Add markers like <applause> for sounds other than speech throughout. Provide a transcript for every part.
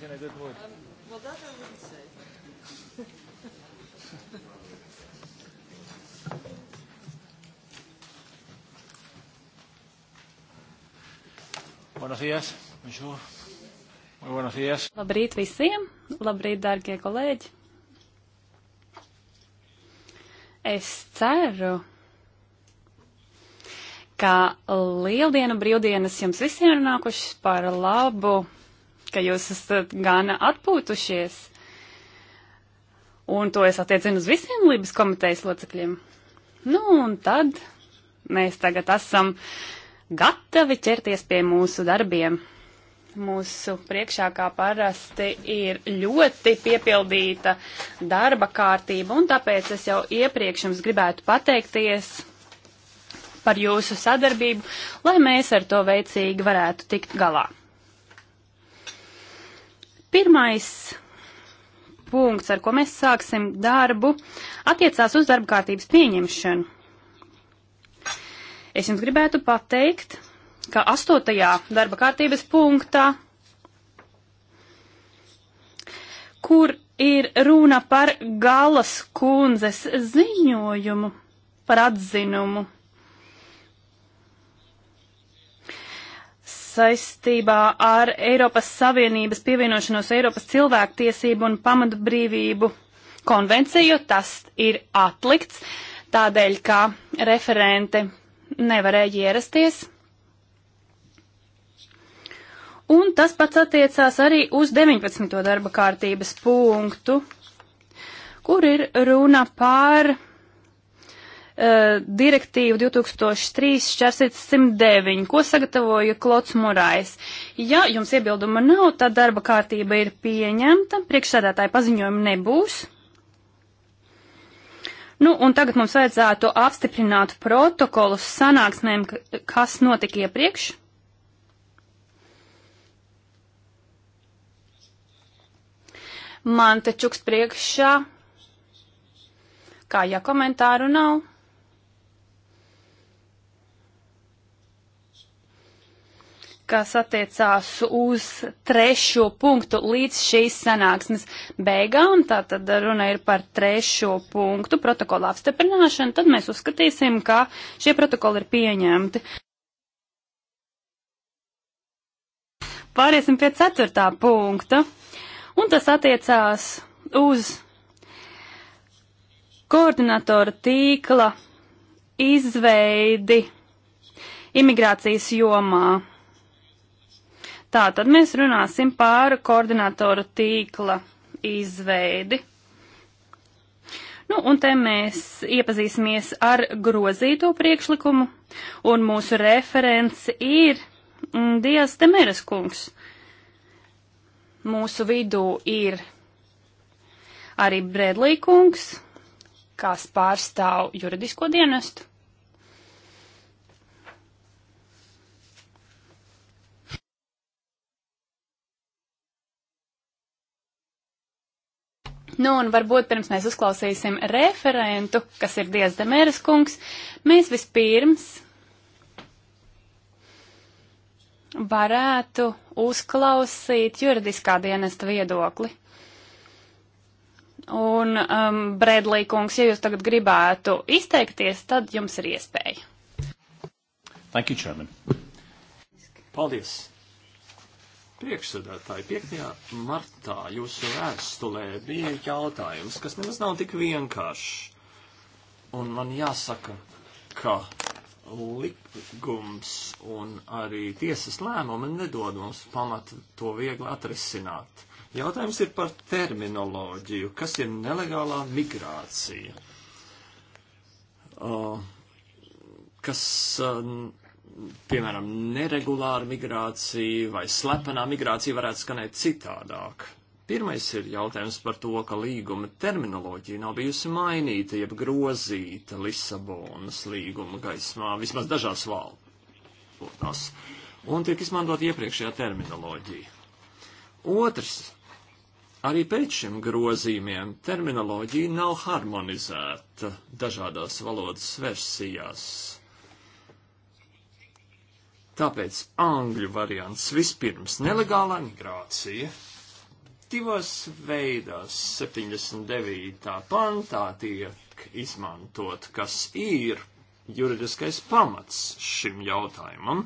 was in a good mood. Um, well, that I wouldn't say. Buenos días, bonjour. Muy buenos días. Labrīt visiem! Labrīt, dārgie kolēģi! Es ceru, ka lieldienu brīvdienas jums visiem ir nākušas par labu ka jūs esat gana atpūtušies. Un to es attiecinu uz visiem Lībijas komitejas locekļiem. Nu, un tad mēs tagad esam gatavi ķerties pie mūsu darbiem. Mūsu priekšā, kā parasti, ir ļoti piepildīta darba kārtība, un tāpēc es jau iepriekš jums gribētu pateikties par jūsu sadarbību, lai mēs ar to veicīgi varētu tikt galā. Pirmais punkts, ar ko mēs sāksim darbu, attiecās uz darba kārtības pieņemšanu. Es jums gribētu pateikt, ka astotajā darba kārtības punktā, kur ir runa par galas kundzes ziņojumu par atzinumu saistībā ar Eiropas Savienības pievienošanos Eiropas cilvēktiesību un pamatbrīvību konvenciju. Tas ir atlikts tādēļ, ka referente nevarēja ierasties. Un tas pats attiecās arī uz 19. darba kārtības punktu, kur ir runa par Eh, direktīvu 2003-109, ko sagatavoja Klots Morais. Ja jums iebilduma nav, tad darba kārtība ir pieņemta, priekšsēdētāja paziņojuma nebūs. Nu, un tagad mums vajadzētu apstiprināt protokolus sanāksmēm, kas notika iepriekš. Man te čukst priekšā, kā ja komentāru nav. kas attiecās uz trešo punktu līdz šīs sanāksmes beigām. Tātad runa ir par trešo punktu protokola apstiprināšanu. Tad mēs uzskatīsim, ka šie protokoli ir pieņemti. Pāriesim pie ceturtā punkta. Un tas attiecās uz koordinatora tīkla izveidi imigrācijas jomā. Tātad mēs runāsim par koordinatoru tīkla izveidi. Nu, un te mēs iepazīsimies ar grozīto priekšlikumu, un mūsu referents ir mm, Dievs Temeres kungs. Mūsu vidū ir arī Bredlī kungs, kas pārstāv juridisko dienestu. Nu, un varbūt pirms mēs uzklausīsim referentu, kas ir Dievs Demēras kungs, mēs vispirms varētu uzklausīt juridiskā dienesta viedokli. Un, um, Bredlī kungs, ja jūs tagad gribētu izteikties, tad jums ir iespēja. Thank you, Chairman. Paldies priekšsēdētāji, 5. martā jūsu vēstulē bija jautājums, kas nemaz nav tik vienkāršs. Un man jāsaka, ka likums un arī tiesas lēmumi nedod mums pamatu to viegli atrisināt. Jautājums ir par terminoloģiju, kas ir nelegālā migrācija, uh, kas uh, piemēram, neregulāra migrācija vai slepenā migrācija varētu skanēt citādāk. Pirmais ir jautājums par to, ka līguma terminoloģija nav bijusi mainīta, jeb grozīta Lisabonas līguma gaismā, vismaz dažās valodās, un tiek izmantot iepriekšējā terminoloģija. Otrs, arī pēc šiem grozījumiem terminoloģija nav harmonizēta dažādās valodas versijās Tāpēc angļu variants vispirms nelegālā migrācija. Divos veidos 79. pantā tiek izmantot, kas ir juridiskais pamats šim jautājumam.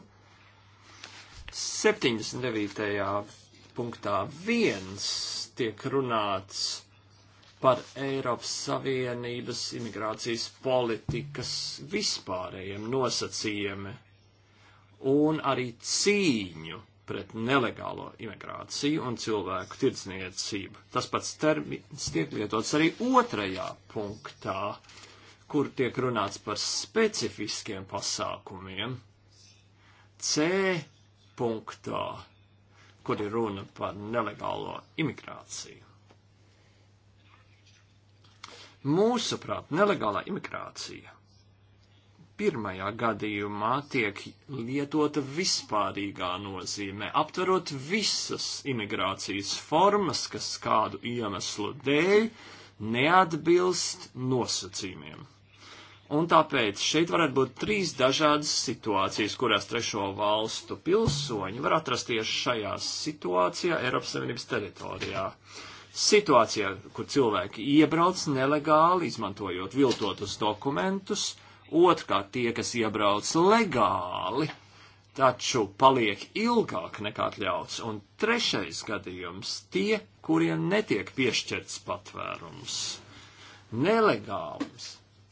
79. punktā 1 tiek runāts par Eiropas Savienības imigrācijas politikas vispārējiem nosacījumiem un arī cīņu pret nelegālo imigrāciju un cilvēku tirdzniecību. Tas pats termins tiek lietots arī otrajā punktā, kur tiek runāts par specifiskiem pasākumiem. C punktā, kur ir runa par nelegālo imigrāciju. Mūsuprāt, nelegālā imigrācija pirmajā gadījumā tiek lietota vispārīgā nozīmē, aptverot visas imigrācijas formas, kas kādu iemeslu dēļ neatbilst nosacījumiem. Un tāpēc šeit varētu būt trīs dažādas situācijas, kurās trešo valstu pilsoņi var atrasties šajā situācijā Eiropas Savienības teritorijā situācijā, kur cilvēki iebrauc nelegāli, izmantojot viltotus dokumentus, Otrkārt, tie, kas iebrauc legāli, taču paliek ilgāk nekā atļauts. Un trešais gadījums - tie, kuriem netiek piešķirts patvērums. Nelegāls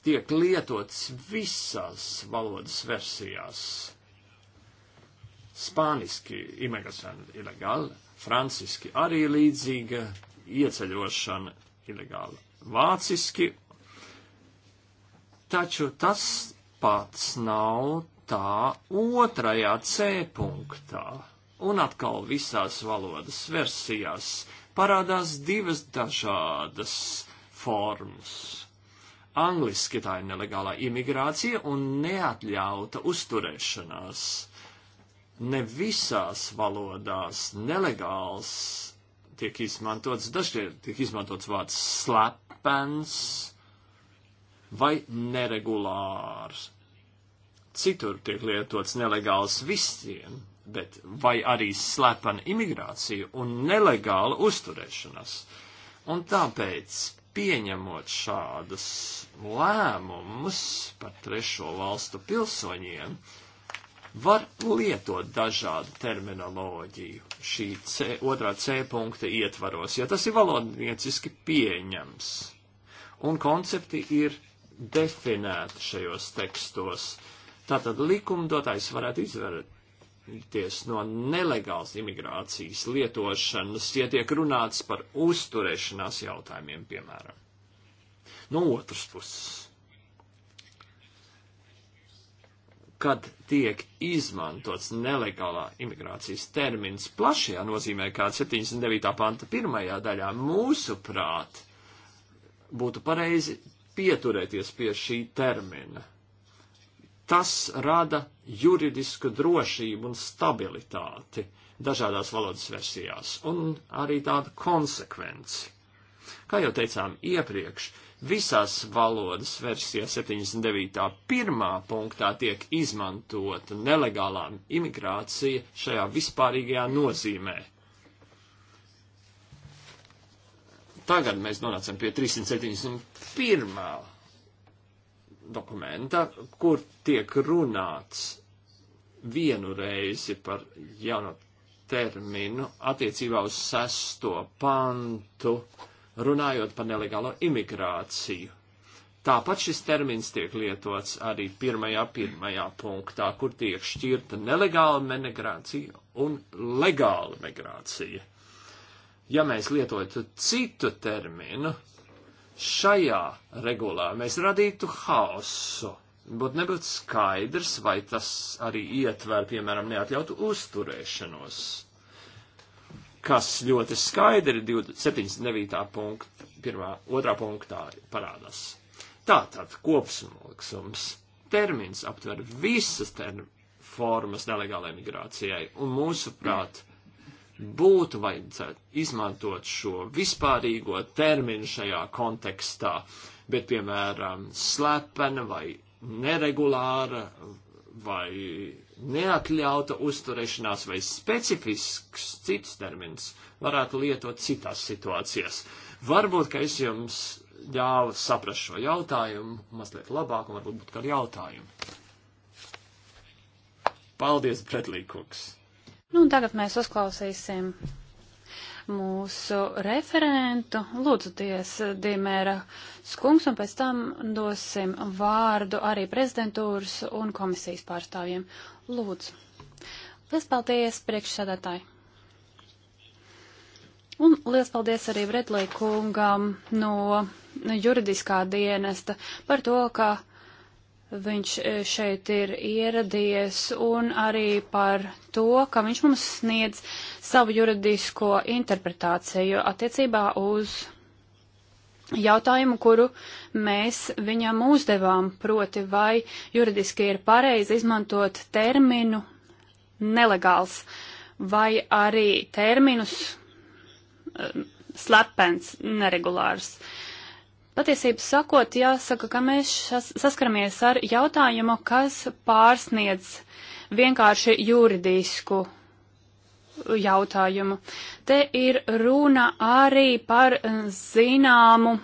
tiek lietots visās valodas versijās. Spāniski imigrācija ilegāla, franciski arī līdzīga ieceļošana ilegāla, vāciski Taču tas pats nav tā otrajā C punktā. Un atkal visās valodas versijās parādās divas dažādas formas. Angliski tā ir nelegālā imigrācija un neatļauta uzturēšanās. Ne visās valodās nelegāls tiek izmantots, dažkārt tiek izmantots vārds slepens, vai neregulārs. Citur tiek lietots nelegāls visiem, bet vai arī slepena imigrācija un nelegāla uzturēšanās. Un tāpēc, pieņemot šādas lēmumus par trešo valstu pilsoņiem, var lietot dažādu terminoloģiju šī C, otrā C punkta ietvaros, ja tas ir valodnieciski pieņems. Un koncepti ir definēti šajos tekstos. Tātad likumdotājs varētu izvērties no nelegāls imigrācijas lietošanas, ja tiek runāts par uzturēšanās jautājumiem, piemēram. No otras puses, kad tiek izmantots nelegālā imigrācijas termins plašajā nozīmē, kā 79. panta pirmajā daļā, mūsuprāt, būtu pareizi pieturēties pie šī termina. Tas rada juridisku drošību un stabilitāti dažādās valodas versijās, un arī tādu konsekvenci. Kā jau teicām iepriekš, visās valodas versijā 79.1. punktā tiek izmantota nelegālā imigrācija šajā vispārīgajā nozīmē. tagad mēs nonācam pie 371. dokumenta, kur tiek runāts vienu reizi par jauno terminu attiecībā uz sesto pantu, runājot par nelegālo imigrāciju. Tāpat šis termins tiek lietots arī pirmajā, pirmajā punktā, kur tiek šķirta nelegāla migrācija un legāla migrācija ja mēs lietotu citu terminu šajā regulā, mēs radītu haosu, bet nebūtu skaidrs, vai tas arī ietver, piemēram, neatļautu uzturēšanos, kas ļoti skaidri 79. punkt, pirmā, otrā punktā parādās. Tātad kopsmulksums termins aptver visas terminu formas nelegālajai migrācijai, un mūsuprāt, būtu vajadzētu izmantot šo vispārīgo terminu šajā kontekstā, bet, piemēram, slepena vai neregulāra vai neatļauta uzturēšanās vai specifisks cits termins varētu lietot citās situācijās. Varbūt, ka es jums ļāvu saprast šo jautājumu mazliet labāk un varbūt būtu kādi jautājumi. Paldies, Bredlīkungs! Nu, un tagad mēs uzklausīsim mūsu referentu. Lūdzu, ties Dimēra Skungs, un pēc tam dosim vārdu arī prezidentūras un komisijas pārstāvjiem. Lūdzu. Liels paldies, priekšsēdētāji. Un liels paldies arī Bredlī kungam no juridiskā dienesta par to, ka viņš e, šeit ir ieradies un arī par to, ka viņš mums sniedz savu juridisko interpretāciju attiecībā uz jautājumu, kuru mēs viņam uzdevām, proti vai juridiski ir pareizi izmantot terminu nelegāls vai arī terminus e, slepens, neregulārs. Uh, Patiesības sakot, jāsaka, ka mēs šas, saskaramies ar jautājumu, kas pārsniedz vienkārši juridisku jautājumu. Te ir runa arī par eh, zināmu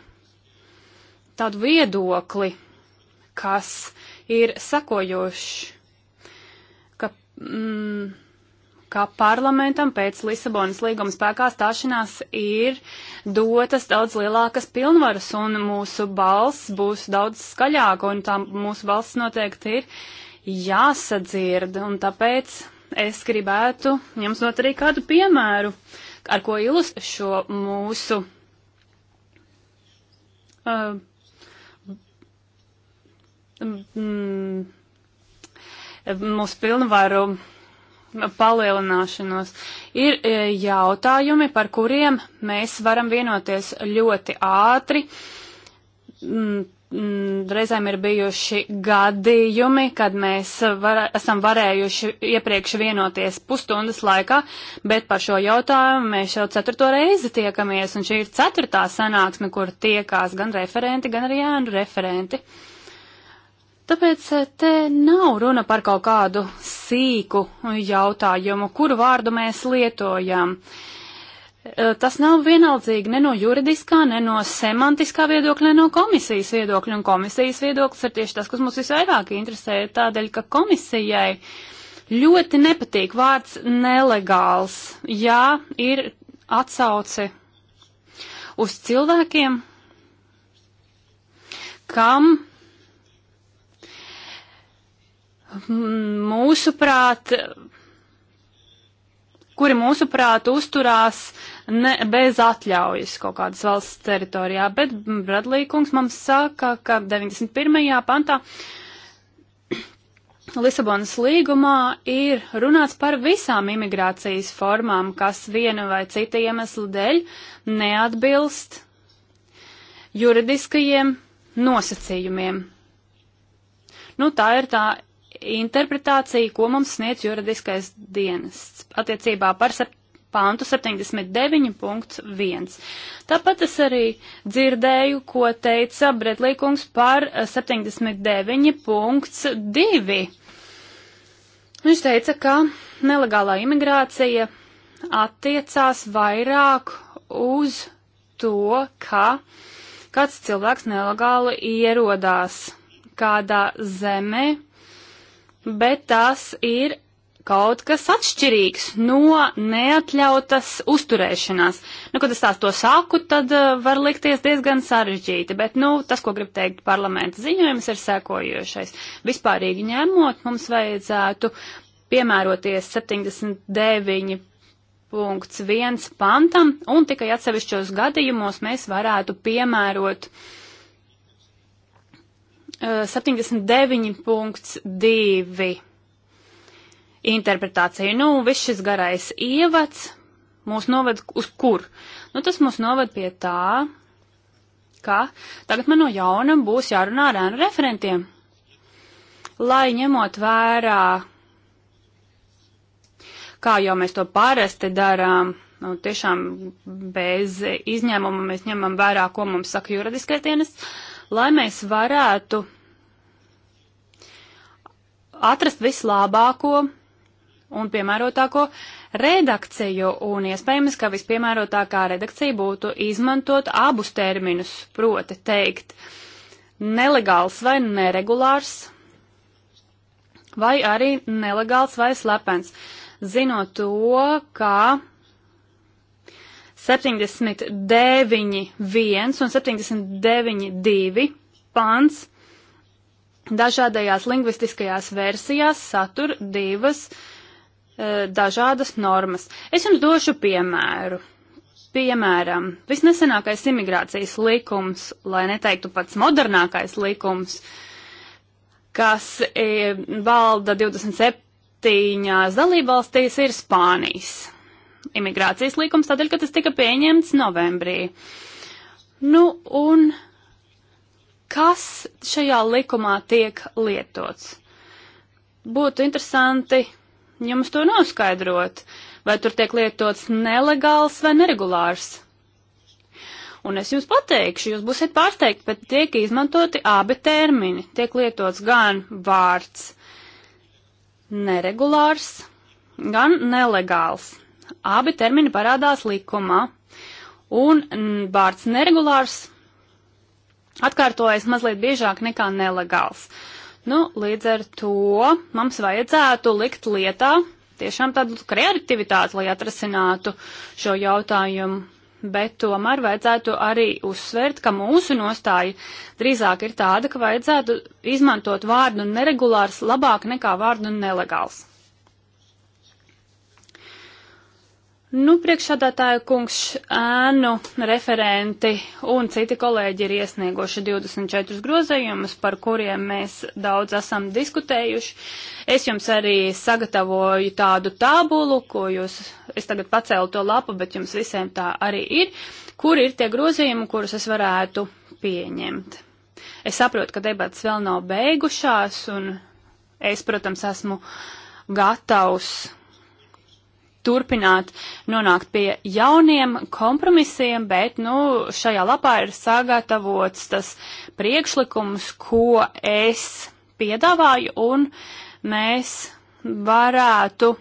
tādu viedokli, kas ir sakojošs, ka mm, kā parlamentam pēc Lisabonas līguma spēkā stāšanās ir dotas daudz lielākas pilnvaras un mūsu balss būs daudz skaļāka un tā mūsu balss noteikti ir jāsadzird. Un tāpēc es gribētu jums dot arī kādu piemēru, ar ko ilustrē šo mūsu. Uh, mm, mm mūsu pilnvaru palielināšanos. Ir e, jautājumi, par kuriem mēs varam vienoties ļoti ātri. Mm, mm, reizēm ir bijuši gadījumi, kad mēs var, esam varējuši iepriekš vienoties pusstundas laikā, bet par šo jautājumu mēs jau ceturto reizi tiekamies, un šī ir ceturtā sanāksme, kur tiekās gan referenti, gan arī ēnu referenti. Uh, Tāpēc eh, te nav runa par kaut kādu sīku jautājumu, kuru vārdu mēs lietojam. Eh, tas nav vienaldzīgi ne no juridiskā, ne no semantiskā viedokļa, ne no komisijas viedokļa, un komisijas viedoklis ir tieši tas, kas mums visvairāk interesē, tādēļ, ka komisijai ļoti nepatīk vārds nelegāls. Jā, ir atsauce uz cilvēkiem, kam mūsuprāt, kuri mūsuprāt uzturās ne, bez atļaujas kaut kādas valsts teritorijā, bet Bradlīkungs mums saka, ka 91. pantā Lisabonas līgumā ir runāts par visām imigrācijas formām, kas viena vai cita iemesla dēļ neatbilst juridiskajiem nosacījumiem. Nu, tā ir tā interpretāciju, ko mums sniedz juridiskais dienests attiecībā par pāntu 79.1. Tāpat es arī dzirdēju, ko teica Bretlīkungs par 79.2. Eh, Viņš teica, ka nelegālā imigrācija attiecās vairāk uz to, ka kāds cilvēks nelegāli ierodās kādā zemē, bet tas ir kaut kas atšķirīgs no neatļautas uzturēšanās. Nu, kad es tās to sāku, tad uh, var likties diezgan sarežģīti, bet, nu, tas, ko grib teikt parlamenta ziņojums, ir sēkojošais. Vispārīgi ņemot, mums vajadzētu piemēroties 79 punkts 1 pantam, un tikai atsevišķos gadījumos mēs varētu piemērot uh, 79.2 uh, interpretācija. Nu, viss šis garais ievads mūs noved uz kur? Nu, tas mūs noved pie tā, ka tagad man no jauna būs jārunā ar ēnu referentiem. Lai ņemot vērā, kā jau mēs to parasti darām, nu, tiešām bez izņēmuma mēs ņemam vērā, ko mums saka juridiskais dienests lai mēs varētu atrast vislabāko un piemērotāko redakciju, un iespējams, ka vispiemērotākā redakcija būtu izmantot abus terminus, proti teikt nelegāls vai neregulārs, vai arī nelegāls vai slepens, zinot to, ka 79.1 un 79.2 pants dažādajās lingvistiskajās versijās satur divas e, dažādas normas. Es jums došu piemēru. Piemēram, visnesenākais imigrācijas likums, lai neteiktu pats modernākais likums, kas e, valda 27 dalībvalstīs, ir Spānijas imigrācijas līkums, tādēļ, ka tas tika pieņemts novembrī. Nu, un kas šajā likumā tiek lietots? Būtu interesanti jums to noskaidrot, vai tur tiek lietots nelegāls vai neregulārs. Un es jums pateikšu, jūs būsiet pārsteigti, bet tiek izmantoti abi termini. Tiek lietots gan vārds neregulārs, gan nelegāls abi termini parādās likumā. Un vārds neregulārs atkārtojas mazliet biežāk nekā nelegāls. Nu, līdz ar to mums vajadzētu likt lietā tiešām tādu kreativitāti, lai atrasinātu šo jautājumu. Bet tomēr vajadzētu arī uzsvērt, ka mūsu nostāja drīzāk ir tāda, ka vajadzētu izmantot vārdu neregulārs labāk nekā vārdu nelegāls. Nu, priekšsādātāja kungs, ēnu referenti un citi kolēģi ir iesnieguši 24 grozējumus, par kuriem mēs daudz esam diskutējuši. Es jums arī sagatavoju tādu tabulu, ko jūs, es tagad pacēlu to lapu, bet jums visiem tā arī ir, kur ir tie grozījumi, kurus es varētu pieņemt. Es saprotu, ka debats vēl nav beigušās, un es, protams, esmu gatavs turpināt nonākt pie jauniem kompromisiem, bet, nu, šajā lapā ir sagatavots tas priekšlikums, ko es piedāvāju, un mēs varētu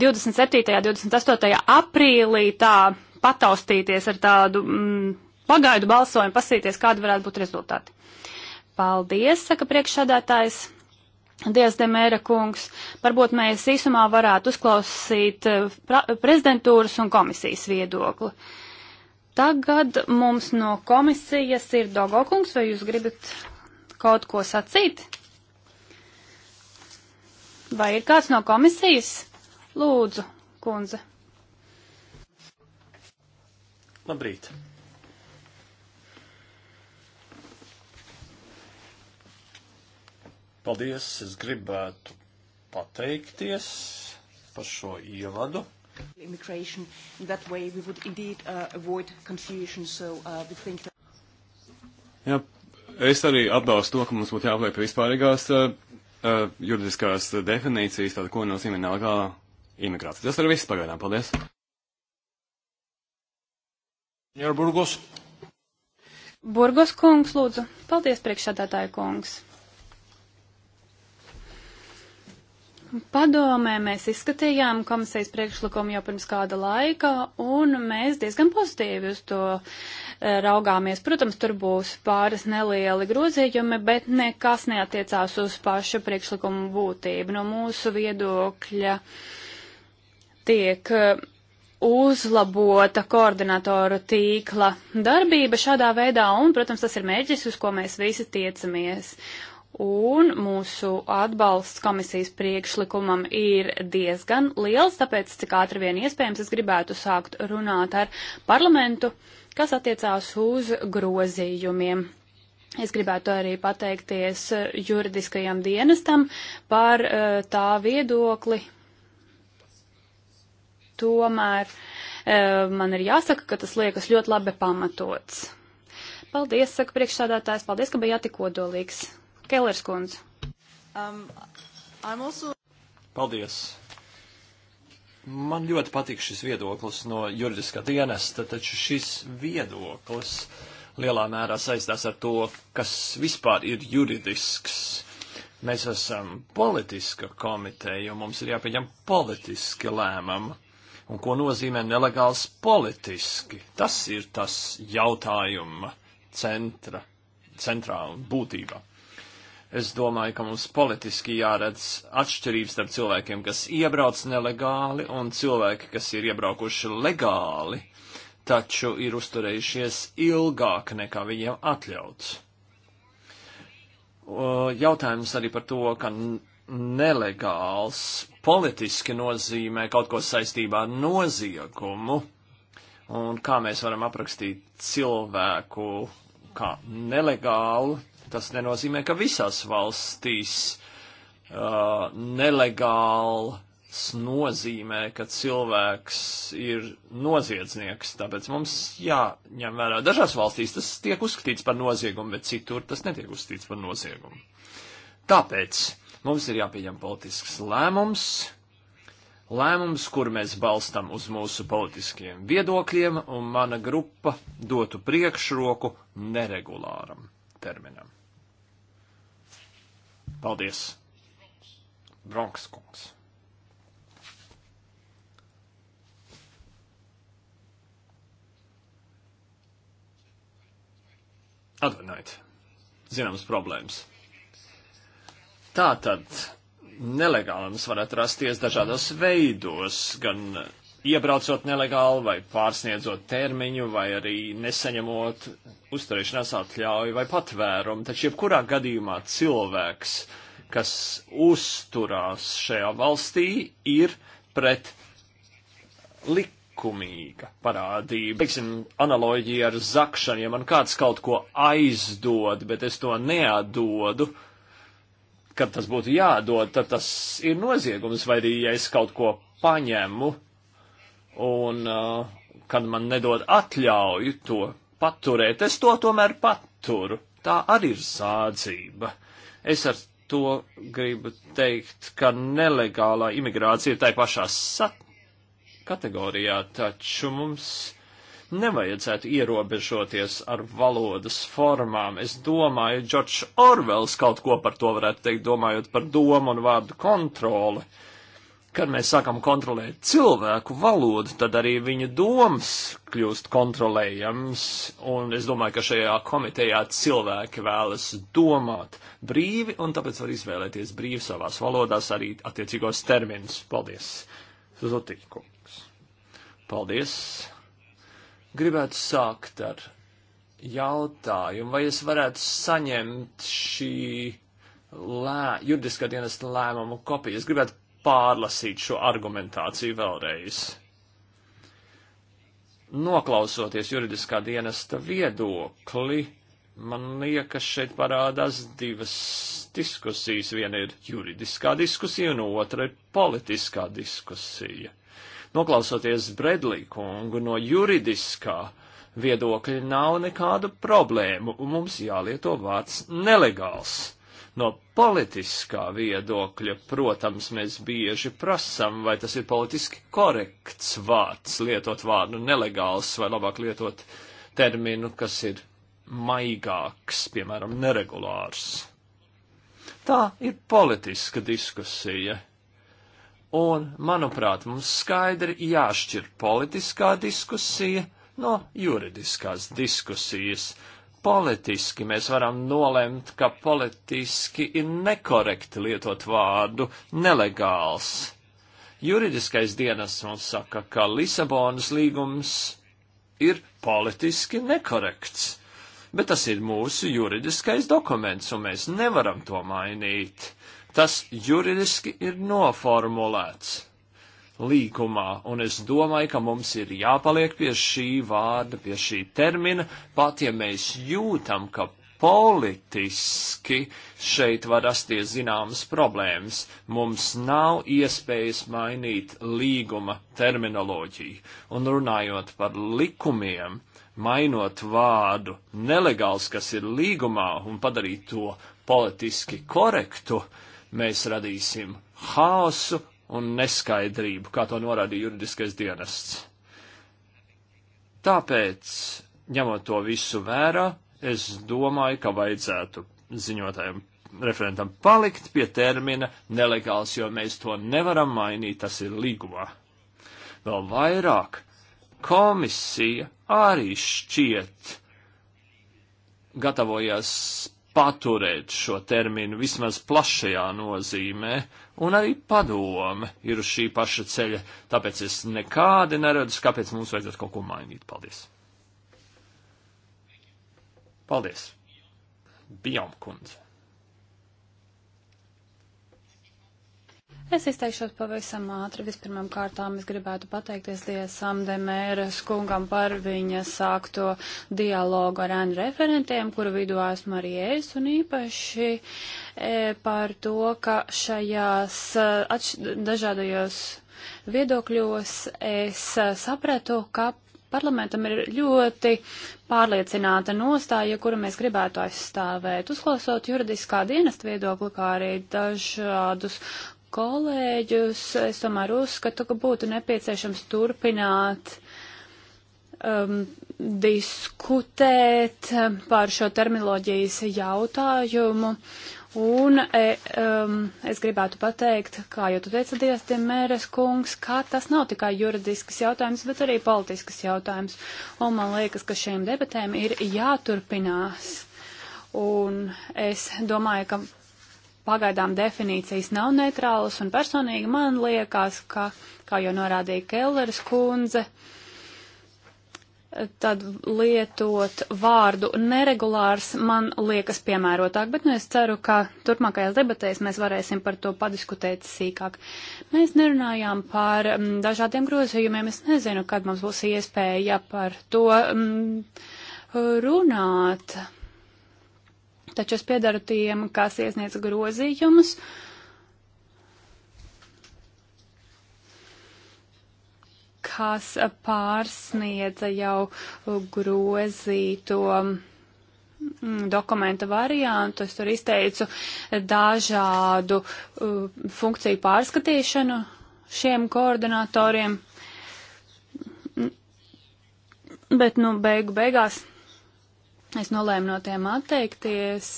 27. un 28. aprīlī tā pataustīties ar tādu mm, pagaidu balsojumu, pasīties, kāda varētu būt rezultāti. Paldies, saka priekšsādātājs. Dievs, Demēra kungs, varbūt mēs īsumā varētu uzklausīt eh, prezidentūras un komisijas viedokli. Tagad mums no komisijas ir Dogo kungs, vai jūs gribat kaut ko sacīt? Vai ir kāds no komisijas? Lūdzu, kundze. Labrīt. Paldies, es gribētu pateikties par šo ievadu. Immigration. In that way we would indeed uh, avoid confusion, so uh, we think that... Jā, es arī atbalstu to, ka mums būtu jāpaliek pie vispārīgās uh, uh, juridiskās definīcijas, tāda, ko nozīmē nelegālā imigrācija. Tas ir viss pagaidām. Paldies. Jērburgos. Burgos kungs, lūdzu. Paldies, priekšsādātāja kungs. Padomē mēs izskatījām komisijas priekšlikumu jau pirms kāda laika, un mēs diezgan pozitīvi uz to eh, raugāmies. Protams, tur būs pāris nelieli grozījumi, bet nekas neatiecās uz pašu priekšlikumu būtību. No mūsu viedokļa tiek eh, uzlabota koordinatoru tīkla darbība šādā veidā, un, protams, tas ir mērķis, uz ko mēs visi tiecamies. Un mūsu atbalsts komisijas priekšlikumam ir diezgan liels, tāpēc, cik ātri vien iespējams, es gribētu sākt runāt ar parlamentu, kas attiecās uz grozījumiem. Es gribētu arī pateikties juridiskajam dienestam par eh, tā viedokli. Tomēr eh, man ir jāsaka, ka tas liekas ļoti labi pamatots. Paldies, saka priekšsādātājs, paldies, ka bijāt tik kodolīgs. Kellers kundze. Um, also... Paldies. Man ļoti patīk šis viedoklis no juridiskā dienesta, taču šis viedoklis lielā mērā saistās ar to, kas vispār ir juridisks. Mēs esam politiska komiteja, un mums ir jāpieņem politiski lēmumi un ko nozīmē nelegāls politiski. Tas ir tas jautājuma centra, centrā un būtībā. Es domāju, ka mums politiski jāredz atšķirības starp cilvēkiem, kas iebrauc nelegāli, un cilvēki, kas ir iebraukuši legāli, taču ir uzturējušies ilgāk nekā viņiem atļauts. Jautājums arī par to, ka nelegāls politiski nozīmē kaut ko saistībā ar noziegumu, un kā mēs varam aprakstīt cilvēku kā nelegālu, Tas nenozīmē, ka visās valstīs uh, nelegāls nozīmē, ka cilvēks ir noziedznieks, tāpēc mums jāņem vērā. Dažās valstīs tas tiek uzskatīts par noziegumu, bet citur tas netiek uzskatīts par noziegumu. Tāpēc mums ir jāpieņem politisks lēmums, lēmums, kur mēs balstam uz mūsu politiskiem viedokļiem, un mana grupa dotu priekšroku neregulāram terminam. Paldies! Bronks kungs. Atvainojiet, zināmas problēmas. Tā tad nelegālums varētu rasties dažādos veidos, gan iebraucot nelegāli vai pārsniedzot termiņu vai arī nesaņemot uzturēšanās atļauju vai patvērumu. Taču jebkurā gadījumā cilvēks, kas uzturās šajā valstī, ir pret likumīga parādība. Teiksim, analoģija ar zakšanu, ja man kāds kaut ko aizdod, bet es to neatdodu, kad tas būtu jādod, tad tas ir noziegums, vai arī, ja es kaut ko paņemu, un uh, kad man nedod atļauju to paturēt, es to tomēr paturu. Tā arī ir sādzība. Es ar to gribu teikt, ka nelegālā imigrācija ir tai pašā kategorijā, taču mums nevajadzētu ierobežoties ar valodas formām. Es domāju, Džordžs Orvels kaut ko par to varētu teikt, domājot par domu un vārdu kontroli. Uh, Kad mēs sākam kontrolēt cilvēku valodu, tad arī viņa domas kļūst kontrolējams, un es domāju, ka šajā komitejā cilvēki vēlas domāt brīvi, un tāpēc var izvēlēties brīvi savās valodās arī attiecīgos terminus. Paldies, Zutīkungs. Paldies. Gribētu sākt ar jautājumu, vai es varētu saņemt šī lē, juridiskā dienesta lēmumu kopiju. Es gribētu pārlasīt šo argumentāciju vēlreiz. Noklausoties juridiskā dienesta viedokli, man liekas, šeit parādās divas diskusijas. Viena ir juridiskā diskusija, un otra ir politiskā diskusija. Noklausoties Bredlī kungu no juridiskā viedokļa nav nekādu problēmu, un mums jālieto vārds nelegāls No politiskā viedokļa, protams, mēs bieži prasam, vai tas ir politiski korekts vārds, lietot vārdu nelegāls, vai labāk lietot terminu, kas ir maigāks, piemēram, neregulārs. Tā ir politiska diskusija. Un, manuprāt, mums skaidri jāšķir politiskā diskusija no juridiskās diskusijas politiski. Mēs varam nolemt, ka politiski ir nekorekti lietot vārdu nelegāls. Juridiskais dienas mums saka, ka Lisabonas līgums ir politiski nekorekts, bet tas ir mūsu juridiskais dokuments, un mēs nevaram to mainīt. Tas juridiski ir noformulēts līkumā, un es domāju, ka mums ir jāpaliek pie šī vārda, pie šī termina, pat ja mēs jūtam, ka politiski šeit var rasties zināmas problēmas. Mums nav iespējas mainīt līguma terminoloģiju. Un runājot par likumiem, mainot vārdu nelegāls, kas ir līgumā, un padarīt to politiski korektu, mēs radīsim haosu un neskaidrību, kā to norādīja juridiskais dienests. Tāpēc, ņemot to visu vērā, es domāju, ka vajadzētu ziņotājiem referentam palikt pie termina nelegāls, jo mēs to nevaram mainīt, tas ir līgumā. Vēl vairāk, komisija arī šķiet gatavojās paturēt šo terminu vismaz plašajā nozīmē, un arī padome ir uz šī paša ceļa, tāpēc es nekādi neredzu, kāpēc mums vajadzētu kaut ko mainīt. Paldies! Paldies! Bijām kundze! Es izteikšos pavisam ātri. Vispirmām kārtām es gribētu pateikties Liesam Demēras kungam par viņa sākto dialogu ar ēnu referentiem, kuru vidū esmu arī es, un īpaši e, par to, ka šajās e, atš, dažādajos viedokļos es e, sapratu, ka parlamentam ir ļoti pārliecināta nostāja, kuru mēs gribētu aizstāvēt. Uzklausot juridiskā dienesta viedokli, kā arī dažādus kolēģus, es tomēr uzskatu, ka būtu nepieciešams turpināt um, diskutēt um, par šo terminoloģijas jautājumu. Un e, um, es gribētu pateikt, kā jau tu teici, Dievs, Demēres kungs, kā tas nav tikai juridisks jautājums, bet arī politisks jautājums. Un man liekas, ka šiem debatēm ir jāturpinās. Un es domāju, ka pagaidām definīcijas nav neitrālas, un personīgi man liekas, ka, kā jau norādīja Kelleris kundze, tad lietot vārdu neregulārs man liekas piemērotāk, bet nu es ceru, ka turpmākajās debatēs mēs varēsim par to padiskutēt sīkāk. Mēs nerunājām par m, mm, dažādiem grozījumiem, es nezinu, kad mums būs iespēja par to m, mm, runāt taču es piedaru tiem, kas iesniedz grozījumus. kas pārsniedza jau grozīto mm, dokumenta variantu. Es tur izteicu dažādu uh, funkciju pārskatīšanu šiem koordinatoriem. Mm, bet, nu, beigu beigās Es nolēmu no tiem atteikties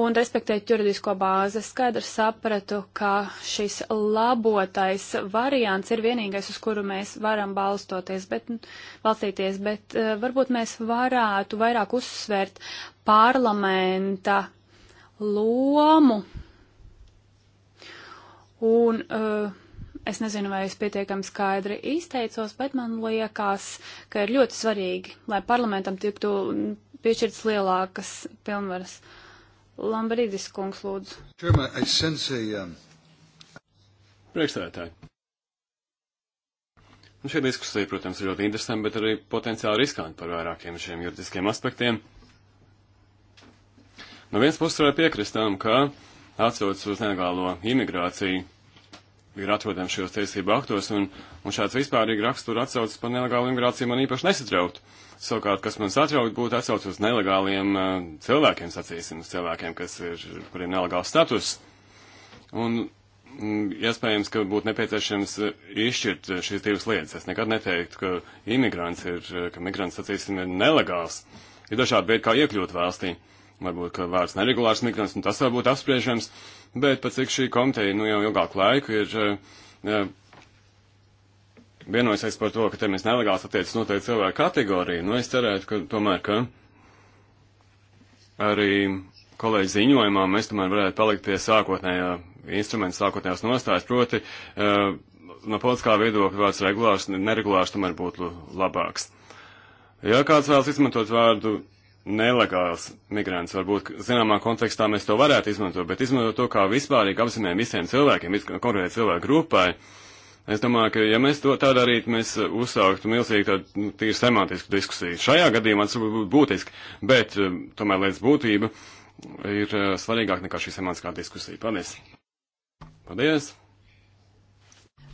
un respektēt juridisko bāzi. Skaidrs sapratu, ka šis labotais variants ir vienīgais, uz kuru mēs varam balstoties, bet, balstīties, bet uh, varbūt mēs varētu vairāk uzsvērt parlamenta lomu un uh, Es nezinu, vai es pietiekami skaidri izteicos, bet man liekas, ka ir ļoti svarīgi, lai parlamentam tiktu piešķirts lielākas pilnvaras. Lambrīdis kungs, lūdzu. Um, Priekšstādātāji. Un nu, šī diskusija, protams, ir ļoti interesanta, bet arī potenciāli riskanti par vairākiem šiem juridiskiem aspektiem. No vienas puses varētu piekrist tam, ka atsaucas uz nelegālo imigrāciju ir atrodami šajos tiesību aktos, un, un šāds vispārīgi rakstura atsaucas par nelegālu imigrāciju man īpaši nesatrauktu. Savukārt, kas man satrauc, būtu atsaucis uz nelegāliem uh, cilvēkiem, sacīsim, uz cilvēkiem, kas ir, kuriem ir nelegāls status. Un mm, iespējams, ka būtu nepieciešams uh, izšķirt uh, šīs divas lietas. Es nekad neteiktu, ka imigrants ir, uh, ka migrants, sacīsim, ir nelegāls. Ir dažādi veidi, kā iekļūt valstī. Varbūt, ka vārds neregulārs migrants, un tas var būt apspriežams bet pat cik šī komiteja nu, jau ilgāku laiku ir uh, vienojusies par to, ka te mēs nelegāls attiecas noteikti cilvēku kategoriju, nu es cerētu, ka tomēr, ka arī kolēģi ziņojumā mēs tomēr varētu palikt pie sākotnējā instrumenta, sākotnējās nostājas, proti uh, no politiskā viedokļa vārds regulārs, neregulārs tomēr būtu labāks. Ja kāds vēlas izmantot vārdu nelegāls migrants. Varbūt zināmā kontekstā mēs to varētu izmantot, bet izmantot to kā vispārīgi apzīmējumu visiem cilvēkiem, konkrētai cilvēku grupai, es domāju, ka ja mēs to tā darītu, mēs uzsāktu milzīgi tādu nu, tīri semantisku diskusiju. Šajā gadījumā tas būtu būtiski, bet um, tomēr līdz būtība ir uh, svarīgāk nekā šī semantiskā diskusija. Paldies! Paldies!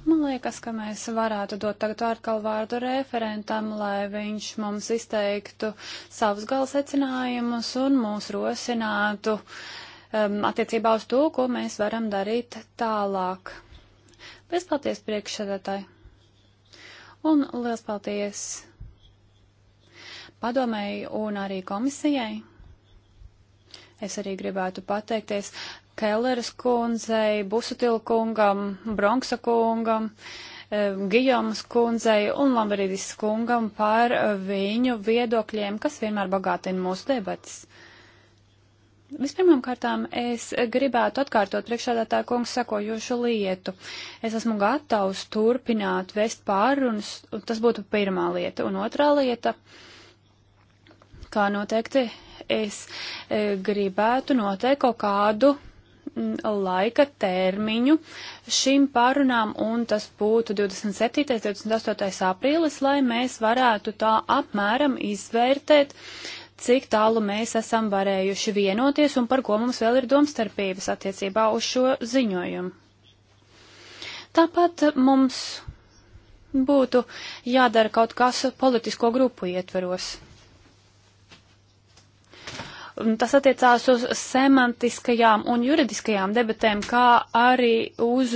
Man liekas, ka mēs varētu dot tagad atkal vārdu referentam, lai viņš mums izteiktu savus galsecinājumus un mūs rosinātu um, attiecībā uz to, ko mēs varam darīt tālāk. Liels paldies priekšsēdētāji! Un liels paldies padomēji un arī komisijai! Es arī gribētu pateikties Kelleres kundzei, Busutila kungam, Bronksa kungam, eh, Gijomas kundzei un Lambridis kungam par eh, viņu viedokļiem, kas vienmēr bagātina mūsu debatas. Vispirmām kārtām es gribētu atkārtot priekšādātāju kungs sekojošu lietu. Es esmu gatavs turpināt vest pārunas, un tas būtu pirmā lieta. Un otrā lieta, kā noteikti, es eh, gribētu noteikt kaut kādu Mm, laika termiņu šīm pārunām, un tas būtu 27. 28. aprīlis, lai mēs varētu tā apmēram izvērtēt, cik tālu mēs esam varējuši vienoties un par ko mums vēl ir domstarpības attiecībā uz šo ziņojumu. Tāpat mums būtu jādara kaut kas politisko grupu ietveros. Tas attiecās uz semantiskajām un juridiskajām debatēm, kā arī uz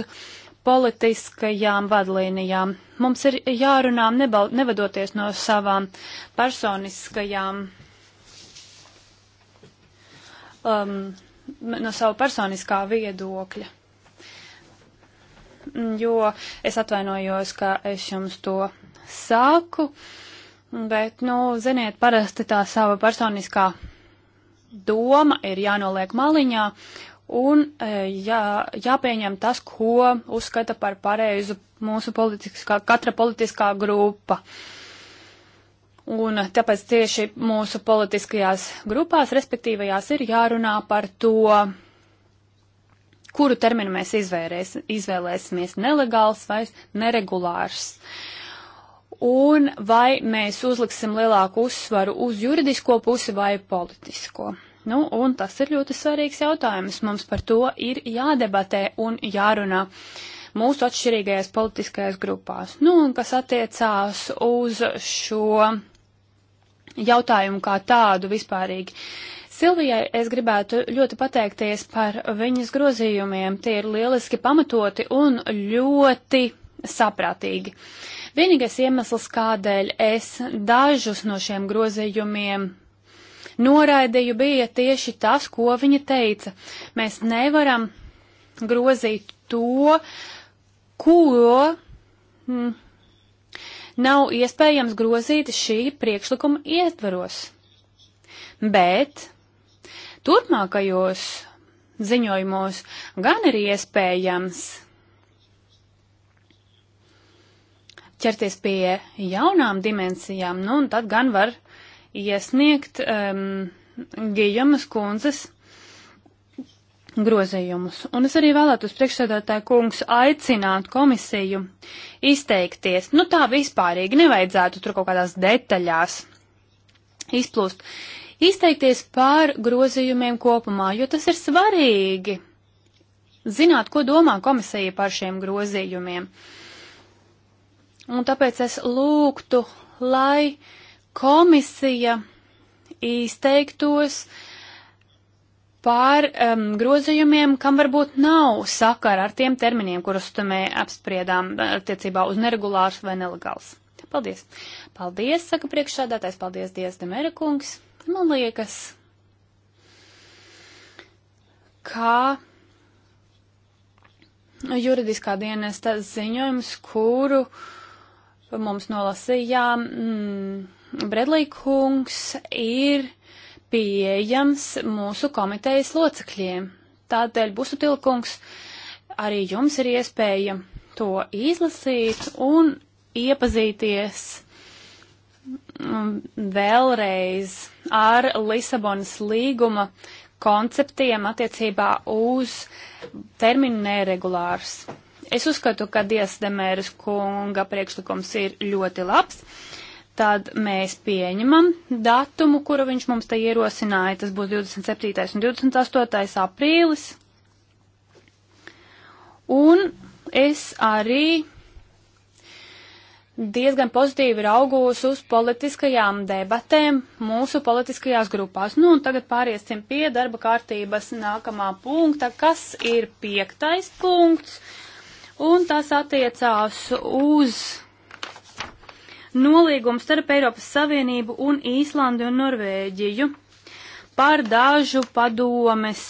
politiskajām vadlīnijām. Mums ir jārunā nebal, nevadoties no savām personiskajām, um, no savu personiskā viedokļa. Mm, jo es atvainojos, ka es jums to saku, bet, nu, ziniet, parasti tā sava personiskā doma ir jānoliek maliņā un e, jā, jāpieņem tas, ko uzskata par pareizu mūsu politiskā, katra politiskā grupa. Un tāpēc tieši mūsu politiskajās grupās, respektīvajās, ir jārunā par to, kuru terminu mēs izvēlēs, izvēlēsimies - nelegāls vai neregulārs. Uh, un vai mēs uzliksim lielāku uzsvaru uz juridisko pusi vai politisko. Nu, un tas ir ļoti svarīgs jautājums. Mums par to ir jādebatē un jārunā mūsu atšķirīgajās politiskajās grupās. Nu, un kas attiecās uz šo jautājumu kā tādu vispārīgi. Silvijai es gribētu ļoti pateikties par viņas grozījumiem. Tie ir lieliski pamatoti un ļoti saprātīgi. Uh, Vienīgais iemesls, kādēļ es dažus no šiem grozījumiem noraidīju, bija tieši tas, ko viņa teica. Mēs nevaram grozīt to, ko mm, nav iespējams grozīt šī priekšlikuma ietvaros. Bet turpmākajos ziņojumos gan ir iespējams ķerties pie jaunām dimensijām, nu un tad gan var iesniegt um, Gijamas kundzes grozījumus. Un es arī vēlētos priekšsēdētāju kungs aicināt komisiju izteikties. Nu tā vispārīgi nevajadzētu tur kaut kādās detaļās izplūst. Izteikties par grozījumiem kopumā, jo tas ir svarīgi. Zināt, ko domā komisija par šiem grozījumiem. Uh, Un tāpēc es lūgtu, lai komisija izteiktos pār um, grozījumiem, kam varbūt nav sakara ar tiem terminiem, kurus mēs apspriedām eh, attiecībā uz neregulārs vai nelegāls. Paldies! Paldies, saka priekšsādātais, paldies, Dievs, Demera kungs. Man liekas, kā juridiskā dienesta ziņojums, kuru uh, mums nolasījām, mm, Bredlī kungs ir pieejams mūsu komitejas locekļiem. Tādēļ Busutilkungs arī jums ir iespēja to izlasīt un iepazīties mm, vēlreiz ar Lisabonas līguma konceptiem attiecībā uz terminu neregulārs. Es uzskatu, ka Dievsdemēras kunga priekšlikums ir ļoti labs. Tad mēs pieņemam datumu, kuru viņš mums te ierosināja. Tas būs 27. un 28. aprīlis. Un es arī diezgan pozitīvi raugos uz politiskajām debatēm mūsu politiskajās grupās. Nu, un tagad pāriesim pie darba kārtības nākamā punkta, kas ir piektais punkts un tas attiecās uz nolīgumu starp Eiropas Savienību un Īslandi un Norvēģiju par dažu padomes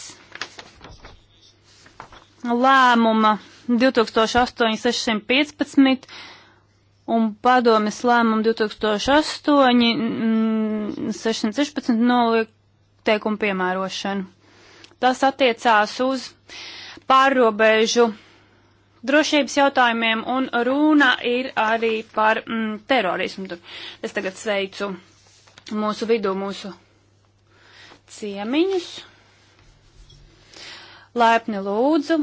lēmuma 208.615 un padomes lēmumu 2008.616 nolīteikumu piemērošanu. Tas attiecās uz pārrobežu drošības jautājumiem, un runa ir arī par mm, terorismu. Tur es tagad sveicu mūsu vidū mūsu ciemiņus. Laipni lūdzu.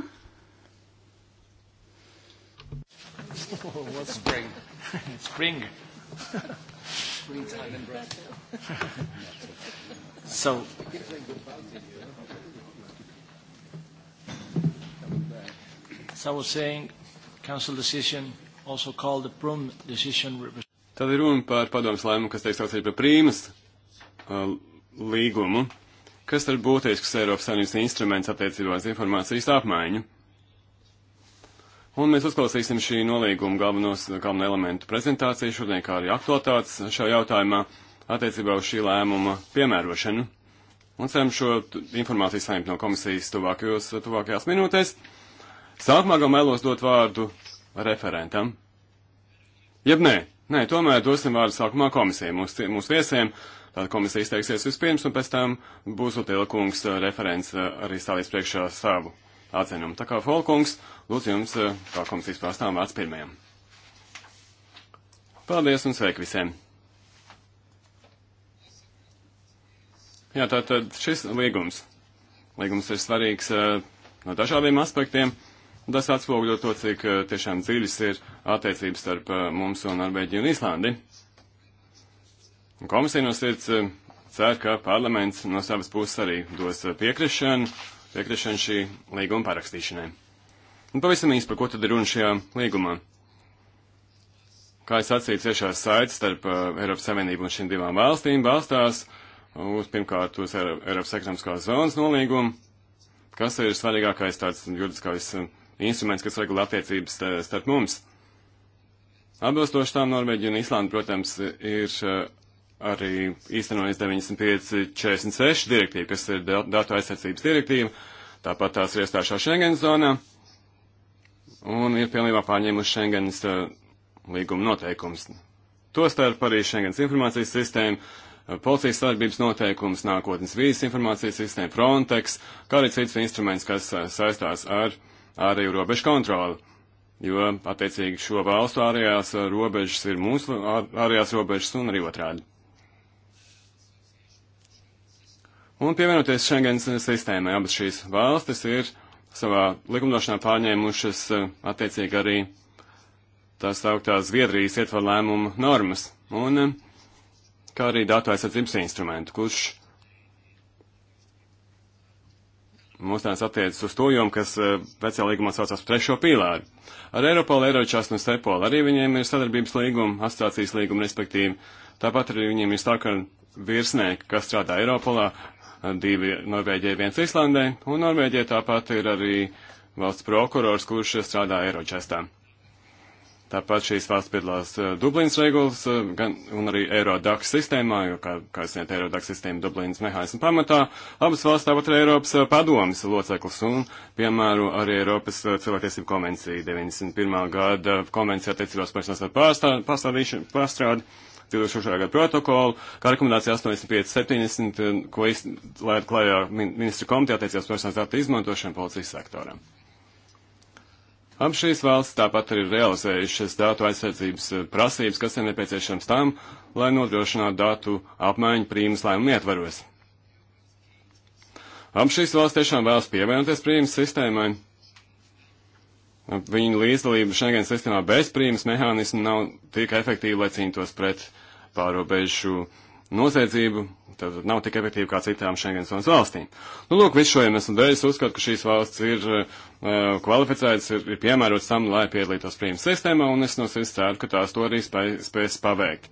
Oh, what's spring? It's <laughs> spring. spring time in Brazil. so, As I was saying, council decision also called the Prum decision. Tad ir runa par padomus lēmumu, kas tiek saucts par prīmas uh, līgumu, kas ir būtisks Eiropas Savienības instruments attiecībā uz informācijas apmaiņu. Un mēs uzklausīsim šī nolīguma galvenos, galveno elementu prezentāciju šodien, kā arī aktualitātes šajā jautājumā attiecībā uz šī lēmuma piemērošanu. Un ceram šo informāciju saņemt no komisijas tuvākajos, tuvākajās minūtēs. Sākumā gan vēlos dot vārdu referentam. Jeb nē, nē, tomēr dosim vārdu sākumā komisijai, mūsu, mūsu viesiem. Tātad komisija izteiksies vispirms, un pēc tam būs Utila kungs eh, referents eh, arī stāvies priekšā savu atzinumu. Tā kā Folkungs, lūdzu jums, eh, kā komisijas pārstāvam, vārds pirmajam. Paldies un sveiki visiem! Jā, tātad šis līgums. Līgums ir svarīgs no dažādiem aspektiem. Tas atspoguļo to, cik eh, tiešām dziļas ir attiecības starp eh, mums un Norvēģiju un Islandi. Komisija no sirds eh, cer, ka parlaments no savas puses arī dos piekrišanu, piekrišanu šī līguma parakstīšanai. Un pavisam īsti par ko tad ir runa šajā līgumā? Kā es sacīju, ciešās saites starp Eiropas Savienību un šīm divām valstīm balstās uz pirmkārt uz Eiropas ekonomiskās zonas nolīgumu, kas ir svarīgākais tāds juridiskais instruments, kas regulē attiecības starp mums. Atbilstoši tām Norvēģija un Islanda, protams, ir eh, arī īstenojis 95-46 direktīvu, kas ir datu aizsardzības direktīva, tāpat tās ir iestājušās Schengen zonā un ir pilnībā pārņēmuši Schengenas eh, līguma noteikums. Tostarp arī Schengens informācijas sistēma, eh, policijas sadarbības noteikums, nākotnes vīzes informācijas sistēma, Frontex, kā arī cits instruments, kas saistās ar uh, ārēju robežu kontroli, jo attiecīgi šo valstu ārējās robežas ir mūsu ārējās robežas un arī otrādi. Un pievienoties Schengens sistēmai, abas šīs valstis ir savā likumdošanā pārņēmušas attiecīgi arī tās augtās Zviedrijas ietvaru lēmumu normas, un kā arī datu aizsardzības instrumentu, kurš mūsdienās attiecas uz to jomu, kas eh, vecajā līgumā saucās trešo pīlāru. Ar Eiropolu, Eiročās un Stepolu arī viņiem ir sadarbības līguma, asociācijas līguma, respektīvi. Tāpat arī viņiem ir starka virsnieki, kas strādā Eiropolā, divi Norvēģijai, viens Islandē, un Norvēģijai tāpat ir arī valsts prokurors, kurš strādā Eiročestā. Tāpat šīs valsts piedalās eh, Dublīnas regulas eh, gan, un arī Eirodax sistēmā, jo, kā, kā es zinu, Eirodax sistēma Dublīnas mehānismu pamatā, abas valsts tāpat ir Eiropas eh, padomas loceklis un, piemēru, arī Eiropas cilvēktiesību konvencija 91. gada konvencija attiecībās personas ar pārstrādīšanu, pārstrādi. 2006. gada protokolu, kā rekomendācija 8570, ko izlaid klajā ministra komiteja attiecībās personas datu izmantošanu policijas sektoram. Ab šīs valsts tāpat arī ir realizējušas datu aizsardzības eh, prasības, kas ir nepieciešams tam, lai nodrošinātu datu apmaiņu prīmas lēmumu ietvaros. Ab šīs valsts tiešām vēlas pievienoties prīmas sistēmai. Viņu līdzdalība Schengen sistēmā bez prīmas mehānismu nav tik efektīva, lai cīnītos pret pārobežu noziedzību tad nav tik efektīva kā citām Schengens zonas valstīm. Nu, lūk, visu šo iemeslu dēļ es uzskatu, ka šīs valsts ir uh, kvalificētas, ir, ir piemērotas tam, lai piedalītos priemas sistēmā, un es no sirds ceru, ka tās to arī spēj, spēs paveikt.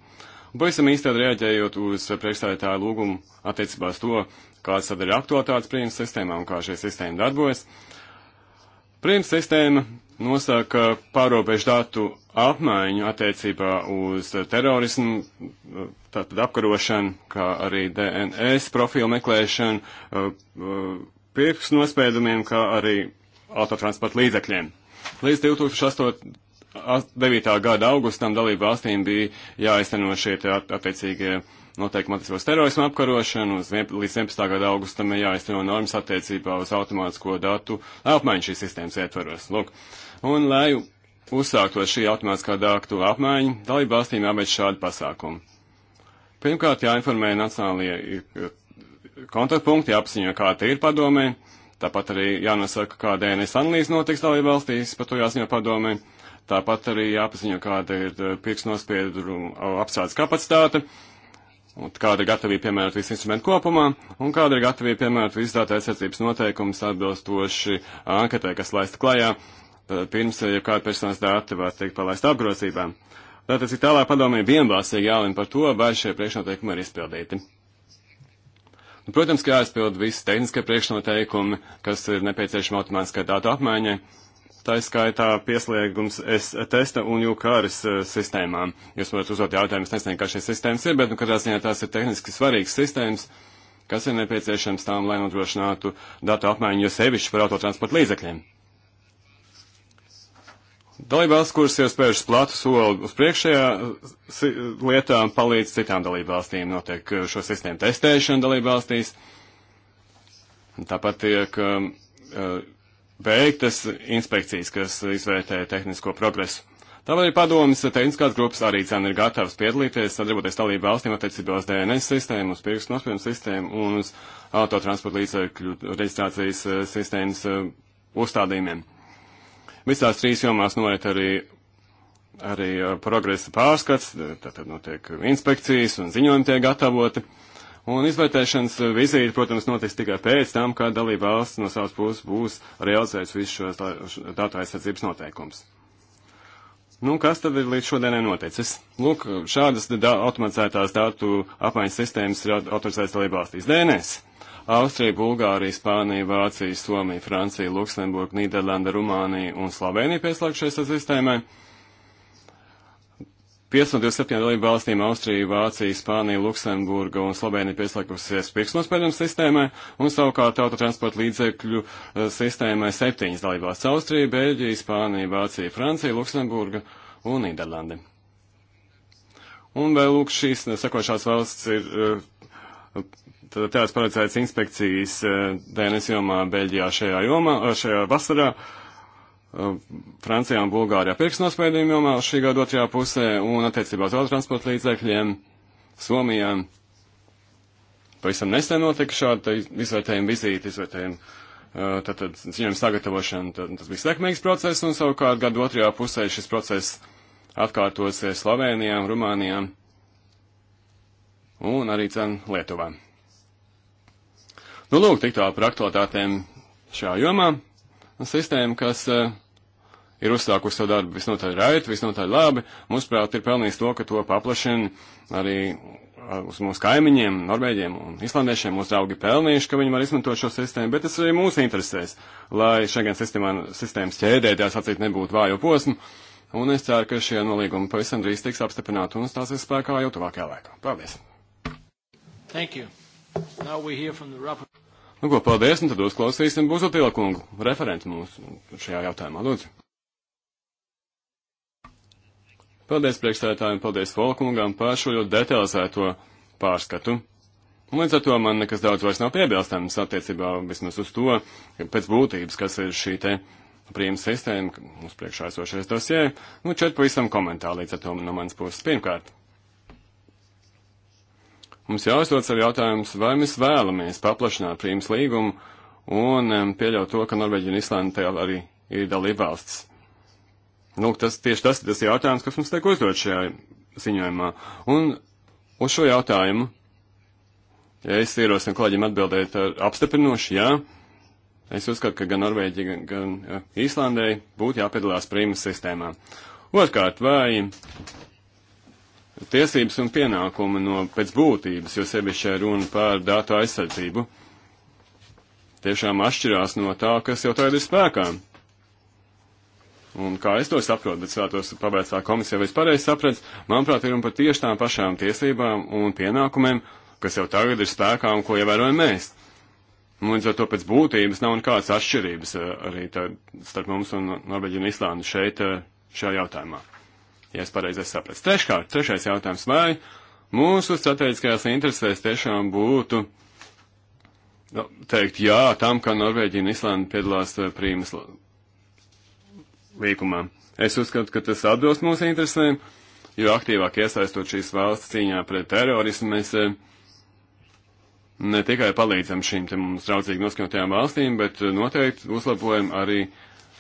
Pavisam īstenībā reaģējot uz priekšstādātāju lūgumu attiecībā uz to, kādas tad ir aktualitātes priemas sistēmā un kā šī sistēma darbojas. Priemas sistēma nosaka pārobežu datu apmaiņu attiecībā uz terorismu, tātad apkarošanu, kā arī DNS profilu meklēšanu, eh, eh, pirkstu nospēdumiem, kā arī autotransporta līdzekļiem. Līdz 2008. 9. gada augustam dalību valstīm bija jāizteno šie attiecīgie noteikumi attiecībā uz terorismu apkarošanu, uz vien, līdz 11. gada augustam ir jāizteno normas attiecībā uz automātisko datu apmaiņu šīs sistēmas ietvaros. Lūk. Un, lai uzsākto šī automātiskā dāktu apmaiņa, dalību valstīm jāveic šādi pasākumi. Pirmkārt, jāinformē nacionālajie eh, kontaktpunkti, jāapsiņo, kā tie ir padomē, tāpat arī jānosaka, kā DNS analīze notiks dalību valstīs, par to jāziņo padomē, tāpat arī jāapsiņo, kāda ir eh, pirksnospiedru eh, apsādes kapacitāte, un kāda ir gatavība piemērot visu instrumentu kopumā, un kāda ir gatavība piemērot visu datu aizsardzības noteikumus atbilstoši anketē, kas laista klajā pirms jau kāda personas dati, var teikt, palaist apgrozībām. Tātad, cik tālāk padomē vienbalsīgi jālem par to, vai šie priekšnoteikumi ir izpildīti. Un, nu, protams, ka jāizpild visi tehniskie priekšnoteikumi, kas ir nepieciešami automātiskai datu apmaiņai. Tā ir skaitā pieslēgums S testa un jūkāris sistēmām. Jūs varat uzdot jautājumus, nezinu, kā šīs sistēmas ir, bet, nu, katrā ziņā tās ir tehniski svarīgas sistēmas, kas ir nepieciešams tām, lai nodrošinātu datu apmaiņu, jo sevišķi par autotransporta līdzekļiem. Dalībvalsts, kuras ir spēršas platu soli uz priekšējā uh, uh, lietā, palīdz citām dalībvalstīm. Notiek uh, šo sistēmu testēšana dalībvalstīs. Tāpat tiek um, veiktas inspekcijas, kas izvērtē tehnisko progresu. Tāpat arī padomas tehniskās grupas arī cena ir gatavas piedalīties, sadarboties dalību valstīm attiecībās DNS sistēmu, uz pirkstu nospiedumu sistēmu un uz autotransporta līdzekļu reģistrācijas sistēmas uzstādījumiem. Uh, Visās trīs jomās norit arī, arī uh, progresa pārskats, tātad notiek inspekcijas un ziņojumi tiek gatavoti. Un izvērtēšanas uh, vizīte, protams, notiks tikai pēc tam, kad dalība valsts no savas puses būs realizējusi visu šos datu aizsardzības noteikumus. Nu, kas tad ir līdz šodienai noticis? Lūk, šādas da automatizētās datu apmaiņas sistēmas ir autorizētas dalība valstīs DNS. Austrija, Bulgārija, Spānija, Vācija, Somija, Francija, Luksemburga, Nīderlanda, Rumānija un Slovenija pieslēgšies sistēmai. 5 no 27 dalību valstīm Austrija, Vācija, Spānija, Luksemburga un Slovenija pieslēgusies pirksnospēļiem sistēmai, un savukārt autotransporta līdzekļu eh, sistēmai 7 dalību valsts - Austrija, Bēļģija, Spānija, Vācija, Francija, Luksemburga un Nīderlanda. Un vēl lūk šīs sekošās valsts ir uh, Tad tāds paredzēts inspekcijas eh, DNS jomā Beļģijā šajā jomā, eh, šajā vasarā, eh, Francijā un Bulgārijā pirksnospēdījuma jomā šī gada otrajā pusē un attiecībā uz autotransporta līdzekļiem Somijā. Pavisam nesen notika šāda izvērtējuma vizīte, izvērtējuma tātad ziņojuma sagatavošana. Tad, tas bija sekmīgs process un savukārt gada otrajā pusē šis process atkārtosies Slovenijām, Rumānijām un arī cen Lietuvām. Nu, lūk, tik tālu par aktualitātēm šajā jomā. Sistēma, kas uh, ir uzsākusi savu darbu visnotaļ raiti, visnotaļ labi, mūsuprāt, ir pelnījis to, ka to paplašina arī eh, uz mūsu kaimiņiem, norvēģiem un islandiešiem. Mūsu draugi pelnījuši, ka viņi var izmantot šo sistēmu, bet tas arī mūsu interesēs, lai šajā sistēmā, sistēmas ķēdē, tā sacīt, nebūtu vājo posmu. Un es ceru, ka šie nolīgumi pavisam drīz tiks apstiprināti un stāsies spēkā jau tuvākajā laikā. Paldies! Thank you. Nu, ko, paldies, un tad uzklausīsim Buzotila kungu, referentu mūsu šajā jautājumā, lūdzu. Paldies priekšstādātājiem, paldies Folkungam par šo ļoti detalizēto pārskatu. Un līdz ar to man nekas daudz vairs nav piebilstams attiecībā vismaz uz to, pēc būtības, kas ir šī te prīma sistēma, mums priekšā esošais dosie, nu četri pavisam komentāri līdz ar to no manas puses. Pirmkārt, Mums jāuzdod sev jautājums, vai mēs vēlamies paplašināt prīmas līgumu un pieļaut to, ka Norvēģija un Islanda tajā arī ir dalībvalsts. Nu, tas tieši tas ir tas jautājums, kas mums tiek uzdot šajā ziņojumā. Un uz šo jautājumu, ja es ierosinu kolēģiem atbildēt apstiprinoši, jā, Es uzskatu, ka gan Norvēģija, gan, gan Īslandē eh, būtu jāpiedalās prīmas sistēmā. Otkārt, vai tiesības un pienākumi no pēc būtības, jo sevišķi runa par datu aizsardzību tiešām atšķirās no tā, kas jau tagad ir spēkā. Un kā es to saprotu, bet svētos pabeigts tā komisija, vai es pareizi sapratu, manuprāt, ir un par tieši tām pašām tiesībām un pienākumiem, kas jau tagad ir spēkā un ko ievērojam mēs. Un līdz ar to pēc būtības nav nekādas atšķirības eh, arī tā, starp mums un Norvēģiju un Islānu šeit eh, šajā jautājumā ja es pareizi sapratu. Treškārt, trešais jautājums, vai mūsu strateģiskajās interesēs tiešām būtu nu, teikt jā tam, ka Norvēģija un Islanda piedalās eh, prīmas līkumā. Es uzskatu, ka tas atbilst mūsu interesēm, jo aktīvāk iesaistot šīs valsts cīņā pret terorismu, mēs eh, ne tikai palīdzam šīm te mums draudzīgi noskaņotajām valstīm, bet eh, noteikti uzlabojam arī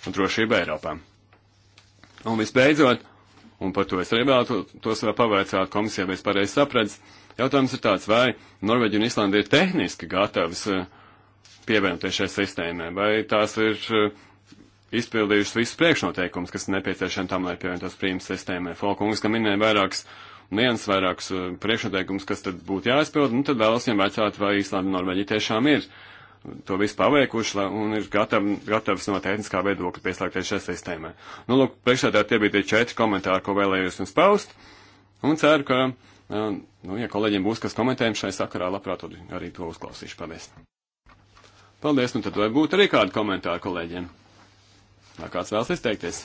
drošību Eiropā. Un visbeidzot, un par to es arī vēlētu tos vēl pavaicāt komisijā, vai es pareizi sapratu. Jautājums ir tāds, vai Norvēģi un Islanda ir tehniski gatavas eh, pievienoties šai sistēmai, vai tās ir eh, izpildījušas visus priekšnoteikumus, kas nepieciešami tam, lai pievienotos prīmas sistēmai. Folkungs, ka minēja vairākas nians, vairākas eh, priekšnoteikumus, kas tad būtu jāizpild, nu tad vēlos viņam vecāt, vai Īslanda un Norvēģija tiešām ir uh, to visu paveikuši un ir gatav, gatavs no tehniskā viedokļa pieslēgties šai sistēmai. Nu, lūk, priekšādā tie bija tie četri komentāri, ko vēlējos jums paust, un ceru, ka, nu, ja kolēģiem būs kas komentējums šai sakarā, labprāt arī to uzklausīšu. Paldies! Paldies, nu tad vai būtu arī kādi komentāri kolēģiem? Vai kāds vēlas izteikties?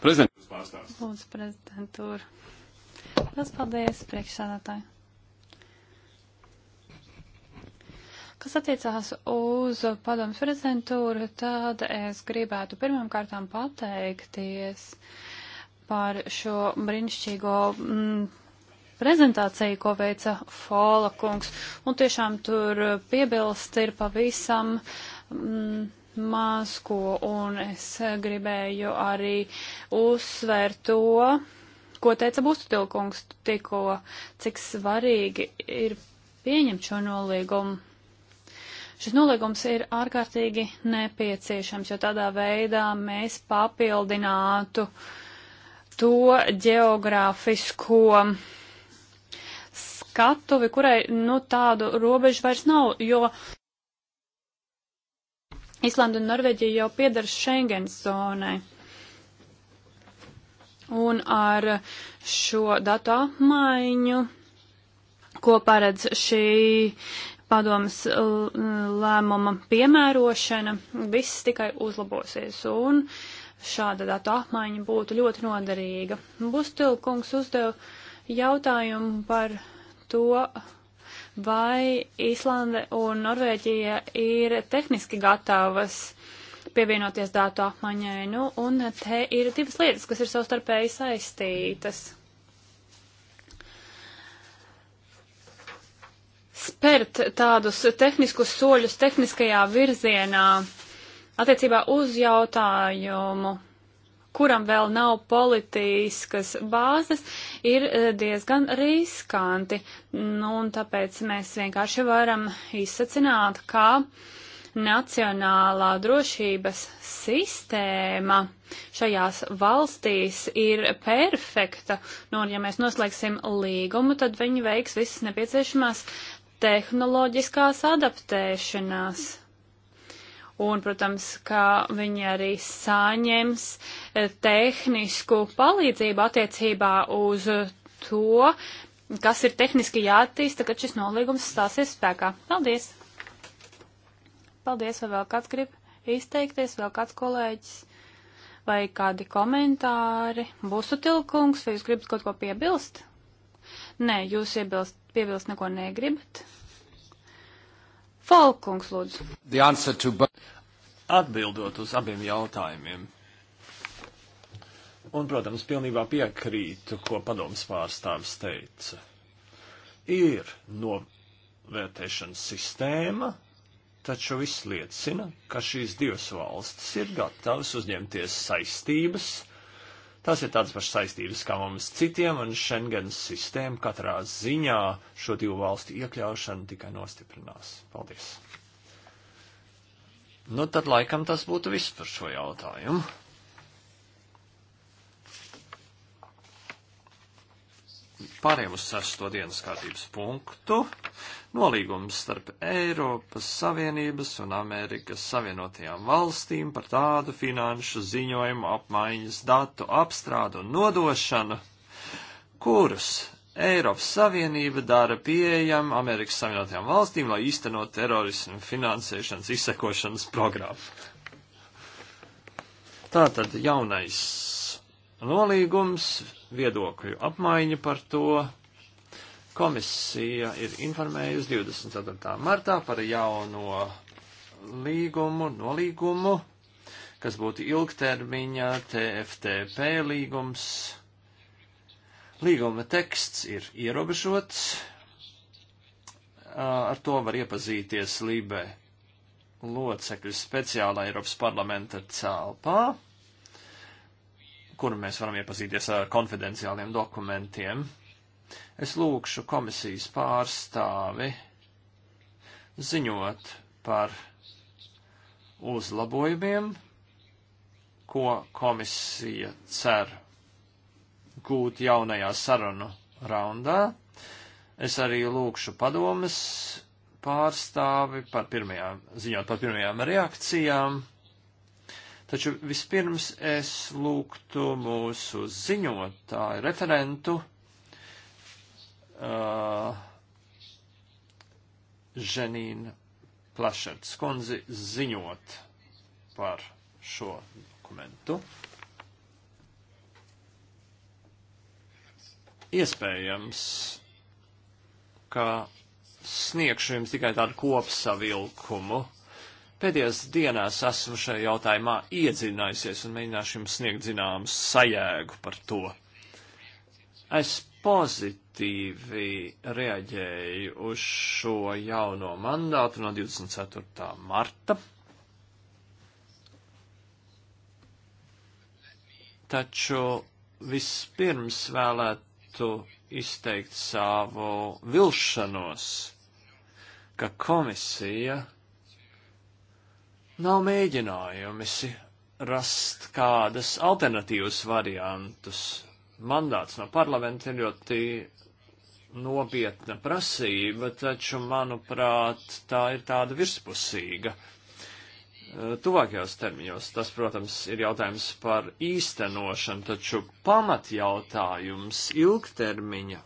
Prezidentūras pārstāvs. Lūdzu, prezidentūra. Lielas paldies, priekšsādātāji. Kas attiecās uz padomu prezidentūru, tad es gribētu pirmām kārtām pateikties par šo brīnišķīgo mm, prezentāciju, ko veica Fola kungs. Un tiešām tur piebilst ir pavisam. Mm, maz ko, un es gribēju arī uzsvērt to, ko teica Bustutilkungs tikko, cik svarīgi ir pieņemt šo nolīgumu. Šis nolīgums ir ārkārtīgi nepieciešams, jo tādā veidā mēs papildinātu to geogrāfisko skatuvi, kurai nu, tādu robežu vairs nav, jo Islanda un Norvēģija jau piedara Schengens zonai. Un ar šo datu apmaiņu, ko paredz šī padomas lēmuma piemērošana, viss tikai uzlabosies. Un šāda datu apmaiņa būtu ļoti noderīga. Bustilkungs uzdeva jautājumu par to, vai Īslande un Norvēģija ir tehniski gatavas pievienoties datu apmaiņai. Nu, un te ir divas lietas, kas ir savstarpēji saistītas. Spērt tādus tehniskus soļus tehniskajā virzienā attiecībā uz jautājumu kuram vēl nav politiskas bāzes, ir eh, diezgan riskanti. Nu, un tāpēc mēs vienkārši varam izsacināt, kā nacionālā drošības sistēma šajās valstīs ir perfekta. Nu, un ja mēs noslēgsim līgumu, tad viņi veiks visas nepieciešamās tehnoloģiskās adaptēšanās. Mm un, protams, ka viņi arī saņems eh, tehnisku palīdzību attiecībā uz to, kas ir tehniski jāattīsta, kad šis nolīgums stāsies spēkā. Paldies! Paldies, vai vēl kāds grib izteikties, vēl kāds kolēģis, vai kādi komentāri? Būsu tilkungs, vai jūs gribat kaut ko piebilst? Nē, jūs iebilst, piebilst neko negribat. Falkungs, lūdzu. To... Atbildot uz abiem jautājumiem. Un, protams, pilnībā piekrītu, ko padoms pārstāvis teica. Ir novērtēšanas sistēma, taču viss liecina, ka šīs divas valstis ir gatavas uzņemties saistības Tās ir tādas pašas saistības kā mums citiem, un Schengens sistēma katrā ziņā šo divu valstu iekļaušanu tikai nostiprinās. Paldies! Nu, tad laikam tas būtu viss par šo jautājumu. Pārējiem uz sesto dienas kārtības punktu nolīgums starp Eiropas Savienības un Amerikas Savienotajām valstīm par tādu finanšu ziņojumu apmaiņas datu apstrādu un nodošanu, kurus Eiropas Savienība dara pieejam Amerikas Savienotajām valstīm, lai īstenot terorismu finansēšanas izsekošanas programmu. Tātad jaunais nolīgums, viedokļu apmaiņa par to, Komisija ir informējusi 24. martā par jauno līgumu, nolīgumu, kas būtu ilgtermiņā TFTP līgums. Līguma teksts ir ierobežots, ar to var iepazīties Lībē locekļu speciālā Eiropas parlamenta cēlpā kuru mēs varam iepazīties ar konfidenciāliem dokumentiem. Es lūkšu komisijas pārstāvi ziņot par uzlabojumiem, ko komisija cer gūt jaunajā sarunu raundā. Es arī lūkšu padomas pārstāvi par pirmajām, ziņot par pirmajām reakcijām. Taču vispirms es lūgtu mūsu ziņotāju referentu Ženīna uh, Plašerts kundzi ziņot par šo dokumentu. Iespējams, ka sniegšu jums tikai tādu kopsavilkumu. Pēdējās dienās esmu šajā jautājumā iedzinājusies un mēģināšu jums sniegt zināmu sajēgu par to. Es pozitīvi reaģēju uz šo jauno mandātu no 24. marta. Taču vispirms vēlētu izteikt savu vilšanos, ka komisija nav mēģinājumisi rast kādas alternatīvas variantus mandāts no parlamenta ir ļoti nopietna prasība, taču, manuprāt, tā ir tāda virspusīga. Eh, tuvākajos termiņos tas, protams, ir jautājums par īstenošanu, taču pamatjautājums ilgtermiņa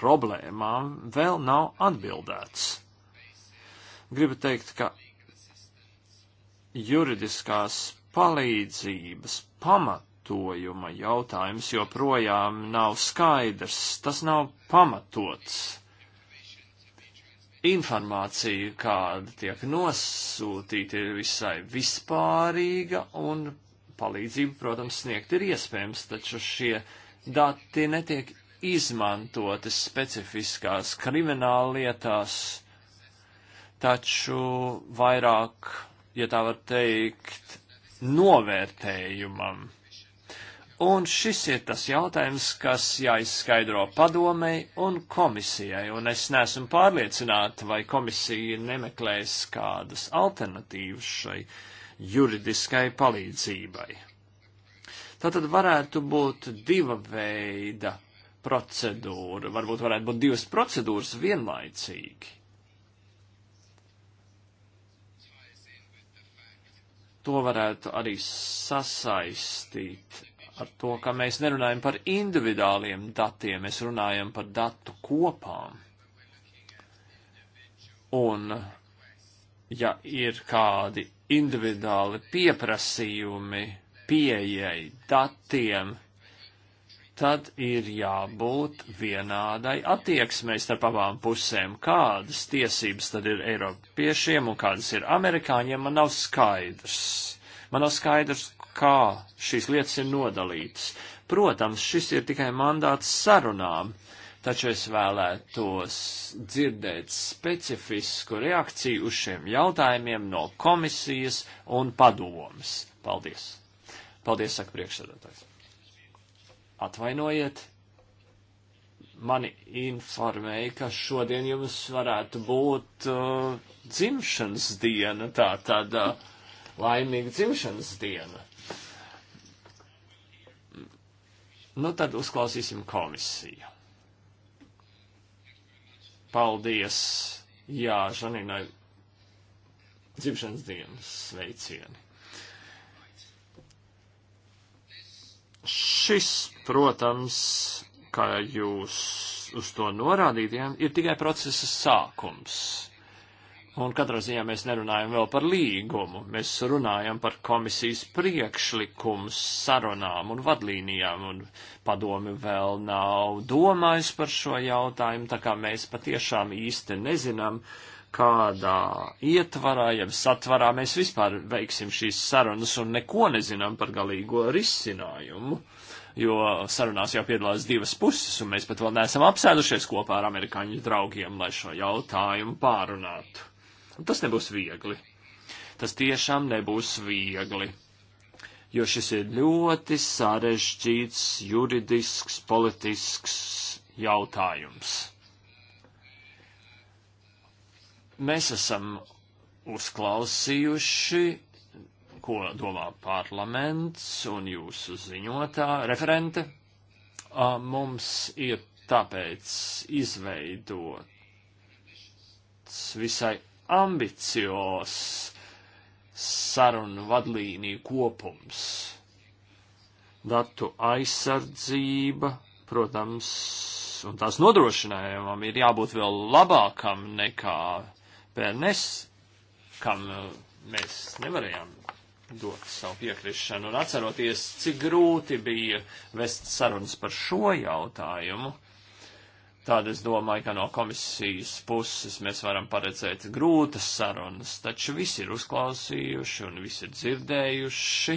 problēmām vēl nav atbildēts. Gribu teikt, ka juridiskās palīdzības pamat pamatojuma jautājums joprojām nav skaidrs, tas nav pamatots. Informācija, kāda tiek nosūtīta, ir visai vispārīga un palīdzību, protams, sniegt ir iespējams, taču šie dati netiek izmantoti specifiskās krimināllietās, taču vairāk, ja tā var teikt, novērtējumam. Un šis ir tas jautājums, kas jāizskaidro padomei un komisijai, un es neesmu pārliecināta, vai komisija nemeklēs kādas alternatīvas šai juridiskai palīdzībai. Tātad varētu būt diva veida procedūra, varbūt varētu būt divas procedūras vienlaicīgi. To varētu arī sasaistīt ar to, ka mēs nerunājam par individuāliem datiem, mēs runājam par datu kopām. Un, ja ir kādi individuāli pieprasījumi pieejai datiem, tad ir jābūt vienādai attieksmei starp abām pusēm. Kādas tiesības tad ir Eiropiešiem un kādas ir amerikāņiem, man nav skaidrs. Man nav skaidrs, kā šīs lietas ir nodalītas. Protams, šis ir tikai mandāts sarunām, taču es vēlētos dzirdēt specifisku reakciju uz šiem jautājumiem no komisijas un padomas. Paldies! Paldies, saka priekšsēdētājs. Atvainojiet, mani informēja, ka šodien jums varētu būt uh, dzimšanas diena, tā tāda uh, laimīga dzimšanas diena. Nu tad uzklausīsim komisiju. Paldies! Jā, Žaninai dzimšanas dienas sveicieni. Šis, protams, kā jūs uz to norādījāt, ir tikai procesa sākums. Un katrā ziņā mēs nerunājam vēl par līgumu, mēs runājam par komisijas priekšlikumu sarunām un vadlīnijām, un padomi vēl nav domājis par šo jautājumu, tā kā mēs patiešām īsti nezinām, kādā ietvarā, jeb satvarā mēs vispār veiksim šīs sarunas un neko nezinām par galīgo risinājumu, jo sarunās jau piedalās divas puses, un mēs pat vēl neesam apsēdušies kopā ar amerikāņu draugiem, lai šo jautājumu pārunātu Tas nebūs viegli. Tas tiešām nebūs viegli, jo šis ir ļoti sarežģīts juridisks, politisks jautājums. Mēs esam uzklausījuši, ko domā parlaments un jūsu ziņotā referente. Mums ir tāpēc izveidots visai ambicios sarunu vadlīniju kopums. Datu aizsardzība, protams, un tās nodrošinājumam ir jābūt vēl labākam nekā PNS, kam mēs nevarējām dot savu piekrišanu. Un atceroties, cik grūti bija vest sarunas par šo jautājumu, Tad es domāju, ka no komisijas puses mēs varam paredzēt grūtas sarunas, taču visi ir uzklausījuši un visi ir dzirdējuši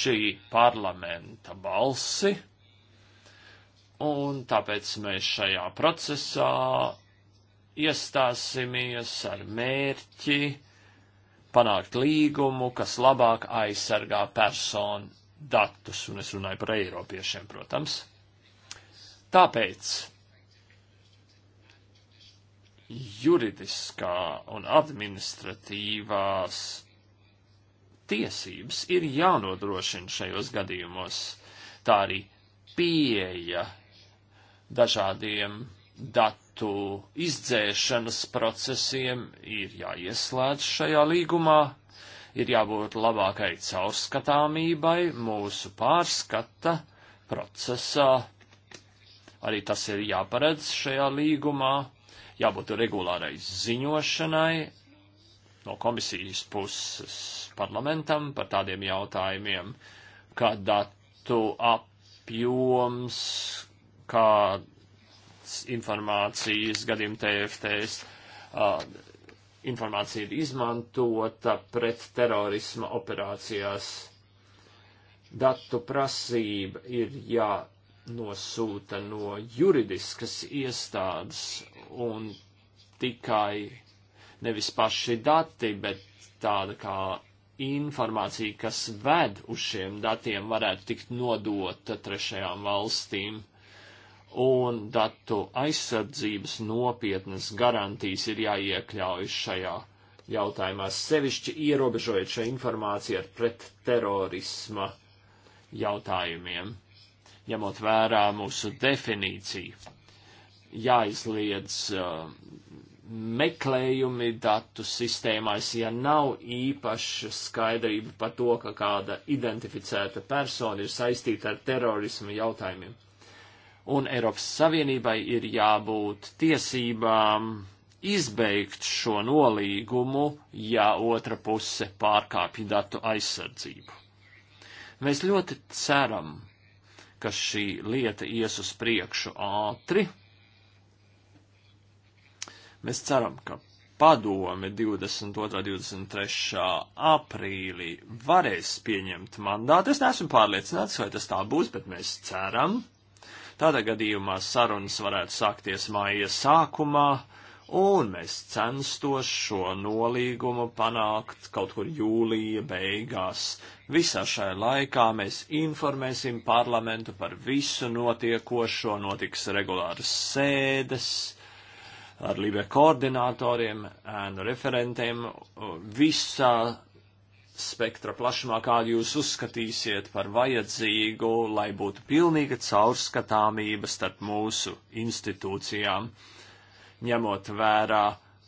šī parlamenta balsi, un tāpēc mēs šajā procesā iestāsimies ar mērķi panākt līgumu, kas labāk aizsargā personu datus, un es runāju par eiropiešiem, protams. Tāpēc juridiskā un administratīvās tiesības ir jānodrošina šajos gadījumos. Tā arī pieeja dažādiem datu izdzēšanas procesiem ir jāieslēdz šajā līgumā, ir jābūt labākai caurskatāmībai mūsu pārskata procesā. Arī tas ir jāparedz šajā līgumā jābūt regulārai ziņošanai no komisijas puses parlamentam par tādiem jautājumiem, kā datu apjoms, kāds informācijas gadījuma TFTs, uh, informācija ir izmantota pret terorisma operācijās. Datu prasība ir jā. Ja nosūta no juridiskas iestādes un tikai nevis paši dati, bet tāda kā informācija, kas ved uz šiem datiem, varētu tikt nodota trešajām valstīm. Un datu aizsardzības nopietnas garantijas ir jāiekļauj šajā jautājumā, sevišķi ierobežojot šo informāciju ar pretterorisma jautājumiem, ņemot vērā mūsu definīciju jāizliedz uh, meklējumi datu sistēmās, ja nav īpaša skaidrība par to, ka kāda identificēta persona ir saistīta ar terorismu jautājumiem. Un Eiropas Savienībai ir jābūt tiesībām izbeigt šo nolīgumu, ja otra puse pārkāpj datu aizsardzību. Mēs ļoti ceram, ka šī lieta ies uz priekšu ātri Mēs ceram, ka padome 22. un 23. aprīlī varēs pieņemt mandātu. Es neesmu pārliecināts, vai tas tā būs, bet mēs ceram. Tādā gadījumā sarunas varētu sākties māja sākumā, un mēs censtos šo nolīgumu panākt kaut kur jūlija beigās. Visā šajā laikā mēs informēsim parlamentu par visu notiekošo, notiks regulāras sēdes ar Libe koordinatoriem, ēnu referentiem, visā spektra plašumā, kādu jūs uzskatīsiet par vajadzīgu, lai būtu pilnīga caurskatāmība starp mūsu institūcijām, ņemot vērā,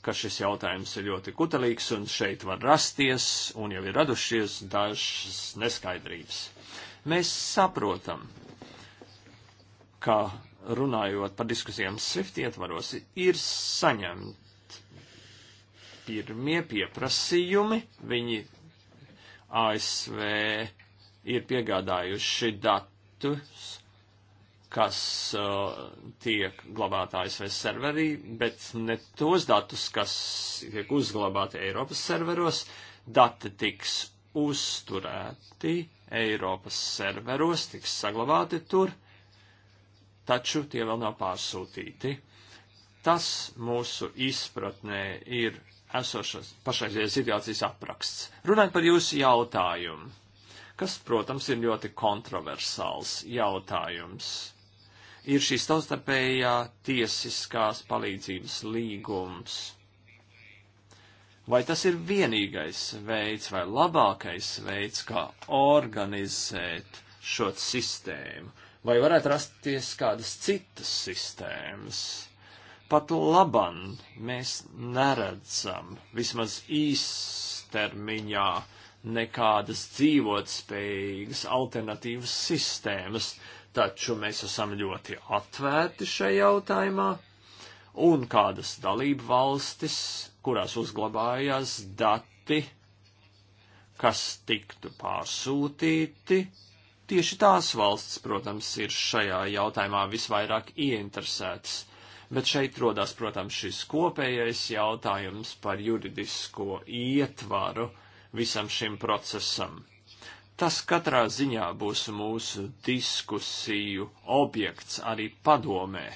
ka šis jautājums ir ļoti kutelīgs un šeit var rasties un jau ir radušies dažas neskaidrības. Mēs saprotam, ka runājot par diskusijām SWIFT ietvaros, ir saņemt pirmie pieprasījumi. Viņi ASV ir piegādājuši datus, kas uh, tiek glabāti ASV serverī, bet ne tos datus, kas tiek uzglabāti Eiropas serveros. Dati tiks uzturēti Eiropas serveros, tiks saglabāti tur taču tie vēl nav pārsūtīti. Tas mūsu izpratnē ir esošas pašreizējās situācijas apraksts. Runājot par jūsu jautājumu, kas, protams, ir ļoti kontroversāls jautājums, ir šī savstarpējā tiesiskās palīdzības līgums. Vai tas ir vienīgais veids vai labākais veids, kā organizēt šo sistēmu? vai varētu rasties kādas citas sistēmas. Pat laban mēs neredzam vismaz īstermiņā nekādas dzīvotspējīgas alternatīvas sistēmas, taču mēs esam ļoti atvērti šajā jautājumā, un kādas dalību valstis, kurās uzglabājās dati, kas tiktu pārsūtīti, Tieši tās valsts, protams, ir šajā jautājumā visvairāk ieinteresētas, bet šeit rodās, protams, šis kopējais jautājums par juridisko ietvaru visam šim procesam. Tas katrā ziņā būs mūsu diskusiju objekts arī padomē.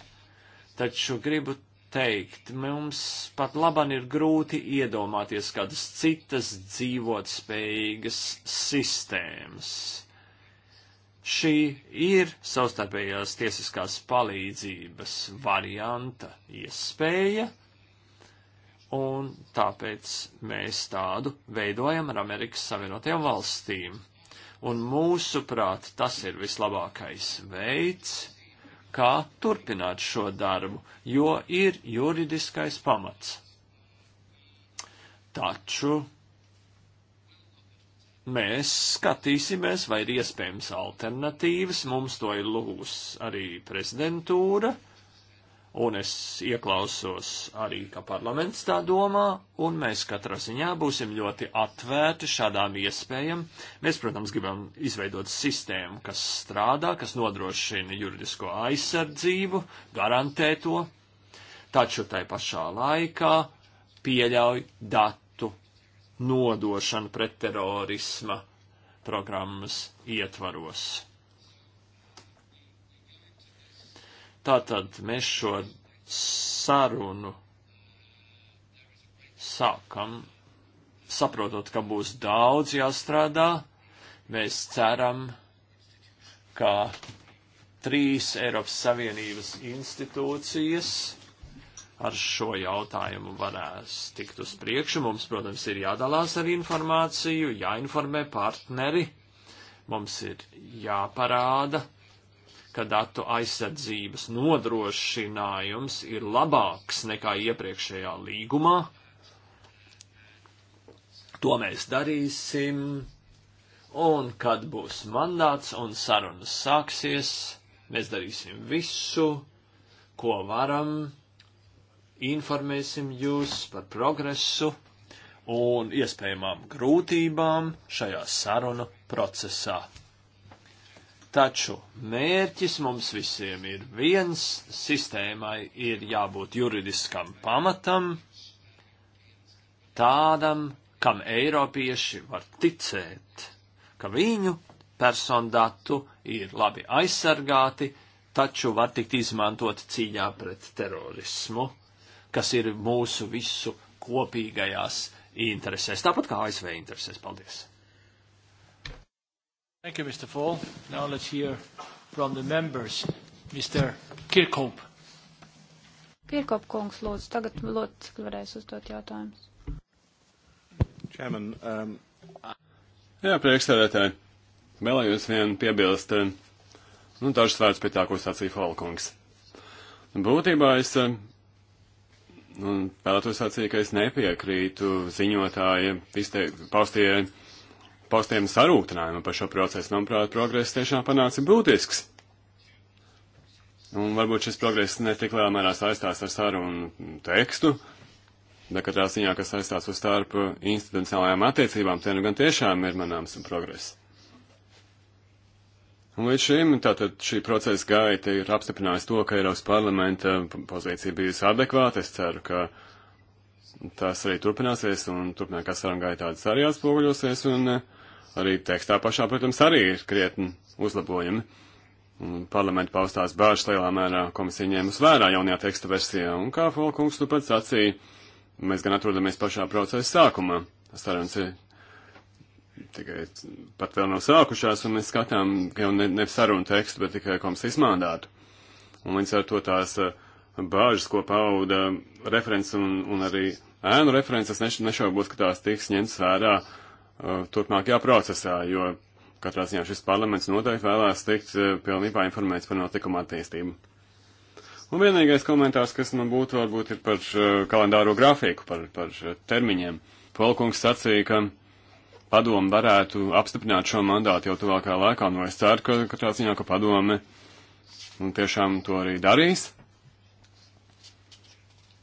Taču gribu teikt, mums pat laban ir grūti iedomāties kādas citas dzīvot spējīgas sistēmas. Šī ir savstarpējās tiesiskās palīdzības varianta iespēja, un tāpēc mēs tādu veidojam ar Amerikas Savienotajām valstīm. Un mūsuprāt, tas ir vislabākais veids, kā turpināt šo darbu, jo ir juridiskais pamats. Taču mēs skatīsimies, vai ir iespējams alternatīvas. Mums to ir lūgus arī prezidentūra, un es ieklausos arī, ka parlaments tā domā, un mēs katrā ziņā būsim ļoti atvērti šādām iespējām. Mēs, protams, gribam izveidot sistēmu, kas strādā, kas nodrošina juridisko aizsardzību, garantē to, taču tai pašā laikā pieļauj datu nodošana pret terorisma programmas ietvaros. Tātad mēs šo sarunu sākam, saprotot, ka būs daudz jāstrādā, mēs ceram, ka trīs Eiropas Savienības institūcijas ar šo jautājumu varēs tikt uz priekšu. Mums, protams, ir jādalās ar informāciju, jāinformē partneri, mums ir jāparāda, ka datu aizsardzības nodrošinājums ir labāks nekā iepriekšējā līgumā. To mēs darīsim, un kad būs mandāts un sarunas sāksies, mēs darīsim visu, ko varam informēsim jūs par progresu un iespējamām grūtībām šajā sarunu procesā. Taču mērķis mums visiem ir viens, sistēmai ir jābūt juridiskam pamatam, tādam, kam eiropieši var ticēt, ka viņu persondatu ir labi aizsargāti, taču var tikt izmantot cīņā pret terorismu kas ir mūsu visu kopīgajās interesēs, tāpat kā ASV interesēs. Paldies! Thank you, Mr. Fall. Now let's hear from the members. Mr. Kirkhope. Kirkhope kungs, lūdzu, tagad lūdzu, varēs uzdot jautājumus. Chairman, um... Jā, priekšstādētāji, vēlējos vien piebilst, eh, nu, dažas vērts pie tā, ko sacīja Falkungs. Būtībā es eh, Un nu, vēlētos atsīt, ka es nepiekrītu ziņotāja paustie, paustiem sarūktinājumu par šo procesu. Manuprāt, progress tiešām panāca būtisks. Un varbūt šis progress netik lielā mērā saistās ar sarunu tekstu, bet katrā ziņā, kas saistās uz starp eh, institucionālajām attiecībām, tie nu gan tiešām ir manāms progress. Un līdz šim tātad šī procesa gaita ir apstiprinājusi to, ka Eiropas parlamenta pozīcija bijusi adekvāta. Es ceru, ka tas arī turpināsies un turpmākā saruna gaitā tas arī atspoguļosies. Un eh, arī tekstā pašā, protams, arī ir krietni uzlabojumi. Un parlamenta paustās bāžas lielā mērā komisija ņēma uz vērā jaunajā teksta versijā. Un kā Folkungs tu pats sacīja, mēs gan atrodamies pašā procesa sākumā. Sarunas ir tikai pat vēl nav sākušās, un mēs skatām jau ne, ne sarunu tekstu, bet tikai komisijas mandātu. Un līdz ar to tās eh, bāžas, ko pauda referents un, un arī ēnu references, neš, nešaubos, ka tās tiks ņemts vērā uh, turpmākajā procesā, jo katrā ziņā šis parlaments noteikti vēlēs tikt uh, pilnībā informēts par notikuma attīstību. Un vienīgais komentārs, kas man būtu, varbūt ir par uh, kalendāro grafiku, par, par termiņiem. Polkungs sacīja, ka padome varētu apstiprināt šo mandātu jau tuvākā laikā, nu es ceru, ka katrā ziņā, ka padome un nu, tiešām to arī darīs.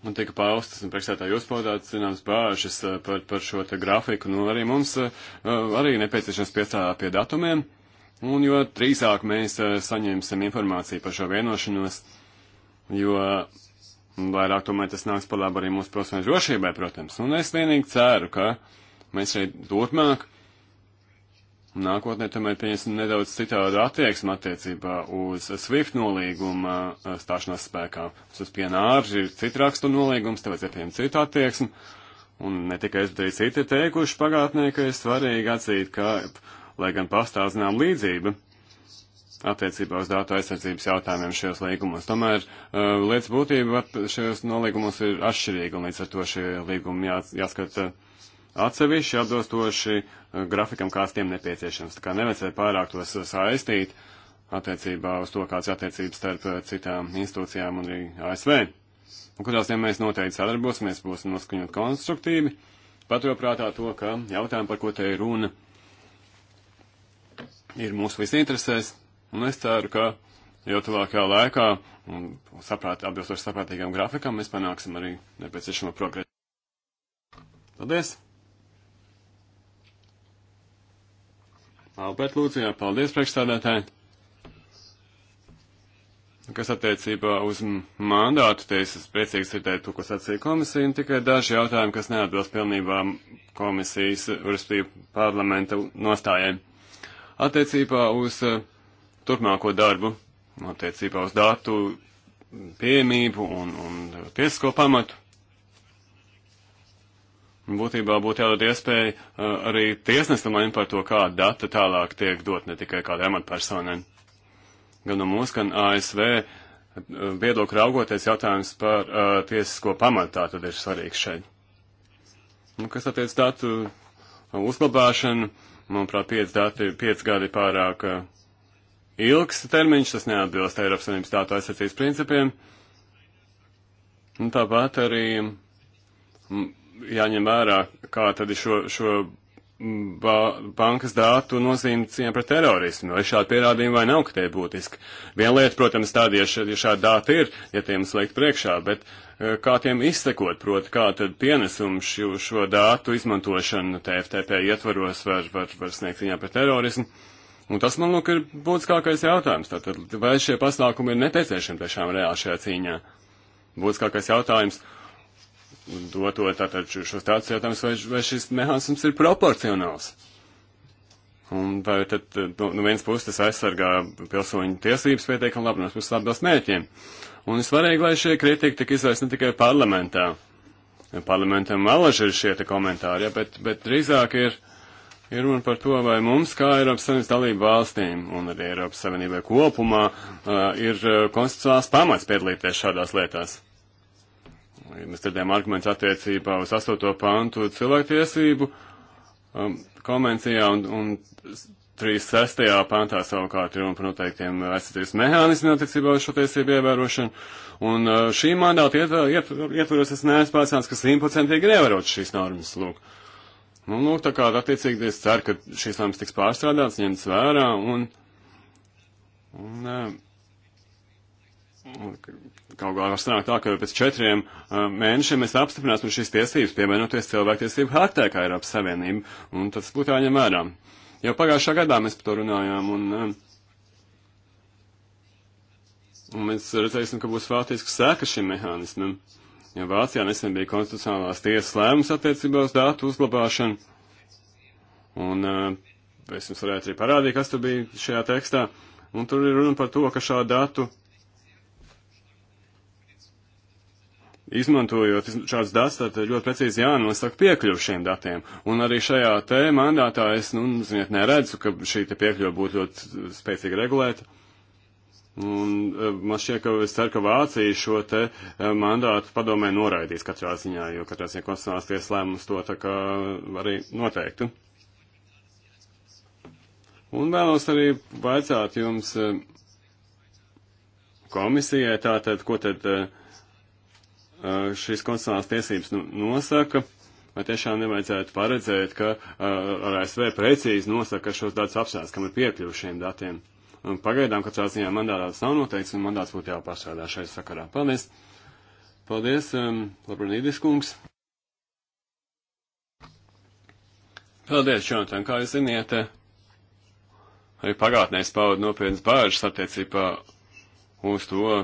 Un tika paustas un priekšstādā jūs paudāts, zināms, bāžas eh, par, par šo te grafiku, nu arī mums eh, arī nepieciešams piestādā pie datumiem, un jo trīsāk mēs eh, saņemsim informāciju par šo vienošanos, jo vairāk tomēr tas nāks par labu arī mūsu profesionālajai drošībai, protams. Un es vienīgi ceru, ka Mēs arī turpmāk nākotnē tomēr pieņemsim nedaudz citādu attieksmi attiecībā uz SWIFT nolīguma eh, stāšanās spēkā. Uz pienāržu ir cita rakstu nolīgums, tāpēc ir pieņem citu attieksmi. Un ne tikai es, bet arī citi teikuši pagātnē, ka ir svarīgi atzīt, ka, lai gan pastāv zinām līdzība attiecībā uz datu aizsardzības jautājumiem šajos līgumos. Tomēr uh, lietas būtība šajos nolīgumos ir atšķirīga, un līdz ar to šie līgumi jā, jāskata uh, atsevišķi atbilstoši eh, grafikam, kāds tiem nepieciešams. Tā kā nevajadzēja pārāk tos eh, saistīt attiecībā uz to, kāds ir attiecības starp eh, citām institūcijām un arī ASV. Un kurās tiem mēs noteikti sadarbosimies, būsim noskaņot konstruktīvi, paturprātā to, ka jautājumi, par ko te ir runa, ir mūsu visi interesēs, un es ceru, ka jau tuvākajā laikā, un saprāt, atbilstoši saprātīgam grafikam, mēs panāksim arī nepieciešamo progresu. Paldies! Albert Lūdzu, jā, paldies priekšstādātāji. Nu, kas attiecībā uz mandātu, te es priecīgs citēju to, ko sacīja komisija, un tikai daži jautājumi, kas neatbilst pilnībā komisijas, respektīvi parlamenta nostājai. Attiecībā uz eh, turpmāko darbu, attiecībā uz datu pieejamību un, un tiesisko pamatu, Būtībā būtu jādod iespēja uh, arī tiesnesam lemt par to, kāda data tālāk tiek dot ne tikai kādai amatpersonai. Gan no mūsu, gan ASV uh, viedokļa raugoties jautājums par uh, tiesisko pamatu tātad ir svarīgs šeit. Nu, kas attiec datu uh, uzglabāšanu, manuprāt, 5 dati, 5 gadi pārāk uh, ilgs termiņš, tas neatbilst Eiropas Savienības datu aizsardzības principiem. Un tāpat arī. Um, jāņem vērā, kā tad ir šo, šo mm, ba bankas dātu nozīme cīņā pret terorismu. Vai šādi pierādījumi vai nav, ka tie ir būtiski? Viena lieta, protams, tāda, ja, ja šādi dāti ir, ja tiem slēgt priekšā, bet e, kā tiem izsekot, proti, kā tad pienesums šo, šo dātu izmantošanu TFTP ietvaros var, var, var sniegt cīņā pret terorismu. Un tas, man lūk, ir būtiskākais jautājums. Tātad, vai šie pasākumi ir nepieciešami tiešām reāli šajā cīņā? Būtiskākais jautājums. Uh, doto tātad šos tādus jautājumus, vai, vai šis mehānisms ir proporcionāls. Un vai tad eh, no, no vienas puses tas aizsargā pilsoņu tiesības pietiekami labi, no otras puses atbilst mērķiem. Un ir svarīgi, lai šie kritika tik izvērst ne tikai parlamentā. Parlamentam alaži ir šie te komentāri, ja, bet, bet drīzāk ir, ir runa par to, vai mums, kā Eiropas Savienības dalību valstīm un arī Eiropas Savienībai kopumā, uh, ir eh, konstitucionāls pamats piedalīties šādās lietās. Mēs dzirdējām argumentus attiecībā uz 8. pantu cilvēktiesību um, konvencijā un, un 36. pantā savukārt ir runa par noteiktiem aizsardzības mehānismiem attiecībā uz šo tiesību ievērošanu. Un uh, šī mandāta ietvaros es neesmu pārsāns, ka simtprocentīgi ir ievērotas šīs normas. Lūk. Nu, lūk, tā kā attiecīgi es ceru, ka šīs normas tiks pārstrādātas, ņemtas vērā un, un, un, uh, un Kaut galā var sanākt tā, ka pēc četriem uh, mēnešiem mēs apstiprināsim šīs tiesības, pievienoties cilvēktiesību hartē, kā Eiropas Savienība, un tas būtu jāņem vērā. Jau pagājušā gadā mēs par to runājām, un, uh, un mēs redzēsim, ka būs faktiski sēka šim mehānismam. Ja Vācijā nesen bija konstitucionālās tiesas lēmums attiecībā uz datu uzglabāšanu, un uh, es jums varētu arī parādīt, kas tur bija šajā tekstā, un tur ir runa par to, ka šā datu izmantojot šāds dats, tad ļoti precīzi jānosaka piekļuvi šiem datiem. Un arī šajā te mandātā es, nu, ziniet, neredzu, ka šī te piekļuva būtu ļoti spēcīgi regulēta. Un e, man šķiet, ka es ceru, ka Vācija šo te e, mandātu padomē noraidīs katrā ziņā, jo katrā ziņā konstitucionālās tiesas lēmums to tā kā arī noteiktu. Un vēlos arī vaicāt jums e, komisijai, tātad, ko tad uh, šīs konstitucionālās tiesības nu, nosaka, vai tiešām nevajadzētu paredzēt, ka ar ASV precīzi nosaka šos datus apstrādās, kam ir piekļuvi šiem datiem. Un pagaidām, katrā ziņā mandāts nav noteikts, un mandāts būtu jāpārstrādā šai sakarā. Paldies! Paldies, um, Labrinīdis kungs! Paldies, Jonathan, kā jūs ziniet, arī pagātnē es paudu nopietnas bāžas attiecībā uz to,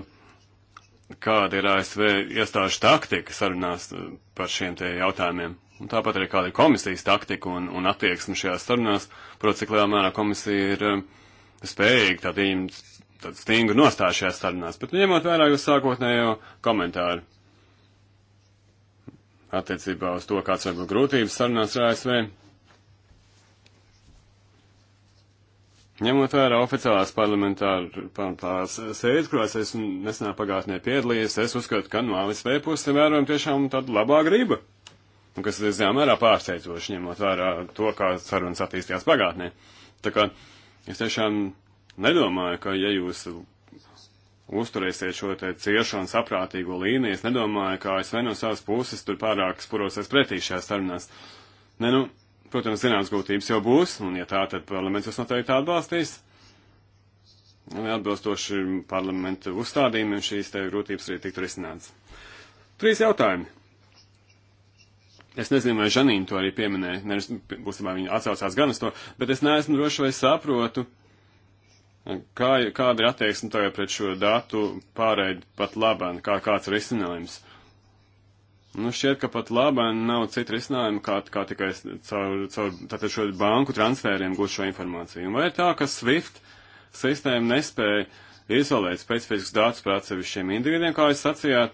kāda ir ASV iestāžu taktika sarunās eh, par šiem te jautājumiem. Un tāpat arī kāda ir komisijas taktika un, un attieksme šajās sarunās, proti, cik lielā mērā komisija ir eh, spējīga tādu tād stingru nostāju šajās sarunās. Bet ņemot vērā jūs sākotnējo komentāru attiecībā uz to, kāds var būt grūtības sarunās ar ASV, Ņemot vērā oficiālās parlamentārās sēdes, kurās es nesenā pagātnē piedalījies, es uzskatu, ka no ASV puses ir vērojama tiešām tāda labā griba, un kas ir zināmā mērā pārsteidzoši, ņemot vērā to, kā sarunas attīstījās pagātnē. Tā kā es tiešām nedomāju, ka ja jūs uzturēsiet šo te ciešu un saprātīgo līniju, es nedomāju, ka ASV no savas puses tur pārāk spurosies pretī šajās sarunās. Ne, nu, Protams, zināmas grūtības jau būs, un ja tā, tad parlaments jūs noteikti atbalstīs. Un atbilstoši parlamentu uzstādījumiem šīs te grūtības arī tiktu risināts. Trīs jautājumi. Es nezinu, vai Žanīna to arī pieminēja, ne, būtībā viņa atsaucās gan uz to, bet es neesmu droši, vai saprotu, kā, kāda ir attieksme tagad pret šo datu pārēdi pat labāk, kā kāds risinājums. Nu, šķiet, ka pat labi nav citu risinājumu, kā, kā tikai caur, caur tātad šo banku transfēriem gūt šo informāciju. Vai ir tā, ka SWIFT sistēma nespēja izolēt specifiskus datus par atsevišķiem individiem, kā jūs sacījāt,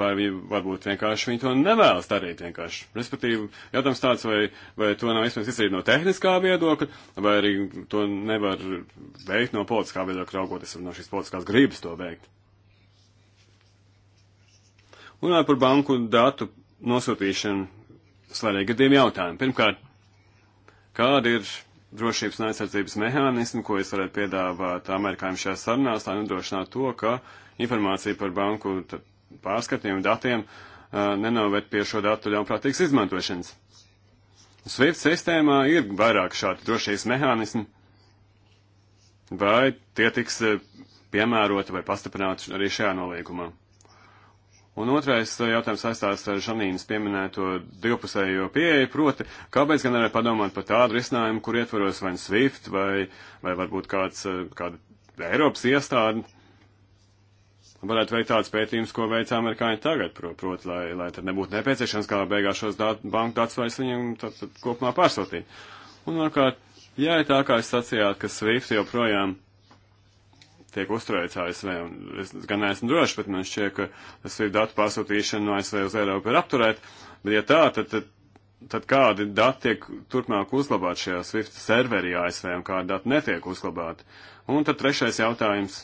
vai varbūt vienkārši viņi to nevēlas darīt vienkārši. Respektīvi, jautājums tāds, vai, vai to nav iespējams izdarīt no tehniskā viedokļa, vai arī to nevar veikt no politiskā viedokļa, raugoties no šīs politiskās gribas to veikt. Runājot par banku datu nosūtīšanu, svarīgi ir divi jautājumi. Pirmkārt, kāda ir drošības un aizsardzības mehānismi, ko es varētu piedāvāt amerikāņiem šajā sarunās, lai nodrošinātu to, ka informācija par banku pārskatiem un datiem uh, nenovērt pie šo datu ļaunprātīgas izmantošanas. SWIFT sistēmā ir vairāk šādi drošības mehānismi, vai tie tiks piemēroti vai pastiprināti arī šajā nolīgumā. Un otrais uh, jautājums saistās ar Žanīnas pieminēto divpusējo pieeju, proti, kāpēc gan arī padomāt par tādu risinājumu, kur ietveros vai nu SWIFT vai, vai varbūt kāds, uh, kāda Eiropas iestāde varētu veikt tāds pētījums, ko veic amerikāņi tagad, proti, prot, lai, lai tad nebūtu nepieciešams, kā beigās šos dat, banku datus vairs viņam tad, tad kopumā pārsūtīt. Un, varbūt, jā, tā kā es sacījāt, ka SWIFT joprojām tiek uzturēts ASV. Un es gan neesmu drošs, bet man šķiet, ka tas ir datu pārsūtīšana no ASV uz Eiropu ir apturēta. Bet ja tā, tad, tad, tad kādi dati tiek turpmāk uzglabāti šajā Swift serverī ASV un kādi dati netiek uzglabāti? Un tad trešais jautājums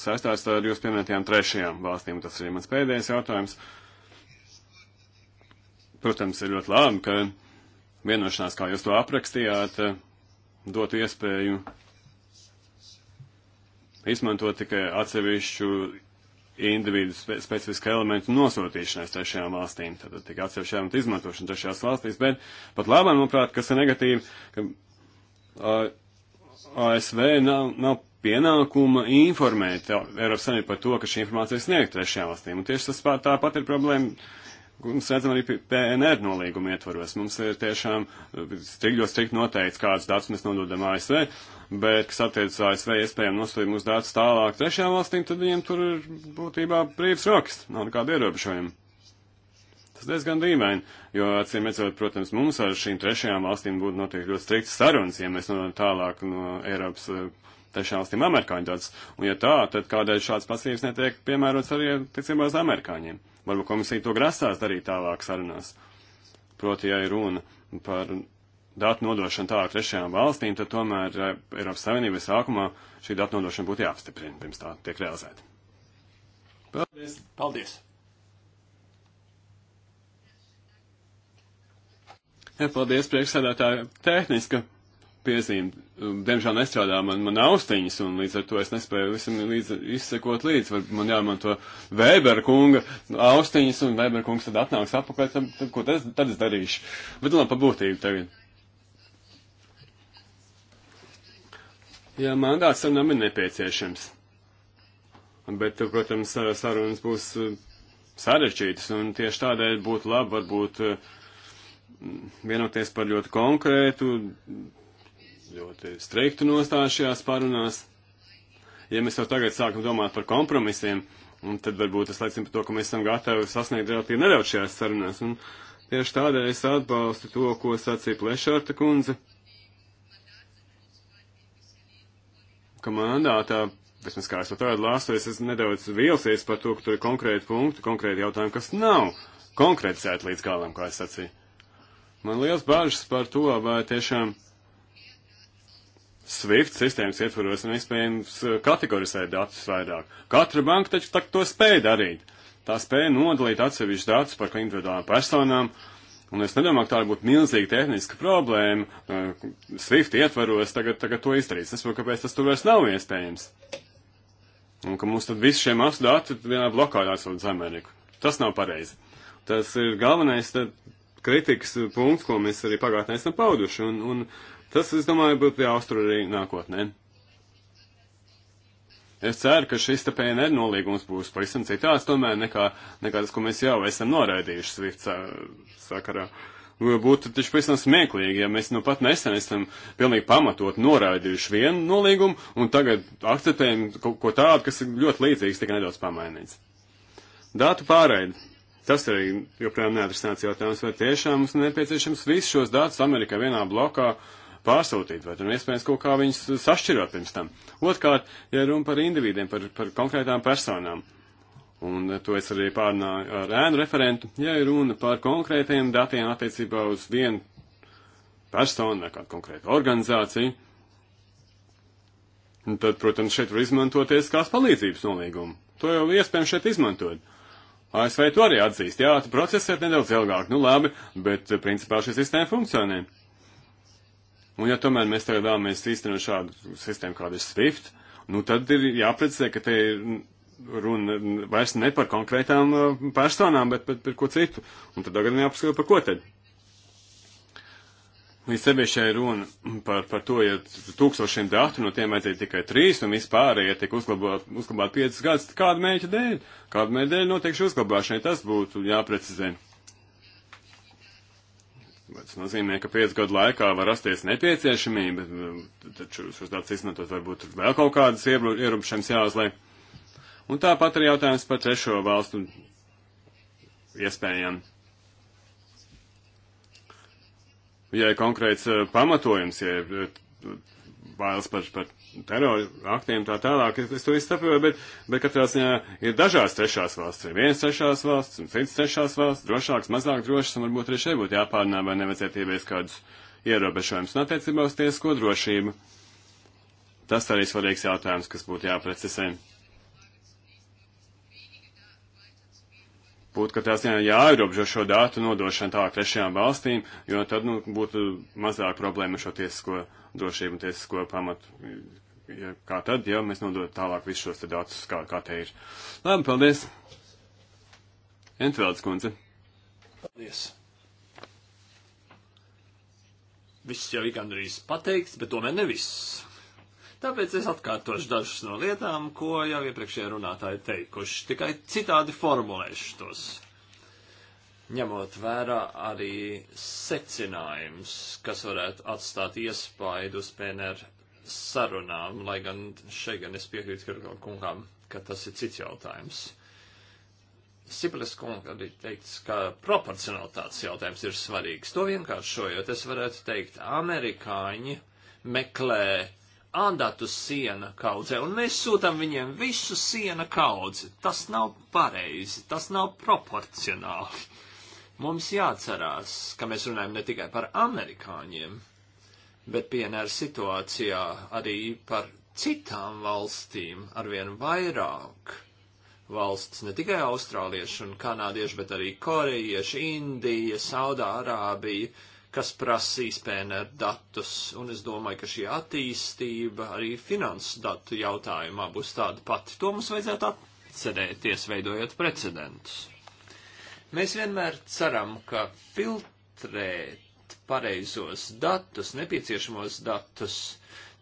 saistās ar jūs pieminētajām trešajām valstīm. Tas arī mans pēdējais jautājums. Protams, ir ļoti labi, ka vienošanās, kā jūs to aprakstījāt, dotu iespēju izmantot tikai atsevišķu individu spe, specifiska elementu nosūtīšanai trešajām valstīm, tātad tik atsevišķi elementu izmantošana trešajās valstīs, bet pat labāk, manuprāt, kas ir negatīvi, ka ASV nav, nav pienākuma informēt Eiropas Savienību par to, ka šī informācija sniegt trešajām valstīm. Un tieši tas tāpat ir problēma Mēs redzam arī PNR nolīguma ietvaros. Mums ir tiešām eh, strikļos strikt noteikts, kādas datus mēs nododam ASV, bet, kas attiecas ASV iespējām nosūtīt mūsu datus tālāk trešajām valstīm, tad viņiem tur ir būtībā brīvs rokas, nav nekāda ierobežojuma. Tas diezgan dīvaini, jo, acīm redzot, protams, mums ar šīm trešajām valstīm būtu notiek ļoti strikts sarunas, ja mēs nododam tālāk no Eiropas uh, trešām valstīm amerikāņu dats. Un ja tā, tad kādēļ šāds pasīvs netiek piemērots arī attiecībā uz amerikāņiem? Varbūt komisija to grasās darīt tālāk sarunās. Proti, ja ir runa par datu nodošanu tālāk trešajām valstīm, tad tomēr Eiropas Savienības sākumā šī datu nodošana būtu jāapstiprina, pirms tā tiek realizēta. Paldies! Paldies! Ja, paldies, priekšsēdētāji. Tehniska piezīme, um, diemžēl nestrādā man, man austiņas, un līdz ar to es nespēju visam līdz, izsekot līdz. Var, man jāmanto Weber kunga austiņas, un Weber kungs tad atnāks apakaļ, tad, tad ko tad, tad es darīšu. Bet nu, labi, pa būtību tagad. Jā, mandāts sarunām ir nepieciešams. Bet, protams, sarunas būs uh, sarežģītas, un tieši tādēļ būtu labi varbūt uh, vienoties par ļoti konkrētu ļoti streiktu nostāju šajās pārunās. Ja mēs jau tagad sākam domāt par kompromisiem, tad varbūt tas liecina par to, ka mēs esam gatavi sasniegt relatīvi nedaudz šajās sarunās. Un tieši tādēļ es atbalstu to, ko sacīja Plešārta kundze, ka mandātā, vismaz kā es to tagad lāstu, es esmu nedaudz vīlsies par to, ka tur ir konkrēti punkti, konkrēti jautājumi, kas nav konkrētisēti līdz galam, kā es sacīju. Man liels bažas par to, vai tiešām SWIFT sistēmas ietvaros un iespējams eh, kategorizēt datus vairāk. Katra banka taču to spēja darīt. Tā spēja nodalīt atsevišķus datus par individuālām personām, un es nedomāju, ka tā būtu milzīga tehniska problēma. Eh, SWIFT ietvaros tagad, tagad to izdarīt. Es saprotu, kāpēc tas tur vairs nav iespējams. Un ka mums tad visi šie masu dati vienā blokā jāsūt uz Ameriku. Tas nav pareizi. Tas ir galvenais tad, kritikas punkts, ko mēs arī pagātnē esam pauduši. Un, un, Tas, es domāju, būtu jāuztur arī nākotnē. Es ceru, ka šis te PNR nolīgums būs pavisam citāds tomēr nekā, nekā tas, ko mēs jau esam noraidījuši Swift sakarā. Būtu taču pavisam smieklīgi, ja mēs nu pat nesen esam pilnīgi pamatot noraidījuši vienu nolīgumu un tagad akceptējam kaut ko tādu, kas ir ļoti līdzīgs, tikai nedaudz pamainīts. Dātu pārraidi. Tas arī joprojām neatrisināts jautājums, vai tiešām mums nepieciešams visus šos datus Amerikā vienā blokā uh, pārsūtīt, vai tur iespējams kaut kā viņus sašķirot pirms tam. Otkārt, ja runa par individiem, par, par konkrētām personām, un to es arī pārnāju ar ēnu referentu, ja runa par konkrētiem datiem attiecībā uz vienu personu vai kādu konkrētu organizāciju, tad, protams, šeit var izmantoties kāds palīdzības nolīgumu. To jau iespējams šeit izmantot. ASV to arī atzīst. Jā, process ir nedaudz ilgāk, nu labi, bet principā šī sistēma funkcionē. Un ja tomēr mēs tagad vēlamies īstenot šādu sistēmu, kāda ir SWIFT, nu tad ir jāprecē, ka te ir runa vairs ne par konkrētām uh, personām, bet, bet par ko citu. Un tad tagad jāpaskatās, par ko tad. Līdz sevišķai runa par, par to, ja tūkstošiem datu, no tiem vajadzēja tikai trīs, un vispārējie ja tiek uzglabāti uzglabāt piecas gadus, kāda mēģa dēļ, kāda mēģa dēļ notiek šī uzglabāšana, tas būtu jāprecizē. Tas nozīmē, ka piecu gadu laikā var rasties nepieciešamība, taču šos datus izmantot varbūt vēl kaut kādas ierobežojums jāuzliek. Un tāpat ir jautājums par trešo valstu iespējām. Ja ir konkrēts eh, pamatojums, ja ir eh, bailes par, par terora aktiem tā tālāk, es, es to visu saprotu, bet, bet katrā ziņā ir dažās trešās valsts, ir viens trešās valsts, un cits trešās valsts, drošāks, mazāk drošs, un varbūt arī šeit būtu jāpārnā, vai nevajadzētu ievies kādus ierobežojumus un attiecībā uz tiesisko drošību. Tas arī svarīgs jautājums, kas būtu jāprecisē. būtu, ka tās jāierobežo šo datu nodošanu tālāk trešajām valstīm, jo tad nu, būtu mazāk problēma šo tiesisko drošību un tiesisko pamatu ja, kā tad, ja mēs nodot tālāk visus šos datus, kā, kā te ir. Labi, paldies! Entveldes kundze. Paldies! Viss jau ir gandrīz pateikts, bet tomēr ne viss. Tāpēc es atkārtošu dažas no lietām, ko jau iepriekšējā runātāja teikuši, tikai citādi formulēšu tos. Ņemot vērā arī secinājums, kas varētu atstāt iespaidu uz PNR sarunām, lai gan šeit gan es piekrītu Kirkam kungam, ka tas ir cits jautājums. Siples kunga arī teikts, ka proporcionalitātes jautājums ir svarīgs. To vienkāršojot, es varētu teikt, amerikāņi meklē ādatu siena kaudzē, un mēs sūtam viņiem visu siena kaudzi. Tas nav pareizi, tas nav proporcionāli. Mums jāatcerās, ka mēs runājam ne tikai par amerikāņiem, bet PNR situācijā arī par citām valstīm arvien vairāk valsts, ne tikai austrālieši un kanādieši, bet arī korejieši, Indija, Saudārābija, kas prasīs PNR datus, un es domāju, ka šī attīstība arī finanses datu jautājumā būs tāda pati. To mums vajadzētu atcerēties, veidojot precedentus. Mēs vienmēr ceram, ka filtrēt pareizos datus, nepieciešamos datus,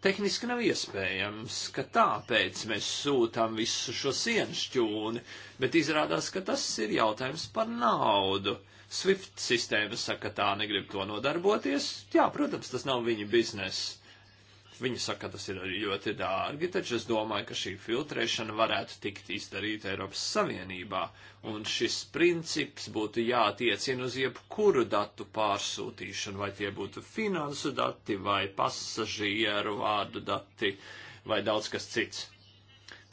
tehniski nav iespējams, ka tāpēc mēs sūtām visu šo sienšķūni, bet izrādās, ka tas ir jautājums par naudu. Swift sistēma saka, tā negrib to nodarboties. Jā, protams, tas nav viņa biznesa. Viņi saka, ka tas ir ļoti dārgi, taču es domāju, ka šī filtrēšana varētu tikt izdarīta Eiropas Savienībā, un šis princips būtu jātiecina uz jebkuru datu pārsūtīšanu, vai tie būtu finansu dati, vai pasažieru vārdu dati, vai daudz kas cits.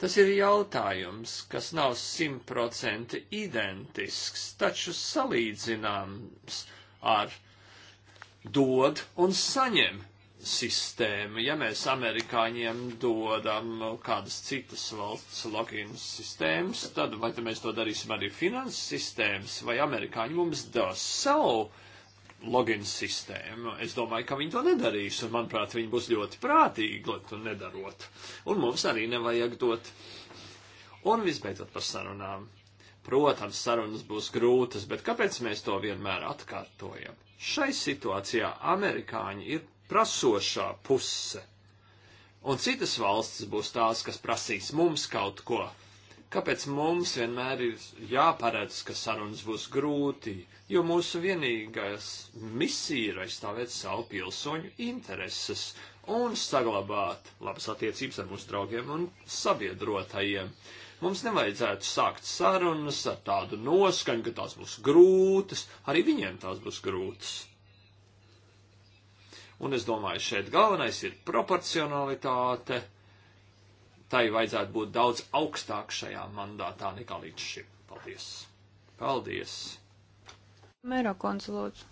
Tas ir jautājums, kas nav simtprocenti identisks, taču salīdzināms ar dod un saņem sistēma. Ja mēs amerikāņiem dodam kādas citas valsts login sistēmas, tad vai tad mēs to darīsim arī finanses sistēmas, vai amerikāņi mums dos savu login sistēmu? Es domāju, ka viņi to nedarīs, un manuprāt, viņi būs ļoti prātīgi, lai to nedarot. Un mums arī nevajag dot. Un visbeidzot par sarunām. Protams, sarunas būs grūtas, bet kāpēc mēs to vienmēr atkārtojam? Šai situācijā amerikāņi ir prasošā puse. Un citas valstis būs tās, kas prasīs mums kaut ko. Kāpēc mums vienmēr ir jāparedz, ka sarunas būs grūti, jo mūsu vienīgais misija ir aizstāvēt savu pilsoņu intereses un saglabāt labas attiecības ar mūsu draugiem un sabiedrotajiem. Mums nevajadzētu sākt sarunas ar tādu noskaņu, ka tās būs grūtas, arī viņiem tās būs grūtas. Un es domāju, šeit galvenais ir proporcionalitāte. Tai vajadzētu būt daudz augstāk šajā mandātā nekā līdz šim. Paldies! Paldies! Mēro konsulūdzu.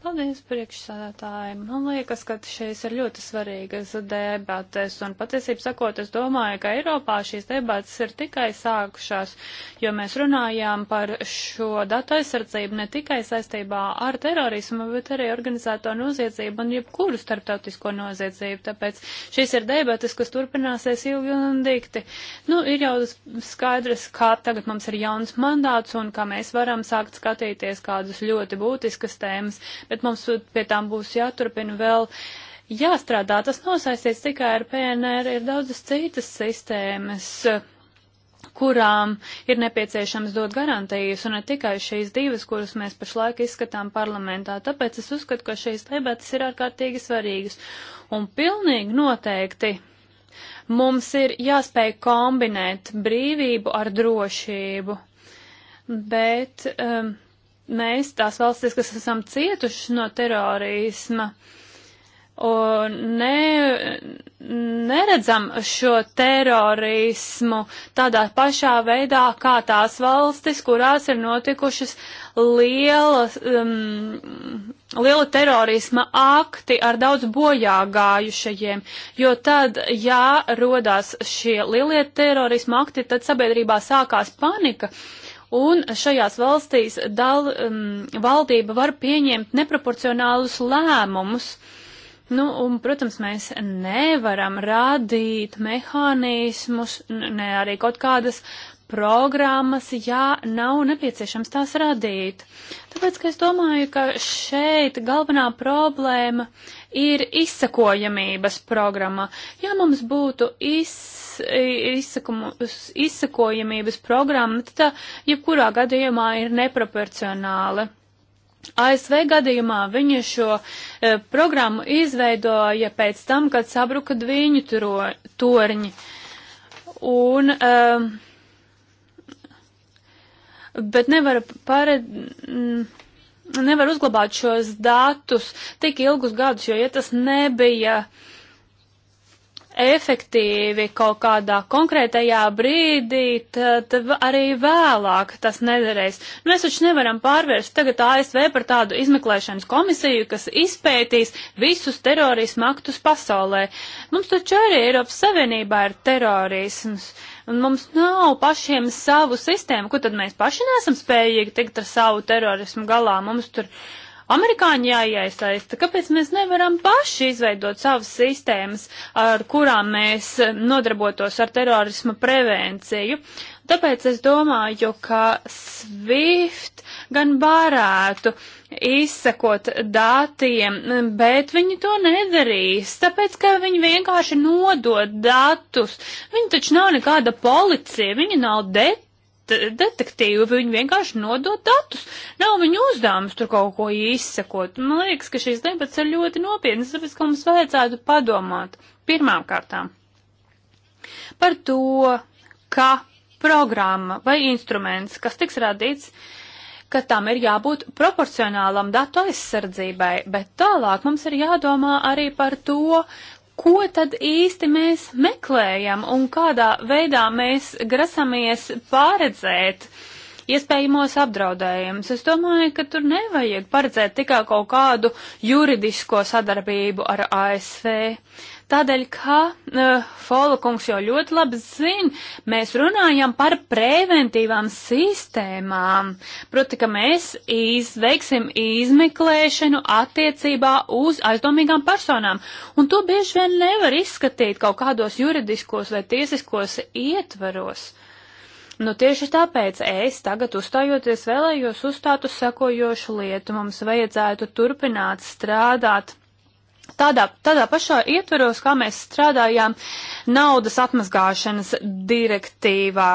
Paldies priekšsādātājiem. Man liekas, ka šīs ir ļoti svarīgas debates, un patiesībā sakot, es domāju, ka Eiropā šīs debates ir tikai sākušās, jo mēs runājām par šo datu aizsardzību ne tikai saistībā ar terorismu, bet arī organizēto noziedzību un jebkuru starptautisko noziedzību. Tāpēc šīs ir debates, kas turpināsies ilgi un dikti. Nu, ir jau skaidrs, kā tagad mums ir jauns mandāts un kā mēs varam sākt skatīties kādas ļoti būtiskas tēmas bet mums pie tām būs jāturpina vēl jāstrādā. Tas nav saistīts tikai ar PNR, ir daudzas citas sistēmas kurām ir nepieciešams dot garantijas, un ne tikai šīs divas, kuras mēs pašlaik izskatām parlamentā. Tāpēc es uzskatu, ka šīs debatas ir ārkārtīgi svarīgas. Un pilnīgi noteikti mums ir jāspēj kombinēt brīvību ar drošību. Bet um, mēs, tās valstis, kas esam cietuši no terorisma, ne, neredzam šo terorismu tādā pašā veidā kā tās valstis, kurās ir notikušas lielas, um, liela terorisma akti ar daudz bojā gājušajiem, jo tad, ja rodās šie lielie terorisma akti, tad sabiedrībā sākās panika. Uh, un šajās valstīs dal, um, valdība var pieņemt neproporcionālus lēmumus. Nu, un, protams, mēs nevaram radīt mehānismus, ne arī kaut kādas programmas, ja nav nepieciešams tās radīt. Tāpēc, ka es domāju, ka šeit galvenā problēma ir izsakojamības programma. Ja mums būtu iz, izsakumu, izsakojamības programma, tad tā jebkurā gadījumā ir neproporcionāla. ASV gadījumā viņi šo e, programmu izveidoja pēc tam, kad sabruka viņu toro, torņi. Un, e, bet nevar pared, mm, nevar uzglabāt šos datus tik ilgus gadus, jo, ja tas nebija efektīvi kaut kādā konkrētajā brīdī, tad arī vēlāk tas nedarēs. Mēs taču nevaram pārvērst tagad ASV par tādu izmeklēšanas komisiju, kas izpētīs visus terorismu aktus pasaulē. Mums taču arī Eiropas Savienībā ir terorisms. Uh, un mums nav pašiem savu sistēmu, ko tad mēs paši nesam spējīgi tikt ar savu terorismu galā. Mums tur amerikāņi jāiesaista, kāpēc mēs nevaram paši izveidot savas sistēmas, ar kurām mēs nodarbotos ar terorisma prevenciju. Tāpēc es domāju, ka SWIFT gan varētu izsekot datiem, bet viņi to nedarīs, tāpēc, ka viņi vienkārši nodod datus. Viņi taču nav nekāda policija, viņi nav det detektīvi, viņi vienkārši nodod datus. Nav viņu uzdevums tur kaut ko izsekot. Man liekas, ka šīs debats ir ļoti nopietnas, tāpēc, ka mums vajadzētu padomāt pirmām kārtām par to, ka programma vai instruments, kas tiks radīts, uh, ka tam ir jābūt proporcionālam datu aizsardzībai, bet tālāk mums ir jādomā arī par to, ko tad īsti mēs meklējam un kādā veidā mēs grasamies pārredzēt iespējamos apdraudējumus. Es domāju, ka tur nevajag paredzēt tikai kaut kādu juridisko sadarbību ar ASV. Tādēļ, kā uh, e, Fola kungs jau ļoti labi zina, mēs runājam par preventīvām sistēmām. Proti, ka mēs izveiksim izmeklēšanu attiecībā uz aizdomīgām personām. Un to bieži vien nevar izskatīt kaut kādos juridiskos vai tiesiskos ietvaros. Nu, tieši tāpēc es tagad uzstājoties vēlējos uzstāt uz sekojošu lietu. Mums vajadzētu turpināt strādāt tādā, tādā pašā ietveros, kā mēs strādājām naudas atmazgāšanas direktīvā,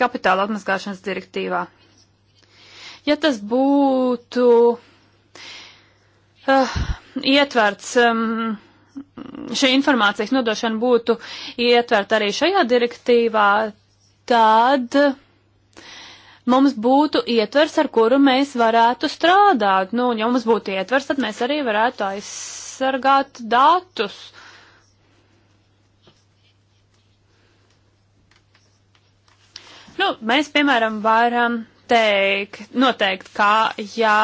kapitāla atmazgāšanas direktīvā. Ja tas būtu uh, ietverts, um, šī informācijas nodošana būtu ietverta arī šajā direktīvā, tad mums būtu ietvers, ar kuru mēs varētu strādāt. Nu, ja mums būtu ietvers, tad mēs arī varētu aizsākt aizsargāt datus. Nu, mēs, piemēram, varam teikt, noteikt, ka, ja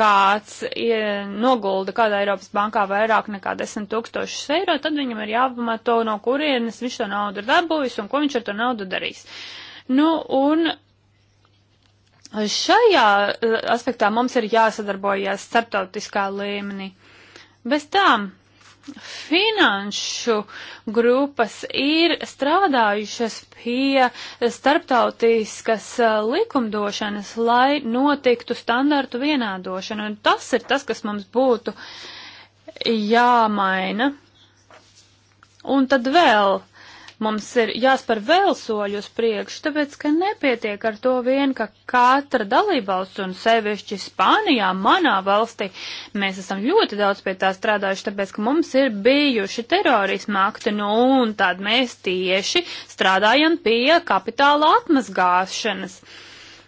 kāds ir, nogulda kādā Eiropas bankā vairāk nekā 10 tūkstošus eiro, tad viņam ir jāpamato, no kurienes viņš to naudu ir dabūjis un ko viņš ar to naudu darīs. Nu, un šajā eh, aspektā mums ir jāsadarbojas starptautiskā līmenī. Bez tām finanšu grupas ir strādājušas pie starptautiskas uh, likumdošanas, lai notiktu standartu vienādošana. Un tas ir tas, kas mums būtu jāmaina. Un tad vēl Mums ir jāspēr vēl soļi uz priekšu, tāpēc, ka nepietiek ar to vien, ka katra dalībvalsts un sevišķi Spānijā, manā valstī, mēs esam ļoti daudz pie tā strādājuši, tāpēc, ka mums ir bijuši terorisma akti, nu, un tad mēs tieši strādājam pie kapitāla atmazgāšanas.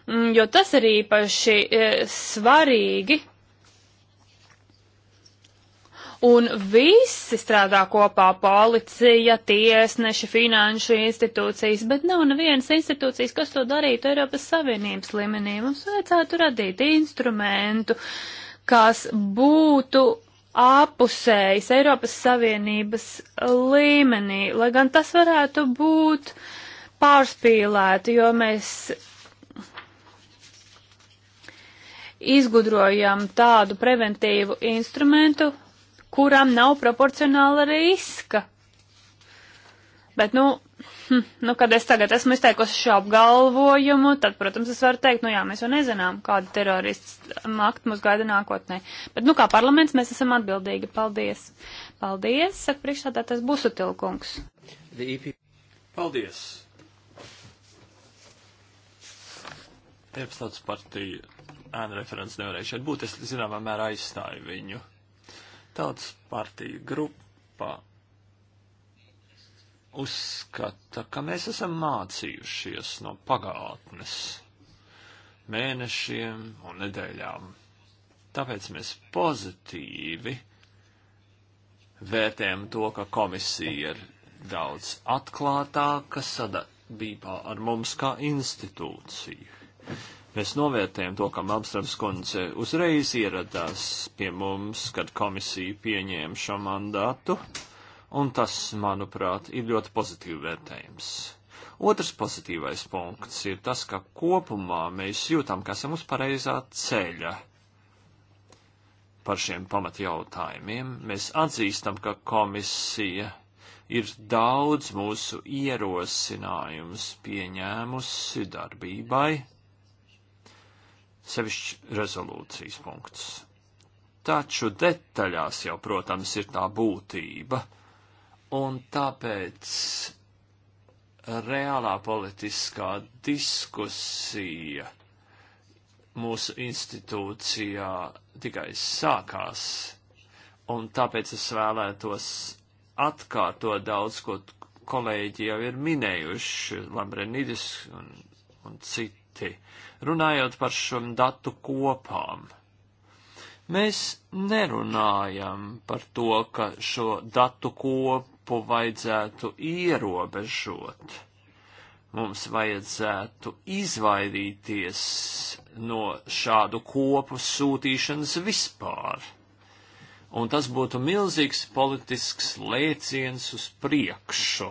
Mm, jo tas ir īpaši e, svarīgi un visi strādā kopā - policija, tiesneši, finanšu institūcijas, bet nav nevienas institūcijas, kas to darītu Eiropas Savienības līmenī. Mums vajadzētu radīt instrumentu, kas būtu apusējs Eiropas Savienības līmenī, lai gan tas varētu būt pārspīlēti, jo mēs izgudrojam tādu preventīvu instrumentu, kurām nav proporcionāla riska. Bet, nu, hm, nu, kad es tagad esmu izteikusi šo apgalvojumu, tad, protams, es varu teikt, nu jā, mēs jau nezinām, kādu teroristu aktu mūs gaida nākotnē. Bet, nu, kā parlaments, mēs esam atbildīgi. Paldies. Paldies, saka priekšstādā tas Busutilkungs. E Paldies. Tautas partija ēna referents nevarēja šeit būt. Es zināmā mērā aizstāju viņu. Tautas partija grupā uzskata, ka mēs esam mācījušies no pagātnes mēnešiem un nedēļām. Tāpēc mēs pozitīvi vērtējam to, ka komisija ir daudz atklātāka sadarbībā ar mums kā institūciju. Mēs novērtējam to, ka Malmstrāms kundze uzreiz ieradās pie mums, kad komisija pieņēma šo mandātu, un tas, manuprāt, ir ļoti pozitīvi vērtējums. Otrs pozitīvais punkts ir tas, ka kopumā mēs jūtam, ka esam uz pareizā ceļa par šiem pamatjautājumiem. Mēs atzīstam, ka komisija ir daudz mūsu ierosinājumus pieņēmusi darbībai, sevišķi rezolūcijas punkts. Taču detaļās jau, protams, ir tā būtība, un tāpēc reālā politiskā diskusija mūsu institūcijā tikai sākās, un tāpēc es vēlētos atkārtot daudz, ko kolēģi jau ir minējuši, Lambrenidis un, un citi dati. Runājot par šiem datu kopām, mēs nerunājam par to, ka šo datu kopu vajadzētu ierobežot. Mums vajadzētu izvairīties no šādu kopu sūtīšanas vispār un tas būtu milzīgs politisks lēciens uz priekšu.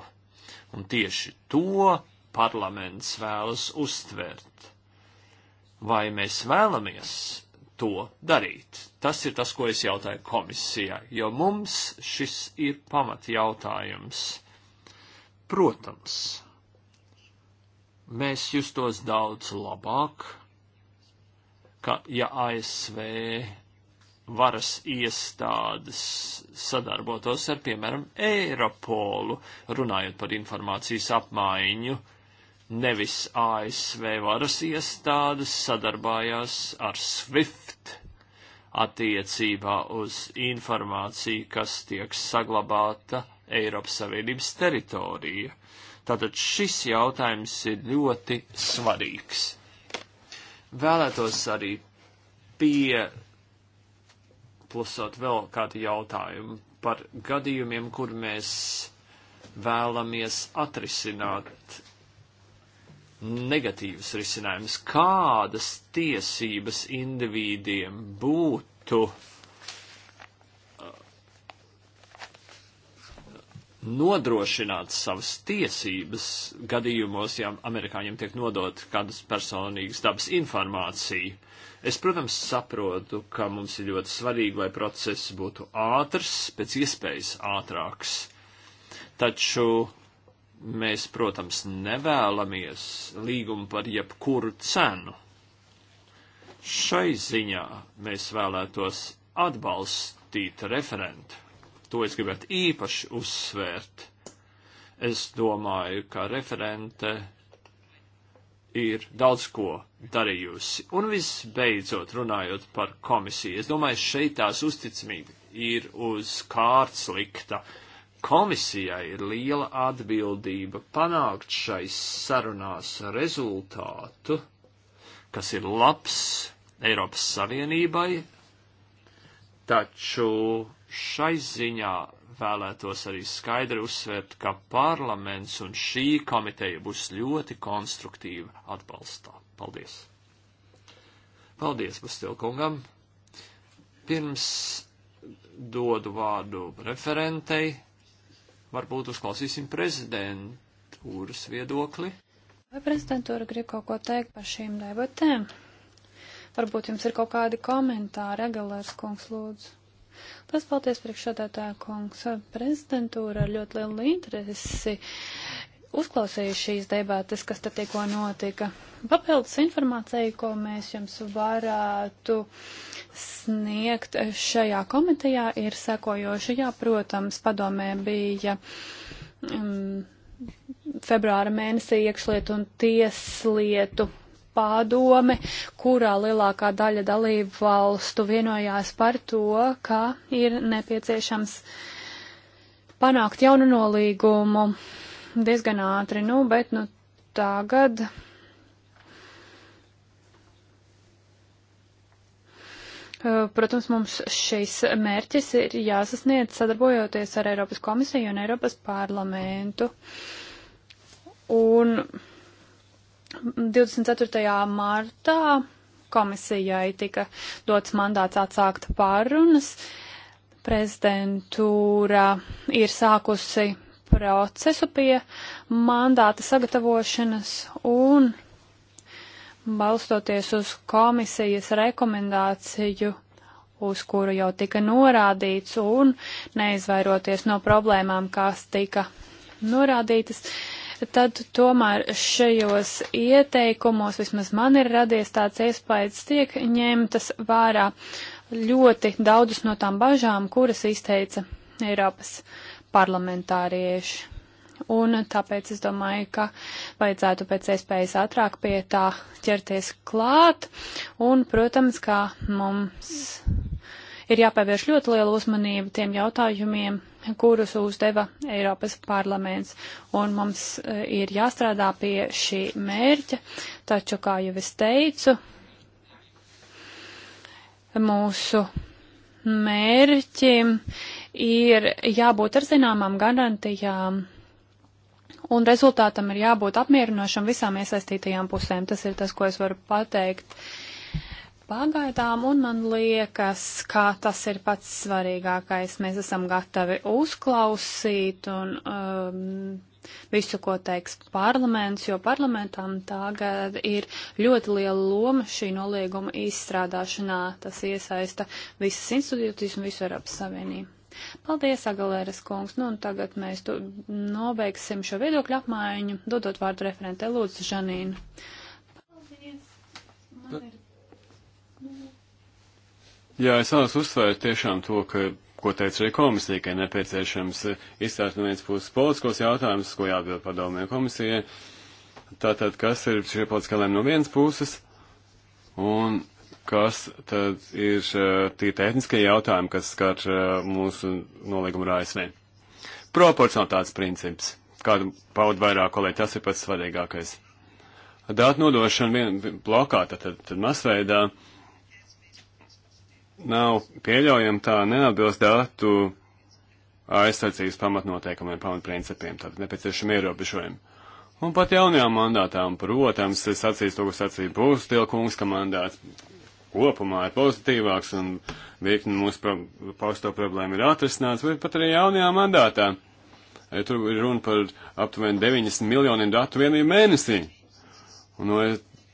Un tieši to parlaments vēlas uztvert. Vai mēs vēlamies to darīt? Tas ir tas, ko es jautāju komisijai, jo mums šis ir pamat jautājums. Protams, mēs justos daudz labāk, ka ja ASV varas iestādes sadarbotos ar, piemēram, Eiropolu, runājot par informācijas apmaiņu nevis ASV varas iestādes sadarbājās ar SWIFT attiecībā uz informāciju, kas tiek saglabāta Eiropas Savienības teritorija. Tātad šis jautājums ir ļoti svarīgs. Vēlētos arī pie plusot vēl kādu jautājumu par gadījumiem, kur mēs vēlamies atrisināt negatīvs risinājums. Kādas tiesības individiem būtu nodrošināt savas tiesības gadījumos, ja amerikāņiem tiek nodot kādas personīgas dabas informācija? Es, protams, saprotu, ka mums ir ļoti svarīgi, lai process būtu ātrs, pēc iespējas ātrāks. Taču Mēs, protams, nevēlamies līgumu par jebkuru cenu. Šai ziņā mēs vēlētos atbalstīt referentu. To es gribētu īpaši uzsvērt. Es domāju, ka referente ir daudz ko darījusi. Un visbeidzot, runājot par komisiju, es domāju, šeit tās uzticamība ir uz kārts likta. Uh, Komisijai ir liela atbildība panākt šais sarunās rezultātu, kas ir labs Eiropas Savienībai, taču šai ziņā vēlētos arī skaidri uzsvērt, ka parlaments un šī komiteja būs ļoti konstruktīva atbalstā. Paldies! Paldies, Bastilkungam! Pirms dodu vārdu referentei, Varbūt uzklausīsim prezidentūras viedokli. Vai prezidentūra grib kaut ko teikt par šīm debatēm? Varbūt jums ir kaut kādi komentāri, Egalērs kungs lūdzu. Liels paldies priekšsādātā kungs. Prezidentūra ļoti lielu interesi uzklausījuši šīs debates, kas te tikko notika. Papildus informācija, ko mēs jums varētu sniegt šajā komitejā, ir sekojoša. Jā, protams, padomē bija um, februāra mēnesī iekšlietu un tieslietu padome, kurā lielākā daļa dalību valstu vienojās par to, ka ir nepieciešams panākt jaunu nolīgumu diezgan ātri, nu, bet nu tagad. Eh, protams, mums šis mērķis ir jāsasniedz sadarbojoties ar Eiropas komisiju un Eiropas parlamentu. Un 24. martā komisijai tika dots mandāts atsākt pārunas. Prezidentūra ir sākusi procesu pie mandāta sagatavošanas un balstoties uz komisijas rekomendāciju, uz kuru jau tika norādīts, un neizvairoties no problēmām, kas tika norādītas, tad tomēr šajos ieteikumos, vismaz man ir radies tāds iespējas, tiek ņemtas vērā ļoti daudzas no tām bažām, kuras izteica Eiropas parlamentārieši. Un tāpēc es domāju, ka vajadzētu pēc iespējas ātrāk pie tā ķerties klāt. Un, protams, kā mums ir jāpievērš ļoti liela uzmanība tiem jautājumiem, kurus uzdeva Eiropas parlaments. Un mums eh, ir jāstrādā pie šī mērķa, taču, kā jau es teicu, mūsu mērķim ir jābūt ar zināmām garantijām, un rezultātam ir jābūt apmierinošam visām iesaistītajām pusēm. Tas ir tas, ko es varu pateikt pagaidām, un man liekas, ka tas ir pats svarīgākais. Mēs esam gatavi uzklausīt un. Um, visu, ko teiks parlaments, jo parlamentam tagad ir ļoti liela loma šī nolieguma izstrādāšanā. Tas iesaista visas institūcijas un visu Eiropas Savienību. Paldies, Agalēras kungs. Nu, un tagad mēs tu, nobeigsim šo viedokļu apmaiņu, dodot vārdu referentē Lūdzu Žanīnu. Paldies. Man ir... Jā, es vēlos uzsvērt tiešām to, ka, ko teica arī komisija, ka ir nepieciešams eh, izstāst no vienas puses politiskos jautājumus, ko jāatbild padomē komisijai. Tātad, kas ir šie politiskā lēma no vienas puses, un kas tad ir eh, tie tehniskie jautājumi, kas skar eh, mūsu nolīgumu ar ASV. Proporcionātāts princips, kādu paudu vairāk kolēģi, tas ir pats svarīgākais. Dāta nodošana vien blokā, tad, tad, tad masveidā nav pieļaujama tā neatbilst datu aizsardzības pamatnoteikumiem, pamatprincipiem, tātad nepieciešami ierobežojumi. Un pat jaunajā mandātām, protams, es sacīju to, ko sacīja Būs Tilkungs, ka mandāts kopumā ir pozitīvāks un virkni mūsu pro pausto problēmu ir atrisināts, vai pat arī jaunajā mandātā. Ja tur ir runa par aptuveni 90 miljoniem datu vienību mēnesī. Un, no, nu,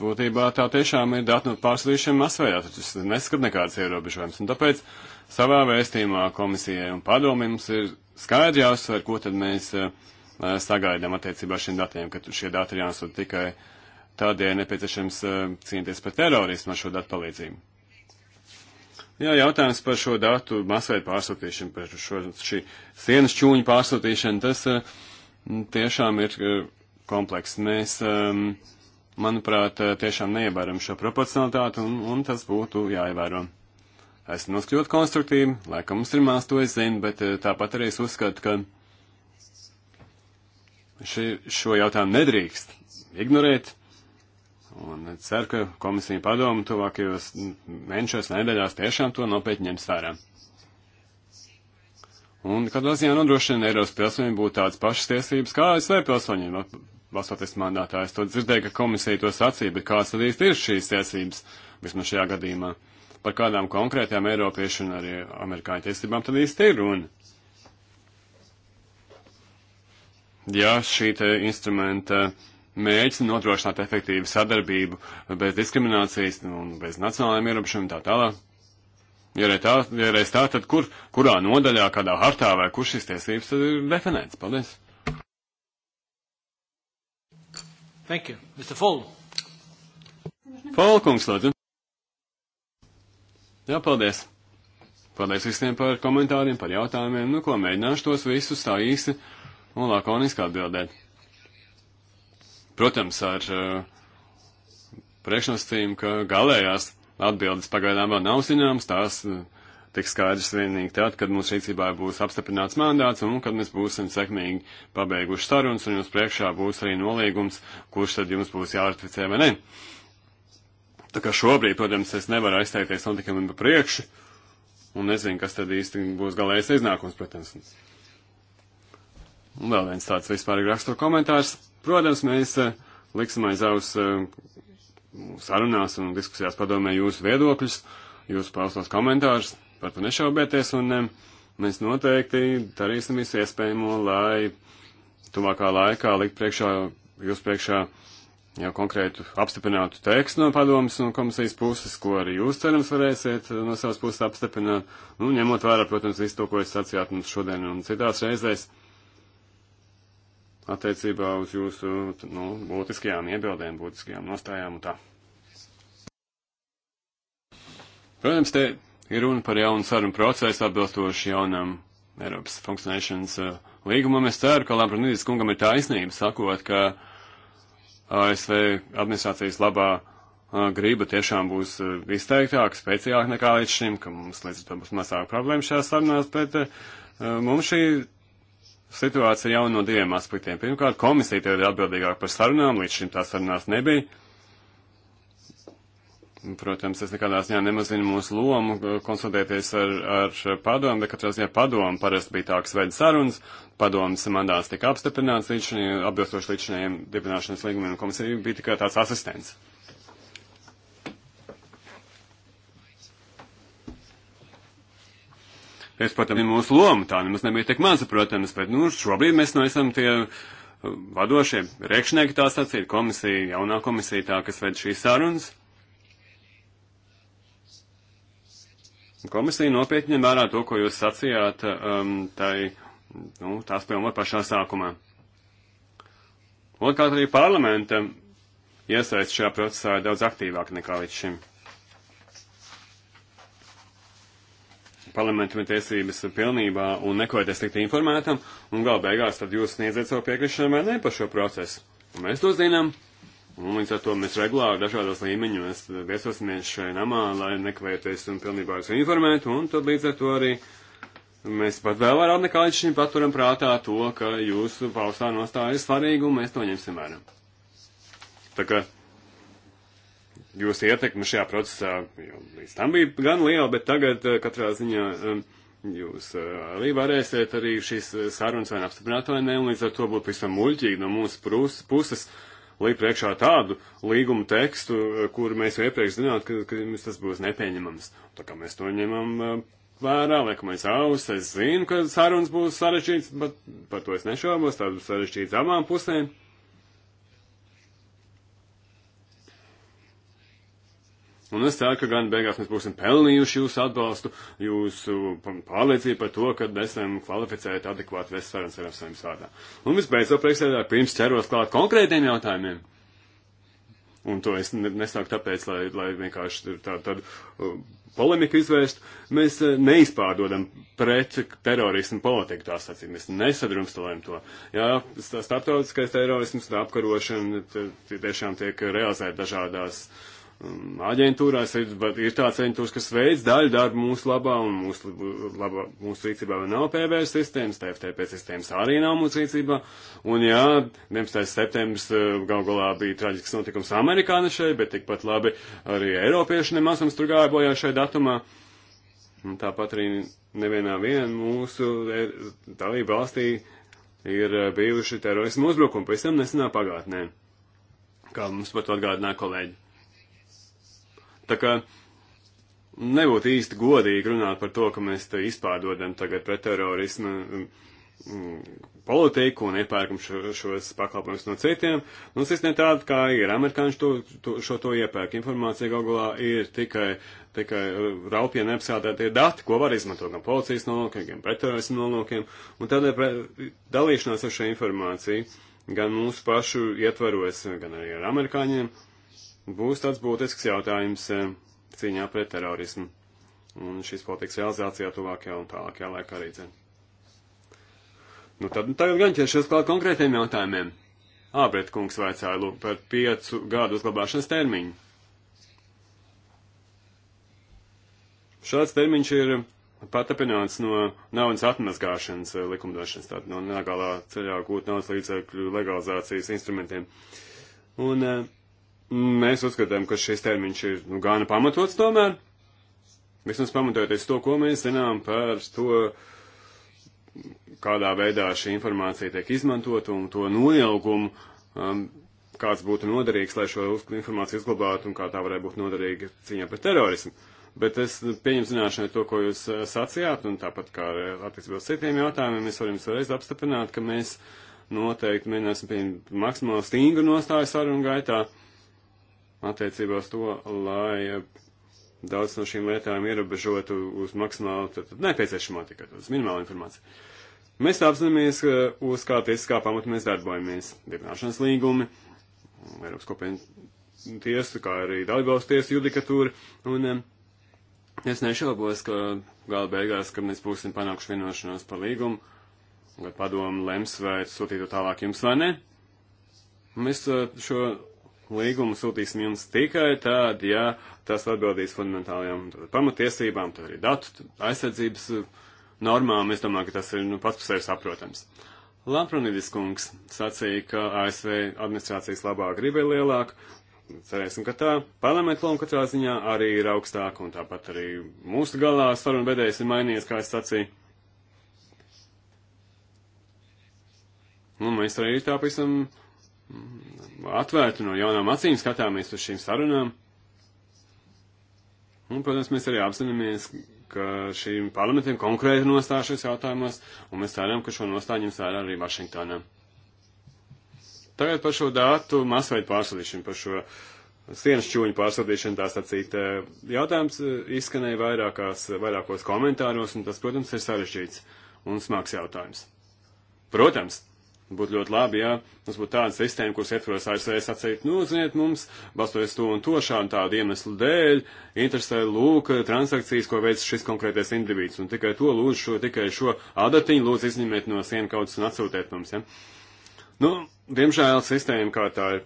būtībā tā tiešām ir datu no pārslīšana masveidā, tad tas neskat nekādas ierobežojums. Un tāpēc savā vēstījumā komisijai un padomi mums ir skaidri jāuzsver, ko tad mēs uh, sagaidām attiecībā šiem datiem, ka šie dati ir jānosūt tikai uh, Tādēļ nepieciešams eh, cīnīties par terorismu ar šo datu palīdzību. Jā, jautājums par šo datu masveidu pārsūtīšanu, par šo šī sienas čūņu pārsūtīšanu, tas eh, tiešām ir eh, komplekss. Mēs, ehm, manuprāt, tiešām neievēram šo proporcionalitāti, un, un tas būtu jāievēro. Esmu noskļūt konstruktīvi, laikam mums ir mās to es zinu, bet tāpat arī es uzskatu, ka ši, šo jautājumu nedrīkst ignorēt. Un ceru, ka komisija padomu tuvākajos mēnešos nedēļās tiešām to nopietni ņems vērā. Un kādā ziņā nodrošina Eiropas pilsoņiem būt tādas pašas tiesības kā ASV pilsoņiem, balstoties mandātā. Es to dzirdēju, ka komisija to sacīja, bet kādas tad īsti ir šīs tiesības vismaz šajā gadījumā? Par kādām konkrētām Eiropiešu un arī Amerikāņu tiesībām tad īsti ir runa? Ja šī te instrumenta uh, mēģina nodrošināt efektīvu sadarbību bez diskriminācijas un bez nacionālajiem ierobežojumiem tā tālāk. Ja reiz tā, ja reiz tā, tad kur, kurā nodaļā, kādā hartā vai kur šis tiesības ir definēts? Paldies! Thank you. Mr. Fall. Fall, kungs, lūdzu. Jā, paldies. Paldies visiem par komentāriem, par jautājumiem. Nu, ko mēģināšu tos visus tā īsi un lakoniski atbildēt. Protams, ar eh, priekšnosacījumu, ka galējās atbildes pagaidām vēl nav zināmas, tās eh, tiks skaidrs vienīgi tad, kad mums rīcībā būs apstiprināts mandāts un kad mēs būsim sekmīgi pabeiguši sarunas un jums priekšā būs arī nolīgums, kurš tad jums būs jāratificē vai ne. Tā kā šobrīd, protams, es nevaru aizteikties notikumiem pa priekšu un nezinu, kas tad īsti būs galējais iznākums, protams. Un vēl viens tāds vispārīgi rakstur komentārs. Protams, mēs eh, liksim aiz aus eh, sarunās un diskusijās padomē jūsu viedokļus, jūsu paustos komentārus, par to nešaubieties, un eh, mēs noteikti darīsim visu iespējamo, lai tuvākā laikā likt priekšā, jūs priekšā jau konkrētu apstiprinātu tekstu no padomas un komisijas puses, ko arī jūs cerams varēsiet no savas puses apstiprināt, nu, ņemot vērā, protams, visu to, ko jūs sacījāt mums šodien un citās reizēs attiecībā uz jūsu nu, būtiskajām iebildēm, būtiskajām nostājām un tā. Protams, te ir runa par jaunu sarunu procesu atbilstoši jaunam Eiropas funkcionēšanas uh, līgumam. Es ceru, ka Lampranīdis kungam ir taisnība sakot, ka ASV administrācijas labā uh, grība tiešām būs uh, izteiktāka, spēcīgāka nekā līdz šim, ka mums līdz tam būs mazāk problēmu šajās sarunās, bet uh, uh, mums šī situācija ir jauna no diviem aspektiem. Pirmkārt, komisija tagad ir atbildīgāka par sarunām, līdz šim tās sarunās nebija. Protams, es nekādā ziņā nemazinu mūsu lomu uh, konsultēties ar, ar padomu, bet katrā ziņā padomu parasti bija tā, kas veida sarunas, padomas mandāts tika apstiprināts līdz šim, atbilstoši līdz šim dibināšanas līgumiem, komisija bija tikai tāds asistents. kas, protams, ir mūsu loma, tā nemaz nebija tik maza, protams, bet, nu, šobrīd mēs neesam nu no tie uh, vadošie rekšnieki, tā sacīt, komisija, jaunā komisija, tā, kas ved šīs sarunas. Komisija nopietni ņem vērā to, ko jūs sacījāt, um, tai, nu, tās pilnvar pašā sākumā. Otrkārt arī parlamenta iesaist šajā procesā ir daudz aktīvāk nekā līdz šim. parlamentam ir tiesības pilnībā un nekoties tikt informētam, un gal beigās tad jūs sniedziet savu piekrišanu vai ne par šo procesu. Un mēs to zinām, un līdz ar to mēs regulāri dažādos līmeņos viesosimies šai namā, lai nekavēties un pilnībā jūs informētu, un tad līdz ar to arī mēs pat vēl vairāk nekā līdz šim paturam prātā to, ka jūsu paustā nostāja ir svarīga, un mēs to ņemsim vērā. Tā kā jūsu ietekme šajā procesā jau līdz tam bija gan liela, bet tagad eh, katrā ziņā eh, jūs eh, arī varēsiet arī šīs sarunas vai apstiprināt vai ne, un līdz ar to būtu visam muļķīgi no mūsu prūs, puses līdz priekšā tādu līgumu tekstu, kuru mēs jau iepriekš zināt, ka, ka mums tas būs nepieņemams. Tā kā mēs to ņemam vērā, liekam aiz auss, es zinu, ka sarunas būs sarežģītas, bet par to es nešaubos, tādas sarežģītas abām pusēm. Un es ceru, ka gan beigās mēs būsim pelnījuši jūsu atbalstu, jūsu pārliecību par to, ka esam kvalificēti adekvāti vest sarunas ar saviem sādā. Un visbeidzot, priekšsēdētāji, pirms ķeros klāt konkrētiem jautājumiem. Un to es nesāku tāpēc, lai, lai vienkārši tādu tā, uh, polemiku izvērst. Mēs uh, neizpārdodam pret terorismu politiku, tā sacīt. Mēs nesadrumstalējam to. Jā, starptautiskais terorisms un apkarošana tiešām tiek realizēta dažādās uh, Um, aģentūrās ir, ir tāds aģentūrs, kas veids daļu darbu mūsu labā, un mūsu, labā, mūsu rīcībā vēl nav PB sistēmas, TFTP sistēmas arī nav mūsu rīcībā. Un jā, 11. septembris uh, gal galā bija traģisks notikums amerikāni šeit, bet tikpat labi arī eiropieši nemaz mums tur gāja bojā šai datumā. Un tāpat arī nevienā vien mūsu e, dalību valstī ir e, bijuši terorismu uzbrukumi, pēc tam nesenā pagātnē, kā mums par to atgādināja kolēģi. Tā kā nebūtu īsti godīgi runāt par to, ka mēs te izpārdodam tagad pret terorismu mm, mm, politiku un iepērkam šo, šos pakalpojumus no citiem. Mums nu, tas ne tāda, kā ir. Amerikāņi to, to, šo to iepērk. Informācija galvā ir tikai, tikai uh, raupie neapsādētie dati, ko var izmantot gan policijas nolūkiem, gan pretterorismu nolūkiem. Un tādēļ pre, dalīšanās ar šo informāciju gan mūsu pašu ietvaros, gan arī ar amerikāņiem būs tāds būtisks jautājums eh, cīņā pret terorismu. Un šīs politikas realizācijā tuvākajā un tālākajā laikā arī dzēn. Nu tad nu tagad gan ķeršos klāt konkrētiem jautājumiem. Ābret kungs vaicāja lūk par piecu gadu uzglabāšanas termiņu. Šāds termiņš ir patapināts no naudas atmazgāšanas eh, likumdošanas, tātad no nelegālā ceļā gūt naudas līdzekļu legalizācijas instrumentiem. Un uh, Mēs uzskatām, ka šis termiņš ir nu, gana pamatots tomēr. Vismaz pamatoties to, ko mēs zinām par to, kādā veidā šī informācija tiek izmantota un to noilgumu, um, kāds būtu noderīgs, lai šo informāciju uzglabātu un kā tā varētu būt noderīga cīņā pret terorismu. Bet es pieņemu zināšanai to, ko jūs uh, sacījāt, un tāpat kā uh, attiecībā uz citiem jautājumiem, mēs varam vēlreiz apstiprināt, ka mēs noteikti mēģināsim pieņemt maksimāli stingru nostāju sarunu gaitā. Uh, attiecībā uz to, lai daudz no šīm lietām ierobežotu uz maksimāli tad, tad nepieciešamā tikai uz minimālu informāciju. Mēs apzināmies, uz kā tiesiskā pamata mēs darbojamies. Dibināšanas līgumi, Eiropas kopienas tiesa, kā arī dalībvalstu tiesa judikatūra. Un es nešaubos, ka gala beigās, kad mēs būsim panākuši vienošanos par līgumu, lai padomu lems, vai sūtītu tālāk jums vai ne. Mēs eh, šo līgumu sūtīsim jums tikai tad, ja tas atbildīs fundamentālajām pamatiesībām, tad arī datu aizsardzības eh, normām. Es domāju, ka tas ir nu, pats par sevi saprotams. Lamprunidis kungs sacīja, ka ASV administrācijas labā griba ir lielāka. Cerēsim, ka tā parlamentu loma katrā ziņā arī ir augstāka, un tāpat arī mūsu galā sarunu vedējs ir mainījies, kā es sacīju. Un nu, mēs arī tā pavisam atvērti, no jaunām acīm skatāmies uz šīm sarunām. Un, protams, mēs arī apzināmies, ka šīm parlamentiem konkrēti nostāšos jautājumos, un mēs ceram, ka šo nostāju ņems vērā arī Vašingtonā. Tagad par šo datu masveidu pārsūtīšanu, par šo sienas čūņu pārsūtīšanu tā sacīt. Eh, jautājums eh, izskanēja vairākās, vairākos komentāros, un tas, protams, ir sarežģīts un smags jautājums. Protams, Būtu ļoti labi, ja mums būtu tāda sistēma, kuras ietvaros ASV sacīt, nu, ziniet, mums, balstoties to un to šādu tādu iemeslu dēļ, interesē lūk transakcijas, ko veic šis konkrētais individs. Un tikai to lūdzu, šo, tikai šo adatiņu lūdzu izņemiet no sienu kaudzes un atsūtiet mums, ja. Nu, diemžēl sistēma, kā tā ir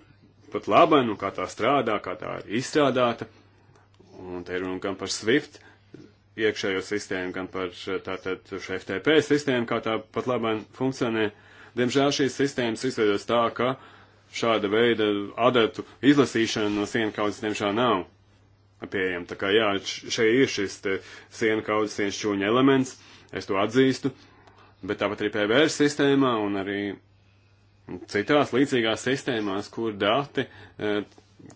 pat laba, nu, kā tā strādā, kā tā ir izstrādāta, un te ir runa gan par SWIFT iekšējo sistēmu, gan par tātad šo FTP sistēmu, kā tā pat labāk funkcionē. Uh, Diemžēl šīs sistēmas izveidojas tā, ka šāda veida adatu izlasīšana no sienu kaudzes diemžēl nav pieejama. Tā kā jā, šeit ir šis sienu kaudzes sienu šķūņa elements, es to atzīstu, bet tāpat arī PVR sistēmā un arī citās līdzīgās sistēmās, kur dati, e,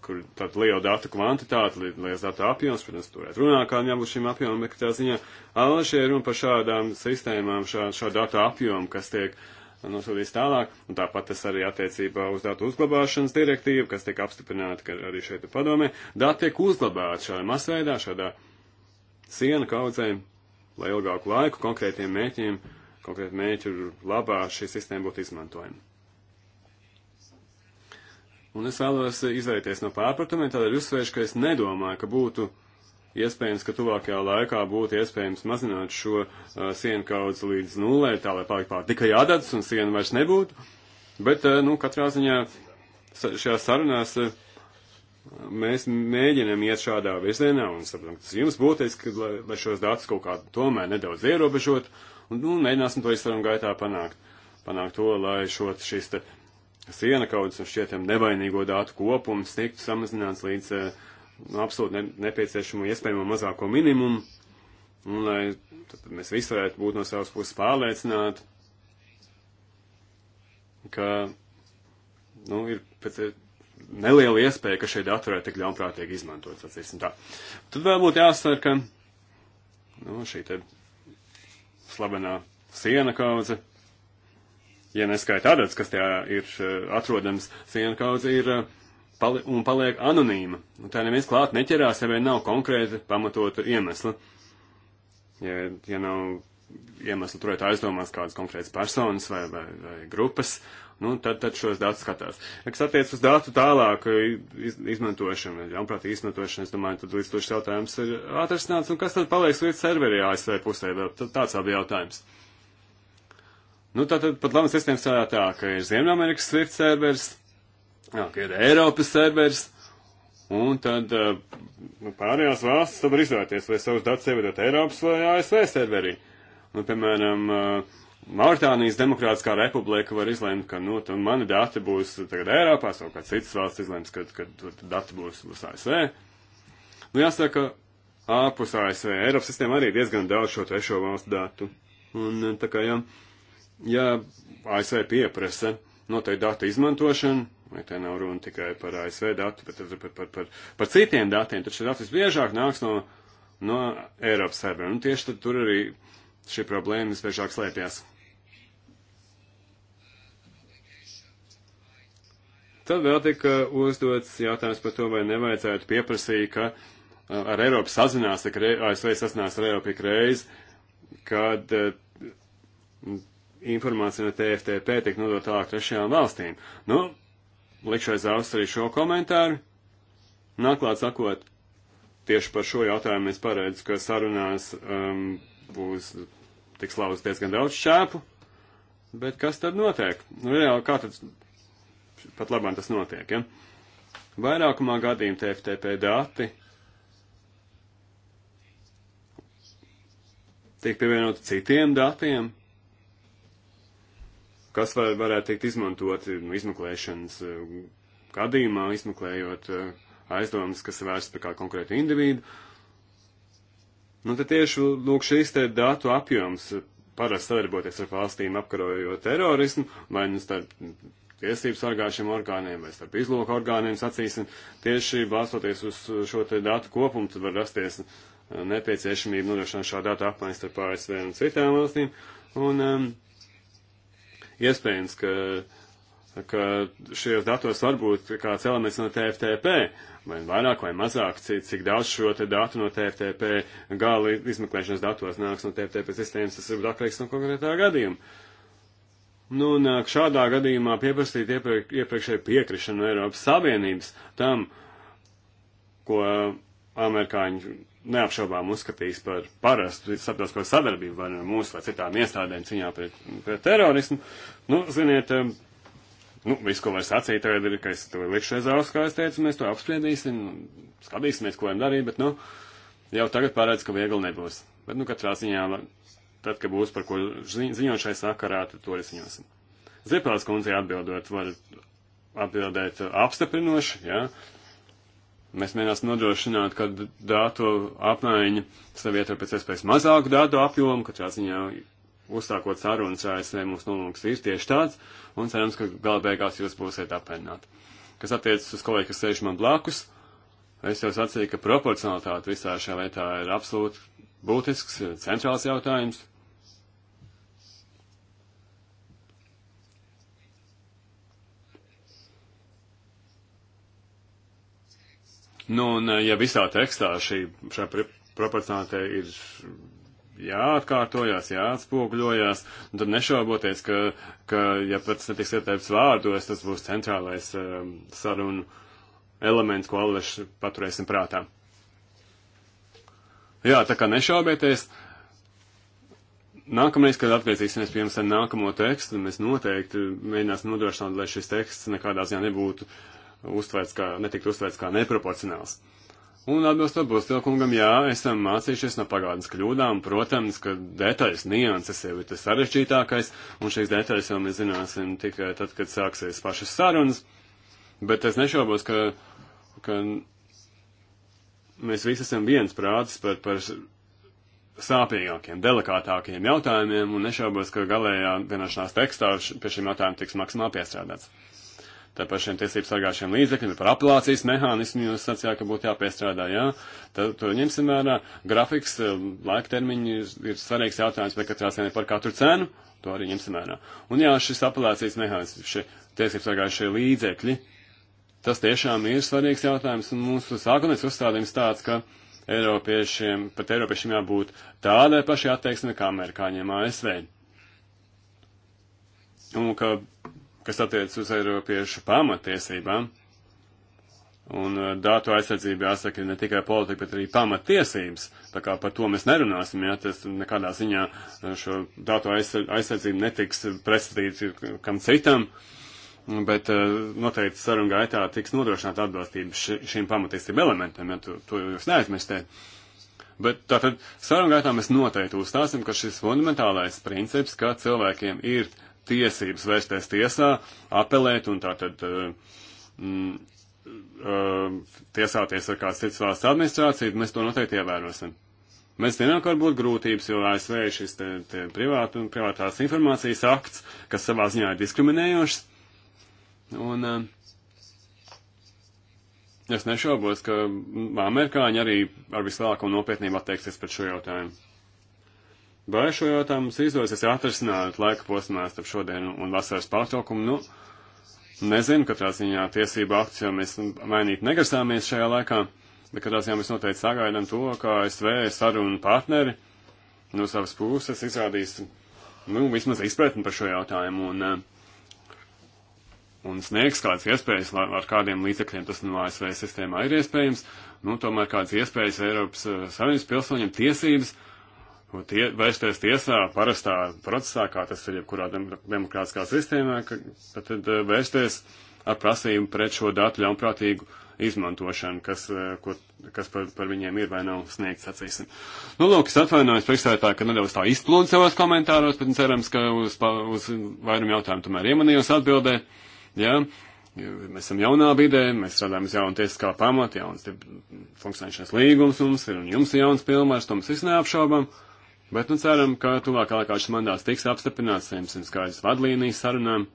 kur tāda liela datu kvantitāte, liels datu apjoms, protams, turēt runā kādam jābūt šim apjomam, bet tā ziņā, alaši ir runa par šādām sistēmām, šā, šā datu apjomu, kas tiek uh, nosūtīts tālāk, un tāpat tas arī attiecībā uz datu uzglabāšanas direktīvu, kas tiek apstiprināta, ka arī šeit ir padomē, dati tiek uzglabāti šādā masveidā, šādā siena kaudzē, lai ilgāku laiku konkrētiem mēķiem, konkrētu mēķu labā šī sistēma būtu izmantojama. Un es vēlos izvairīties no pārpratumiem, tādēļ uzsvēršu, ka es nedomāju, ka būtu iespējams, ka tuvākajā laikā būtu iespējams mazināt šo uh, sienu kaudzi līdz nulē, tā lai palikt pār tikai adatas un siena vairs nebūtu. Bet, uh, nu, katrā ziņā šajā sarunās uh, mēs mēģinam iet šādā virzienā un saprotam, ka tas jums būtiski, lai, lai šos datus kaut kā tomēr nedaudz ierobežot un, nu, mēģināsim to izsarunu gaitā panākt. Panākt to, lai šo, šis te siena kaudzes un šķietam nevainīgo datu kopums tiktu samazināts līdz uh, Nu, absolūti nepieciešamo iespējamo mazāko minimumu, un lai mēs visi varētu būt no savas puses pārliecināti, ka, nu, ir pēc eh, neliela iespēja, ka šie dati varētu tik ļaunprātīgi izmantot, sacīsim tā. Tad vēl būtu jāsver, ka, nu, šī te slavenā siena kaudze, ja neskaita adats, kas tajā ir eh, atrodams, siena kaudze ir uh, pali un paliek anonīma. Un nu, tā neviens klāt neķerās, ja vien nav konkrēta pamatota iemesla. Ja, ja nav iemesla turēt aizdomās kādas konkrētas personas vai, vai, vai grupas, nu, tad, tad šos datus skatās. Kas attiec uz datu tālāk iz, izmantošanu, ļaunprātīgi izmantošanu, es domāju, tad līdzstošs jautājums ir atrasināts, un kas tad paliks līdz serveri ASV pusē, vēl tāds vēl bija jautājums. Nu, tātad pat labas sistēmas strādā tā, ka ir Ziemeļamerikas Swift serveris, jā, ka ir Eiropas serveris, un tad eh, nu, pārējās valstis var izvēlēties, vai savus datus ievietot Eiropas vai ASV serverī. Nu, piemēram, eh, Mauritānijas Demokrātiskā republika var izlēmt, ka nu, mani dati būs tagad Eiropā, savukārt citas valsts izlēms, ka, ka dati būs, būs ASV. Nu, jāsaka, ārpus ASV Eiropas sistēma arī diezgan daudz šo trešo valstu datu. Un eh, tā kā, ja, ja ASV pieprasa noteikti datu izmantošanu, Ja te nav runa tikai par ASV datu, bet par, par, par, par citiem datiem, taču datus biežāk nāks no, no Eiropas serveriem. Un tieši tad tur arī šī problēma visbiežāk slēpjas. Tad vēl tika uzdots jautājums par to, vai nevajadzētu pieprasīt, ka uh, ar Eiropu sazinās, ASV sazinās ar Eiropu ik reizi, kad uh, informācija no TFTP tiek nodota tālāk trešajām valstīm. Nu, likšai zāvs arī šo komentāru. Nāklāt sakot, tieši par šo jautājumu es paredzu, ka sarunās um, būs tiks lauzt diezgan daudz šāpu, bet kas tad notiek? Nu, reāli, kā tad pat labāk tas notiek, ja? Vairākumā gadījumā TFTP dati tiek pievienoti citiem datiem, kas var, varētu tikt izmantoti nu, izmeklēšanas eh, gadījumā, izmeklējot eh, aizdomas, kas vērsts pie kā konkrēta individu. Nu, tad tieši lūk šīs te datu apjoms eh, parasti sadarboties ar valstīm apkarojot terorismu, vai nu starp tiesību sargājušiem orgāniem vai starp izlūku orgāniem sacīsim, tieši balstoties uz šo te datu kopumu, tad var rasties nepieciešamība nodrošināt šā datu apmaiņu starp ASV un citām valstīm. Un, um, Iespējams, ka, ka šajos datos var būt kāds elements no TFTP, vai vairāk vai mazāk, cik, cik daudz šo te datu no TFTP gala izmeklēšanas datos nāks no TFTP sistēmas, tas ir atkarīgs no konkrētā gadījuma. Nu, un šādā gadījumā pieprasīt iepriek, iepriekšēju piekrišanu no Eiropas Savienības tam, ko amerikāņi neapšaubām uzskatīs par parastu starptautisko sadarbību vai no nu mūsu vai citām iestādēm ciņā pret, pret terorismu. Nu, ziniet, nu, visu, ko var sacīt, tagad ir, ka es to likšu aiz auss, kā es teicu, mēs to apspriedīsim, skatīsimies, ko varam darīt, bet, nu, jau tagad pārēdz, ka viegli nebūs. Bet, nu, katrā ziņā, tad, kad būs par ko ziņot šai sakarā, tad to arī ziņosim. Zipēls kundzei atbildot, var atbildēt apstiprinoši, jā. Ja? Mēs mēģināsim nodrošināt, ka datu apmaiņa savieto pēc iespējas mazāku datu apjomu, ka šā ziņā uzsākot sarunas ASV mums nolūks ir tieši tāds, un cerams, ka gala beigās jūs būsiet apmierināti. Kas attiecas uz kolēģi, kas sēž man blakus, es jau sacīju, ka proporcionalitāte visā šajā lietā ir absolūti būtisks, centrāls jautājums. Nu, un eh, ja visā tekstā šī, šā proporcionāte ir jāatkārtojas, jāatspoguļojas, un nu, tad nešauboties, ka, ka ja pats netiks ieteikts vārdos, tas būs centrālais um, sarunu elements, ko Alveši paturēsim prātā. Jā, tā kā nešaubieties, nākamreiz, kad atgriezīsimies pie jums ar nākamo tekstu, mēs noteikti mēģināsim nodrošināt, lai šis teksts nekādā ziņā nebūtu uh, uztvērts kā, netikt uztvērts kā neproporcionāls. Un atbilstot Bustilkungam, jā, esam mācījušies no pagātnes kļūdām. Protams, ka detaļas nianses jau ir tas sarežģītākais, un šīs detaļas jau mēs zināsim tikai tad, kad sāksies pašas sarunas. Bet es nešaubos, ka, ka mēs visi esam viens prātis par, par sāpīgākiem, delikātākiem jautājumiem, un nešaubos, ka galējā vienošanās tekstā pie šiem jautājumiem tiks maksimāli piestrādāts tā pašiem tiesību sargāšiem līdzekļiem, par apelācijas mehānismu jūs sacījāt, ka būtu jāpiestrādā, jā. Tad to ņemsim vērā. Grafiks, eh, laika termiņi ir, ir svarīgs jautājums, bet katrā cenā par katru cenu, to arī ņemsim vērā. Un jā, šis apelācijas mehānisms, šie tiesību sargājušie līdzekļi, tas tiešām ir svarīgs jautājums, un mūsu sākotnēs uzstādījums tāds, ka Eiropiešiem, pat Eiropiešiem jābūt tādai pašai attieksmei kā amerikāņiem ASV. Un ka kas attiec uz Eiropiešu pamatiesībām. Un eh, datu aizsardzība jāsaka ir ne tikai politika, bet arī pamatiesības. Tā kā par to mēs nerunāsim, ja tas nekādā ziņā eh, šo datu aizsardzību netiks pretstatīts kam citam, bet eh, noteikti sarunu gaitā tiks nodrošināta atbalstība šīm pamatiesību elementiem, ja to, to jūs neaizmirstiet. Bet tātad sarunu gaitā mēs noteikti uzstāsim, ka šis fundamentālais princips, ka cilvēkiem ir tiesības vērsties tiesā, apelēt un tātad eh, mm, eh, tiesāties ar kāds cits valsts administrāciju, mēs to noteikti ievērosim. Mēs zinām, ka var būt grūtības, jo ASV ir šis te, te privātu un privātās informācijas akts, kas savā ziņā ir diskriminējošs. Un eh, es nešaubos, ka mm, amerikāņi arī ar vislielāko nopietnību attieksies pret šo jautājumu. Vai šo jautājumu mums izdosies atrisināt laika posmā starp šodienu un vasaras pārtraukumu? Nu, nezinu, katrā ziņā tiesību akts, jo mēs mainīt negrasāmies šajā laikā, bet katrā ziņā mēs noteikti sagaidām to, kā SV sarunu partneri no savas puses izrādīs, nu, vismaz izpratni par šo jautājumu un, un sniegs kādas iespējas, ar kādiem līdzekļiem tas no ASV sistēmā ir iespējams, nu, tomēr kādas iespējas Eiropas eh, Savienības pilsoņiem tiesības, uh, tie, vērsties tiesā, parastā procesā, kā tas ir jebkurā demokrātiskā sistēmā, ka, tad eh, vērsties ar prasību pret šo datu ļaunprātīgu izmantošanu, kas, eh, ko, kas par, par viņiem ir vai nav sniegts, acīsim. Nu, lūk, es atvainojos priekšsētā, ka nedaudz tā izplūdu savos komentāros, bet cerams, ka uz, uz vairumu jautājumu tomēr iemanījos atbildēt. Ja? Mēs esam jaunā vidē, mēs strādājam uz jaunu tiesiskā pamatu, jauns funkcionēšanas līgums mums ir un jums ir jauns pilnvars, to mēs visi neapšaubām. Uh, Bet nu ceram, ka tuvākā laikā šis mandāts tiks apstiprināts, saņemsim skaidrs vadlīnijas sarunām.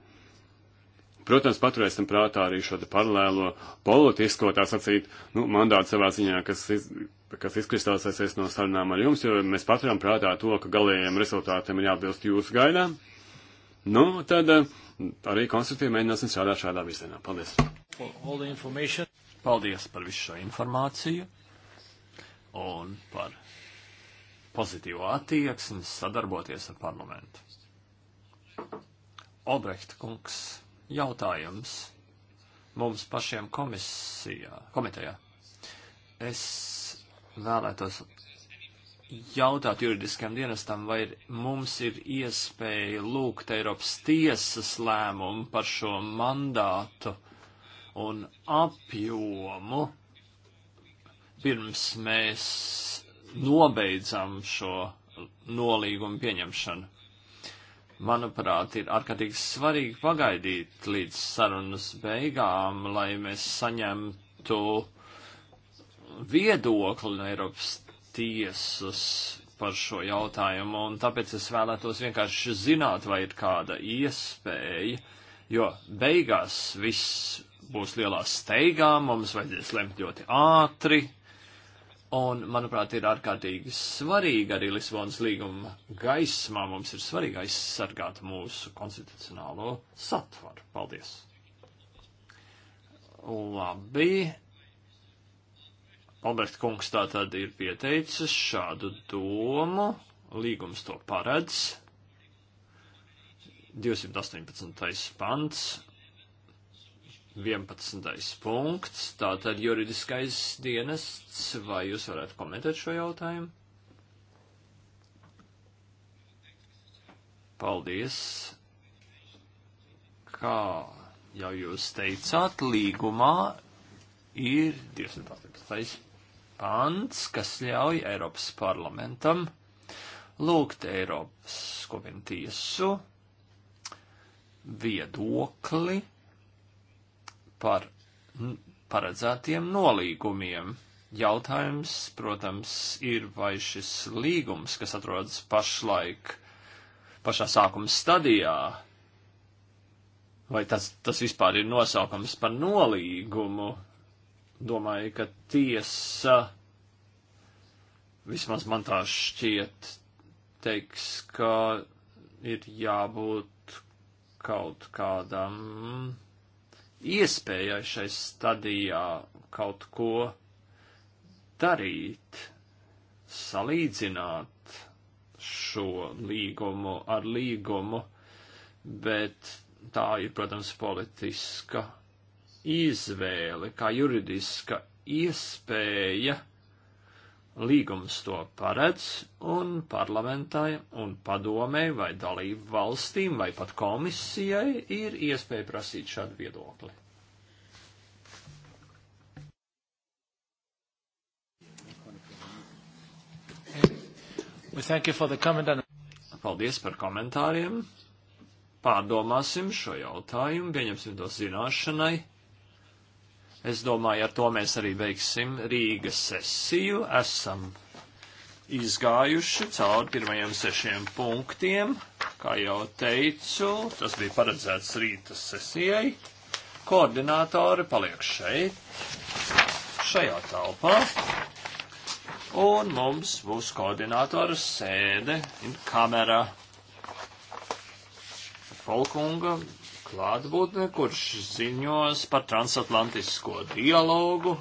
Protams, paturēsim prātā arī šo te paralēlo politisko, tā sacīt, nu, mandātu savā ziņā, kas, iz, kas izkristalizēsies no sarunām ar jums, jo mēs paturam prātā to, ka galējiem rezultātiem ir jāatbilst jūsu gaidām. Nu, tad eh, arī konstruktīvi mēģināsim strādāt šādā virzienā. Paldies! Paldies par visu šo informāciju un par pozitīvo attieksmi sadarboties ar parlamentu. Obrecht kungs, jautājums mums pašiem komisijā, komitejā. Es vēlētos jautāt juridiskam dienestam, vai ir, mums ir iespēja lūgt Eiropas tiesas lēmumu par šo mandātu un apjomu, pirms mēs nobeidzam šo nolīgumu pieņemšanu. Manuprāt, ir ārkārtīgi svarīgi pagaidīt līdz sarunas beigām, lai mēs saņemtu viedokli no Eiropas tiesas par šo jautājumu, un tāpēc es vēlētos vienkārši zināt, vai ir kāda iespēja, jo beigās viss būs lielā steigā, mums vajadzēs lemt ļoti ātri, Un, manuprāt, ir ārkārtīgi svarīgi arī Lisbonas līguma gaismā mums ir svarīgi aizsargāt mūsu konstitucionālo satvaru. Paldies! Labi. Albrecht kungs tā tad ir pieteicis šādu domu. Līgums to paredz. 218. pants 11. punkts, tātad juridiskais dienests, vai jūs varētu komentēt šo jautājumu? Paldies. Kā jau jūs teicāt, līgumā ir 218. pants, kas ļauj Eiropas parlamentam lūgt Eiropas kopienu tiesu viedokli par paredzētiem nolīgumiem. Jautājums, protams, ir, vai šis līgums, kas atrodas pašlaik pašā sākuma stadijā, vai tas, tas vispār ir nosaukums par nolīgumu, domāju, ka tiesa, vismaz man tā šķiet, teiks, ka ir jābūt kaut kādam iespējai šai stadijā kaut ko darīt, salīdzināt šo līgumu ar līgumu, bet tā ir, protams, politiska izvēle, kā juridiska iespēja Līgums to paredz, un parlamentai un padomei vai dalību valstīm vai pat komisijai ir iespēja prasīt šādu viedokli. Paldies par komentāriem. Pārdomāsim šo jautājumu, pieņemsim to zināšanai. Es domāju, ar to mēs arī veiksim Rīgas sesiju. Esam izgājuši cauri pirmajiem sešiem punktiem. Kā jau teicu, tas bija paredzēts rīta sesijai. Koordinātori paliek šeit, šajā telpā. Un mums būs koordinātora sēde in kamera. Folkunga klātbūtne, kurš ziņos par transatlantisko dialogu,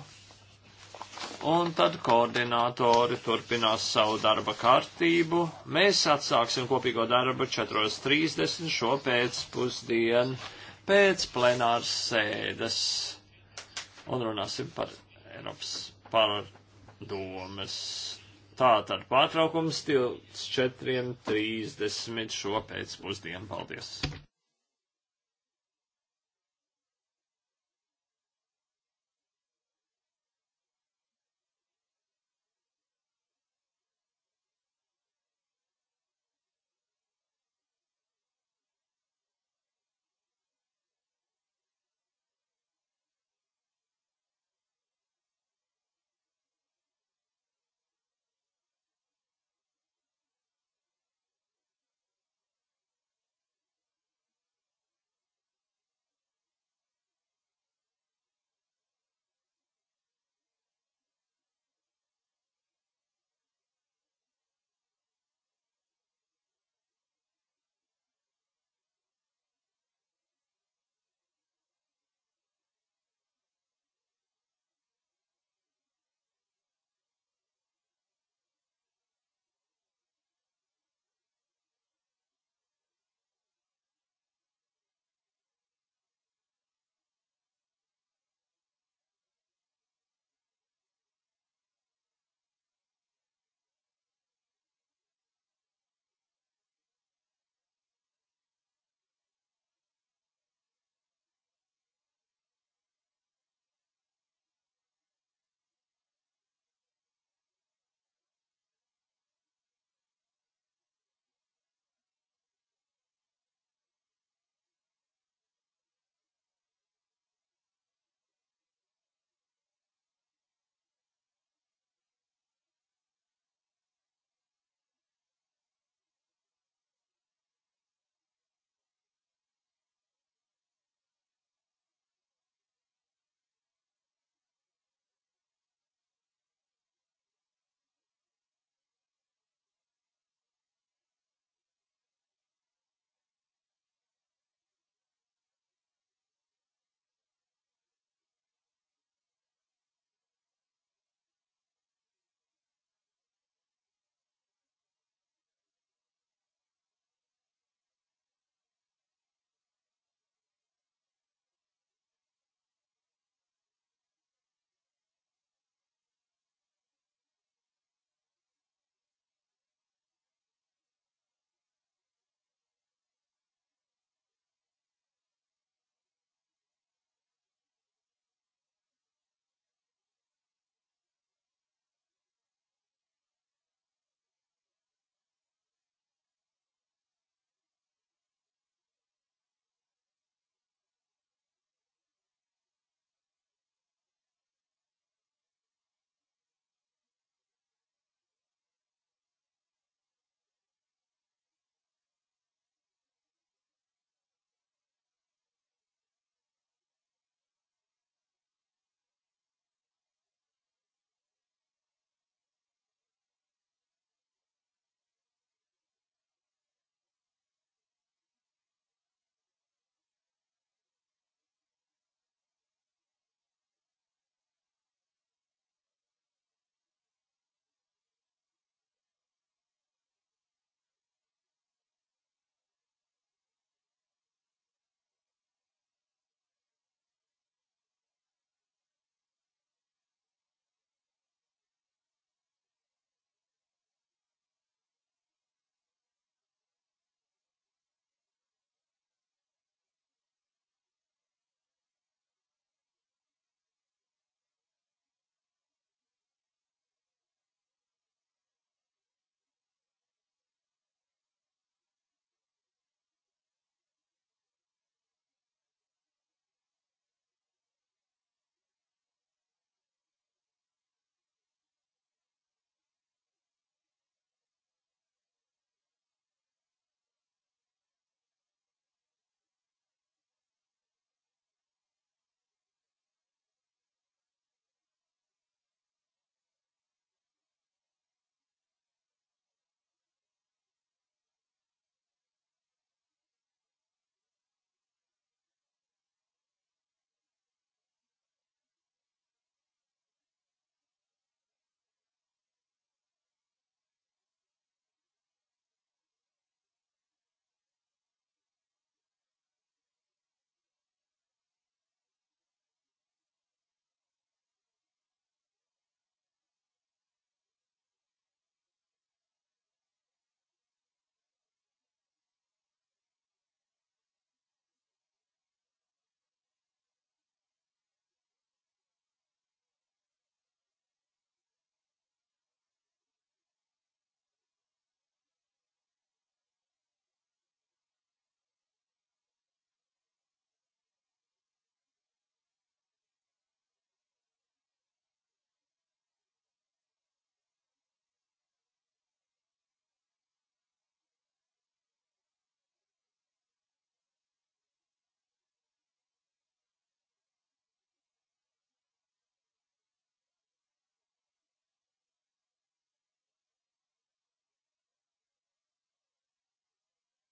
un tad koordinātori turpinās savu darba kārtību. Mēs atsāksim kopīgo darbu 4.30 šo pēcpusdienu pēc plenāras sēdes un runāsim par Eiropas pārdomas. Tātad pārtraukums tilts 4.30 šo pēcpusdienu. Paldies!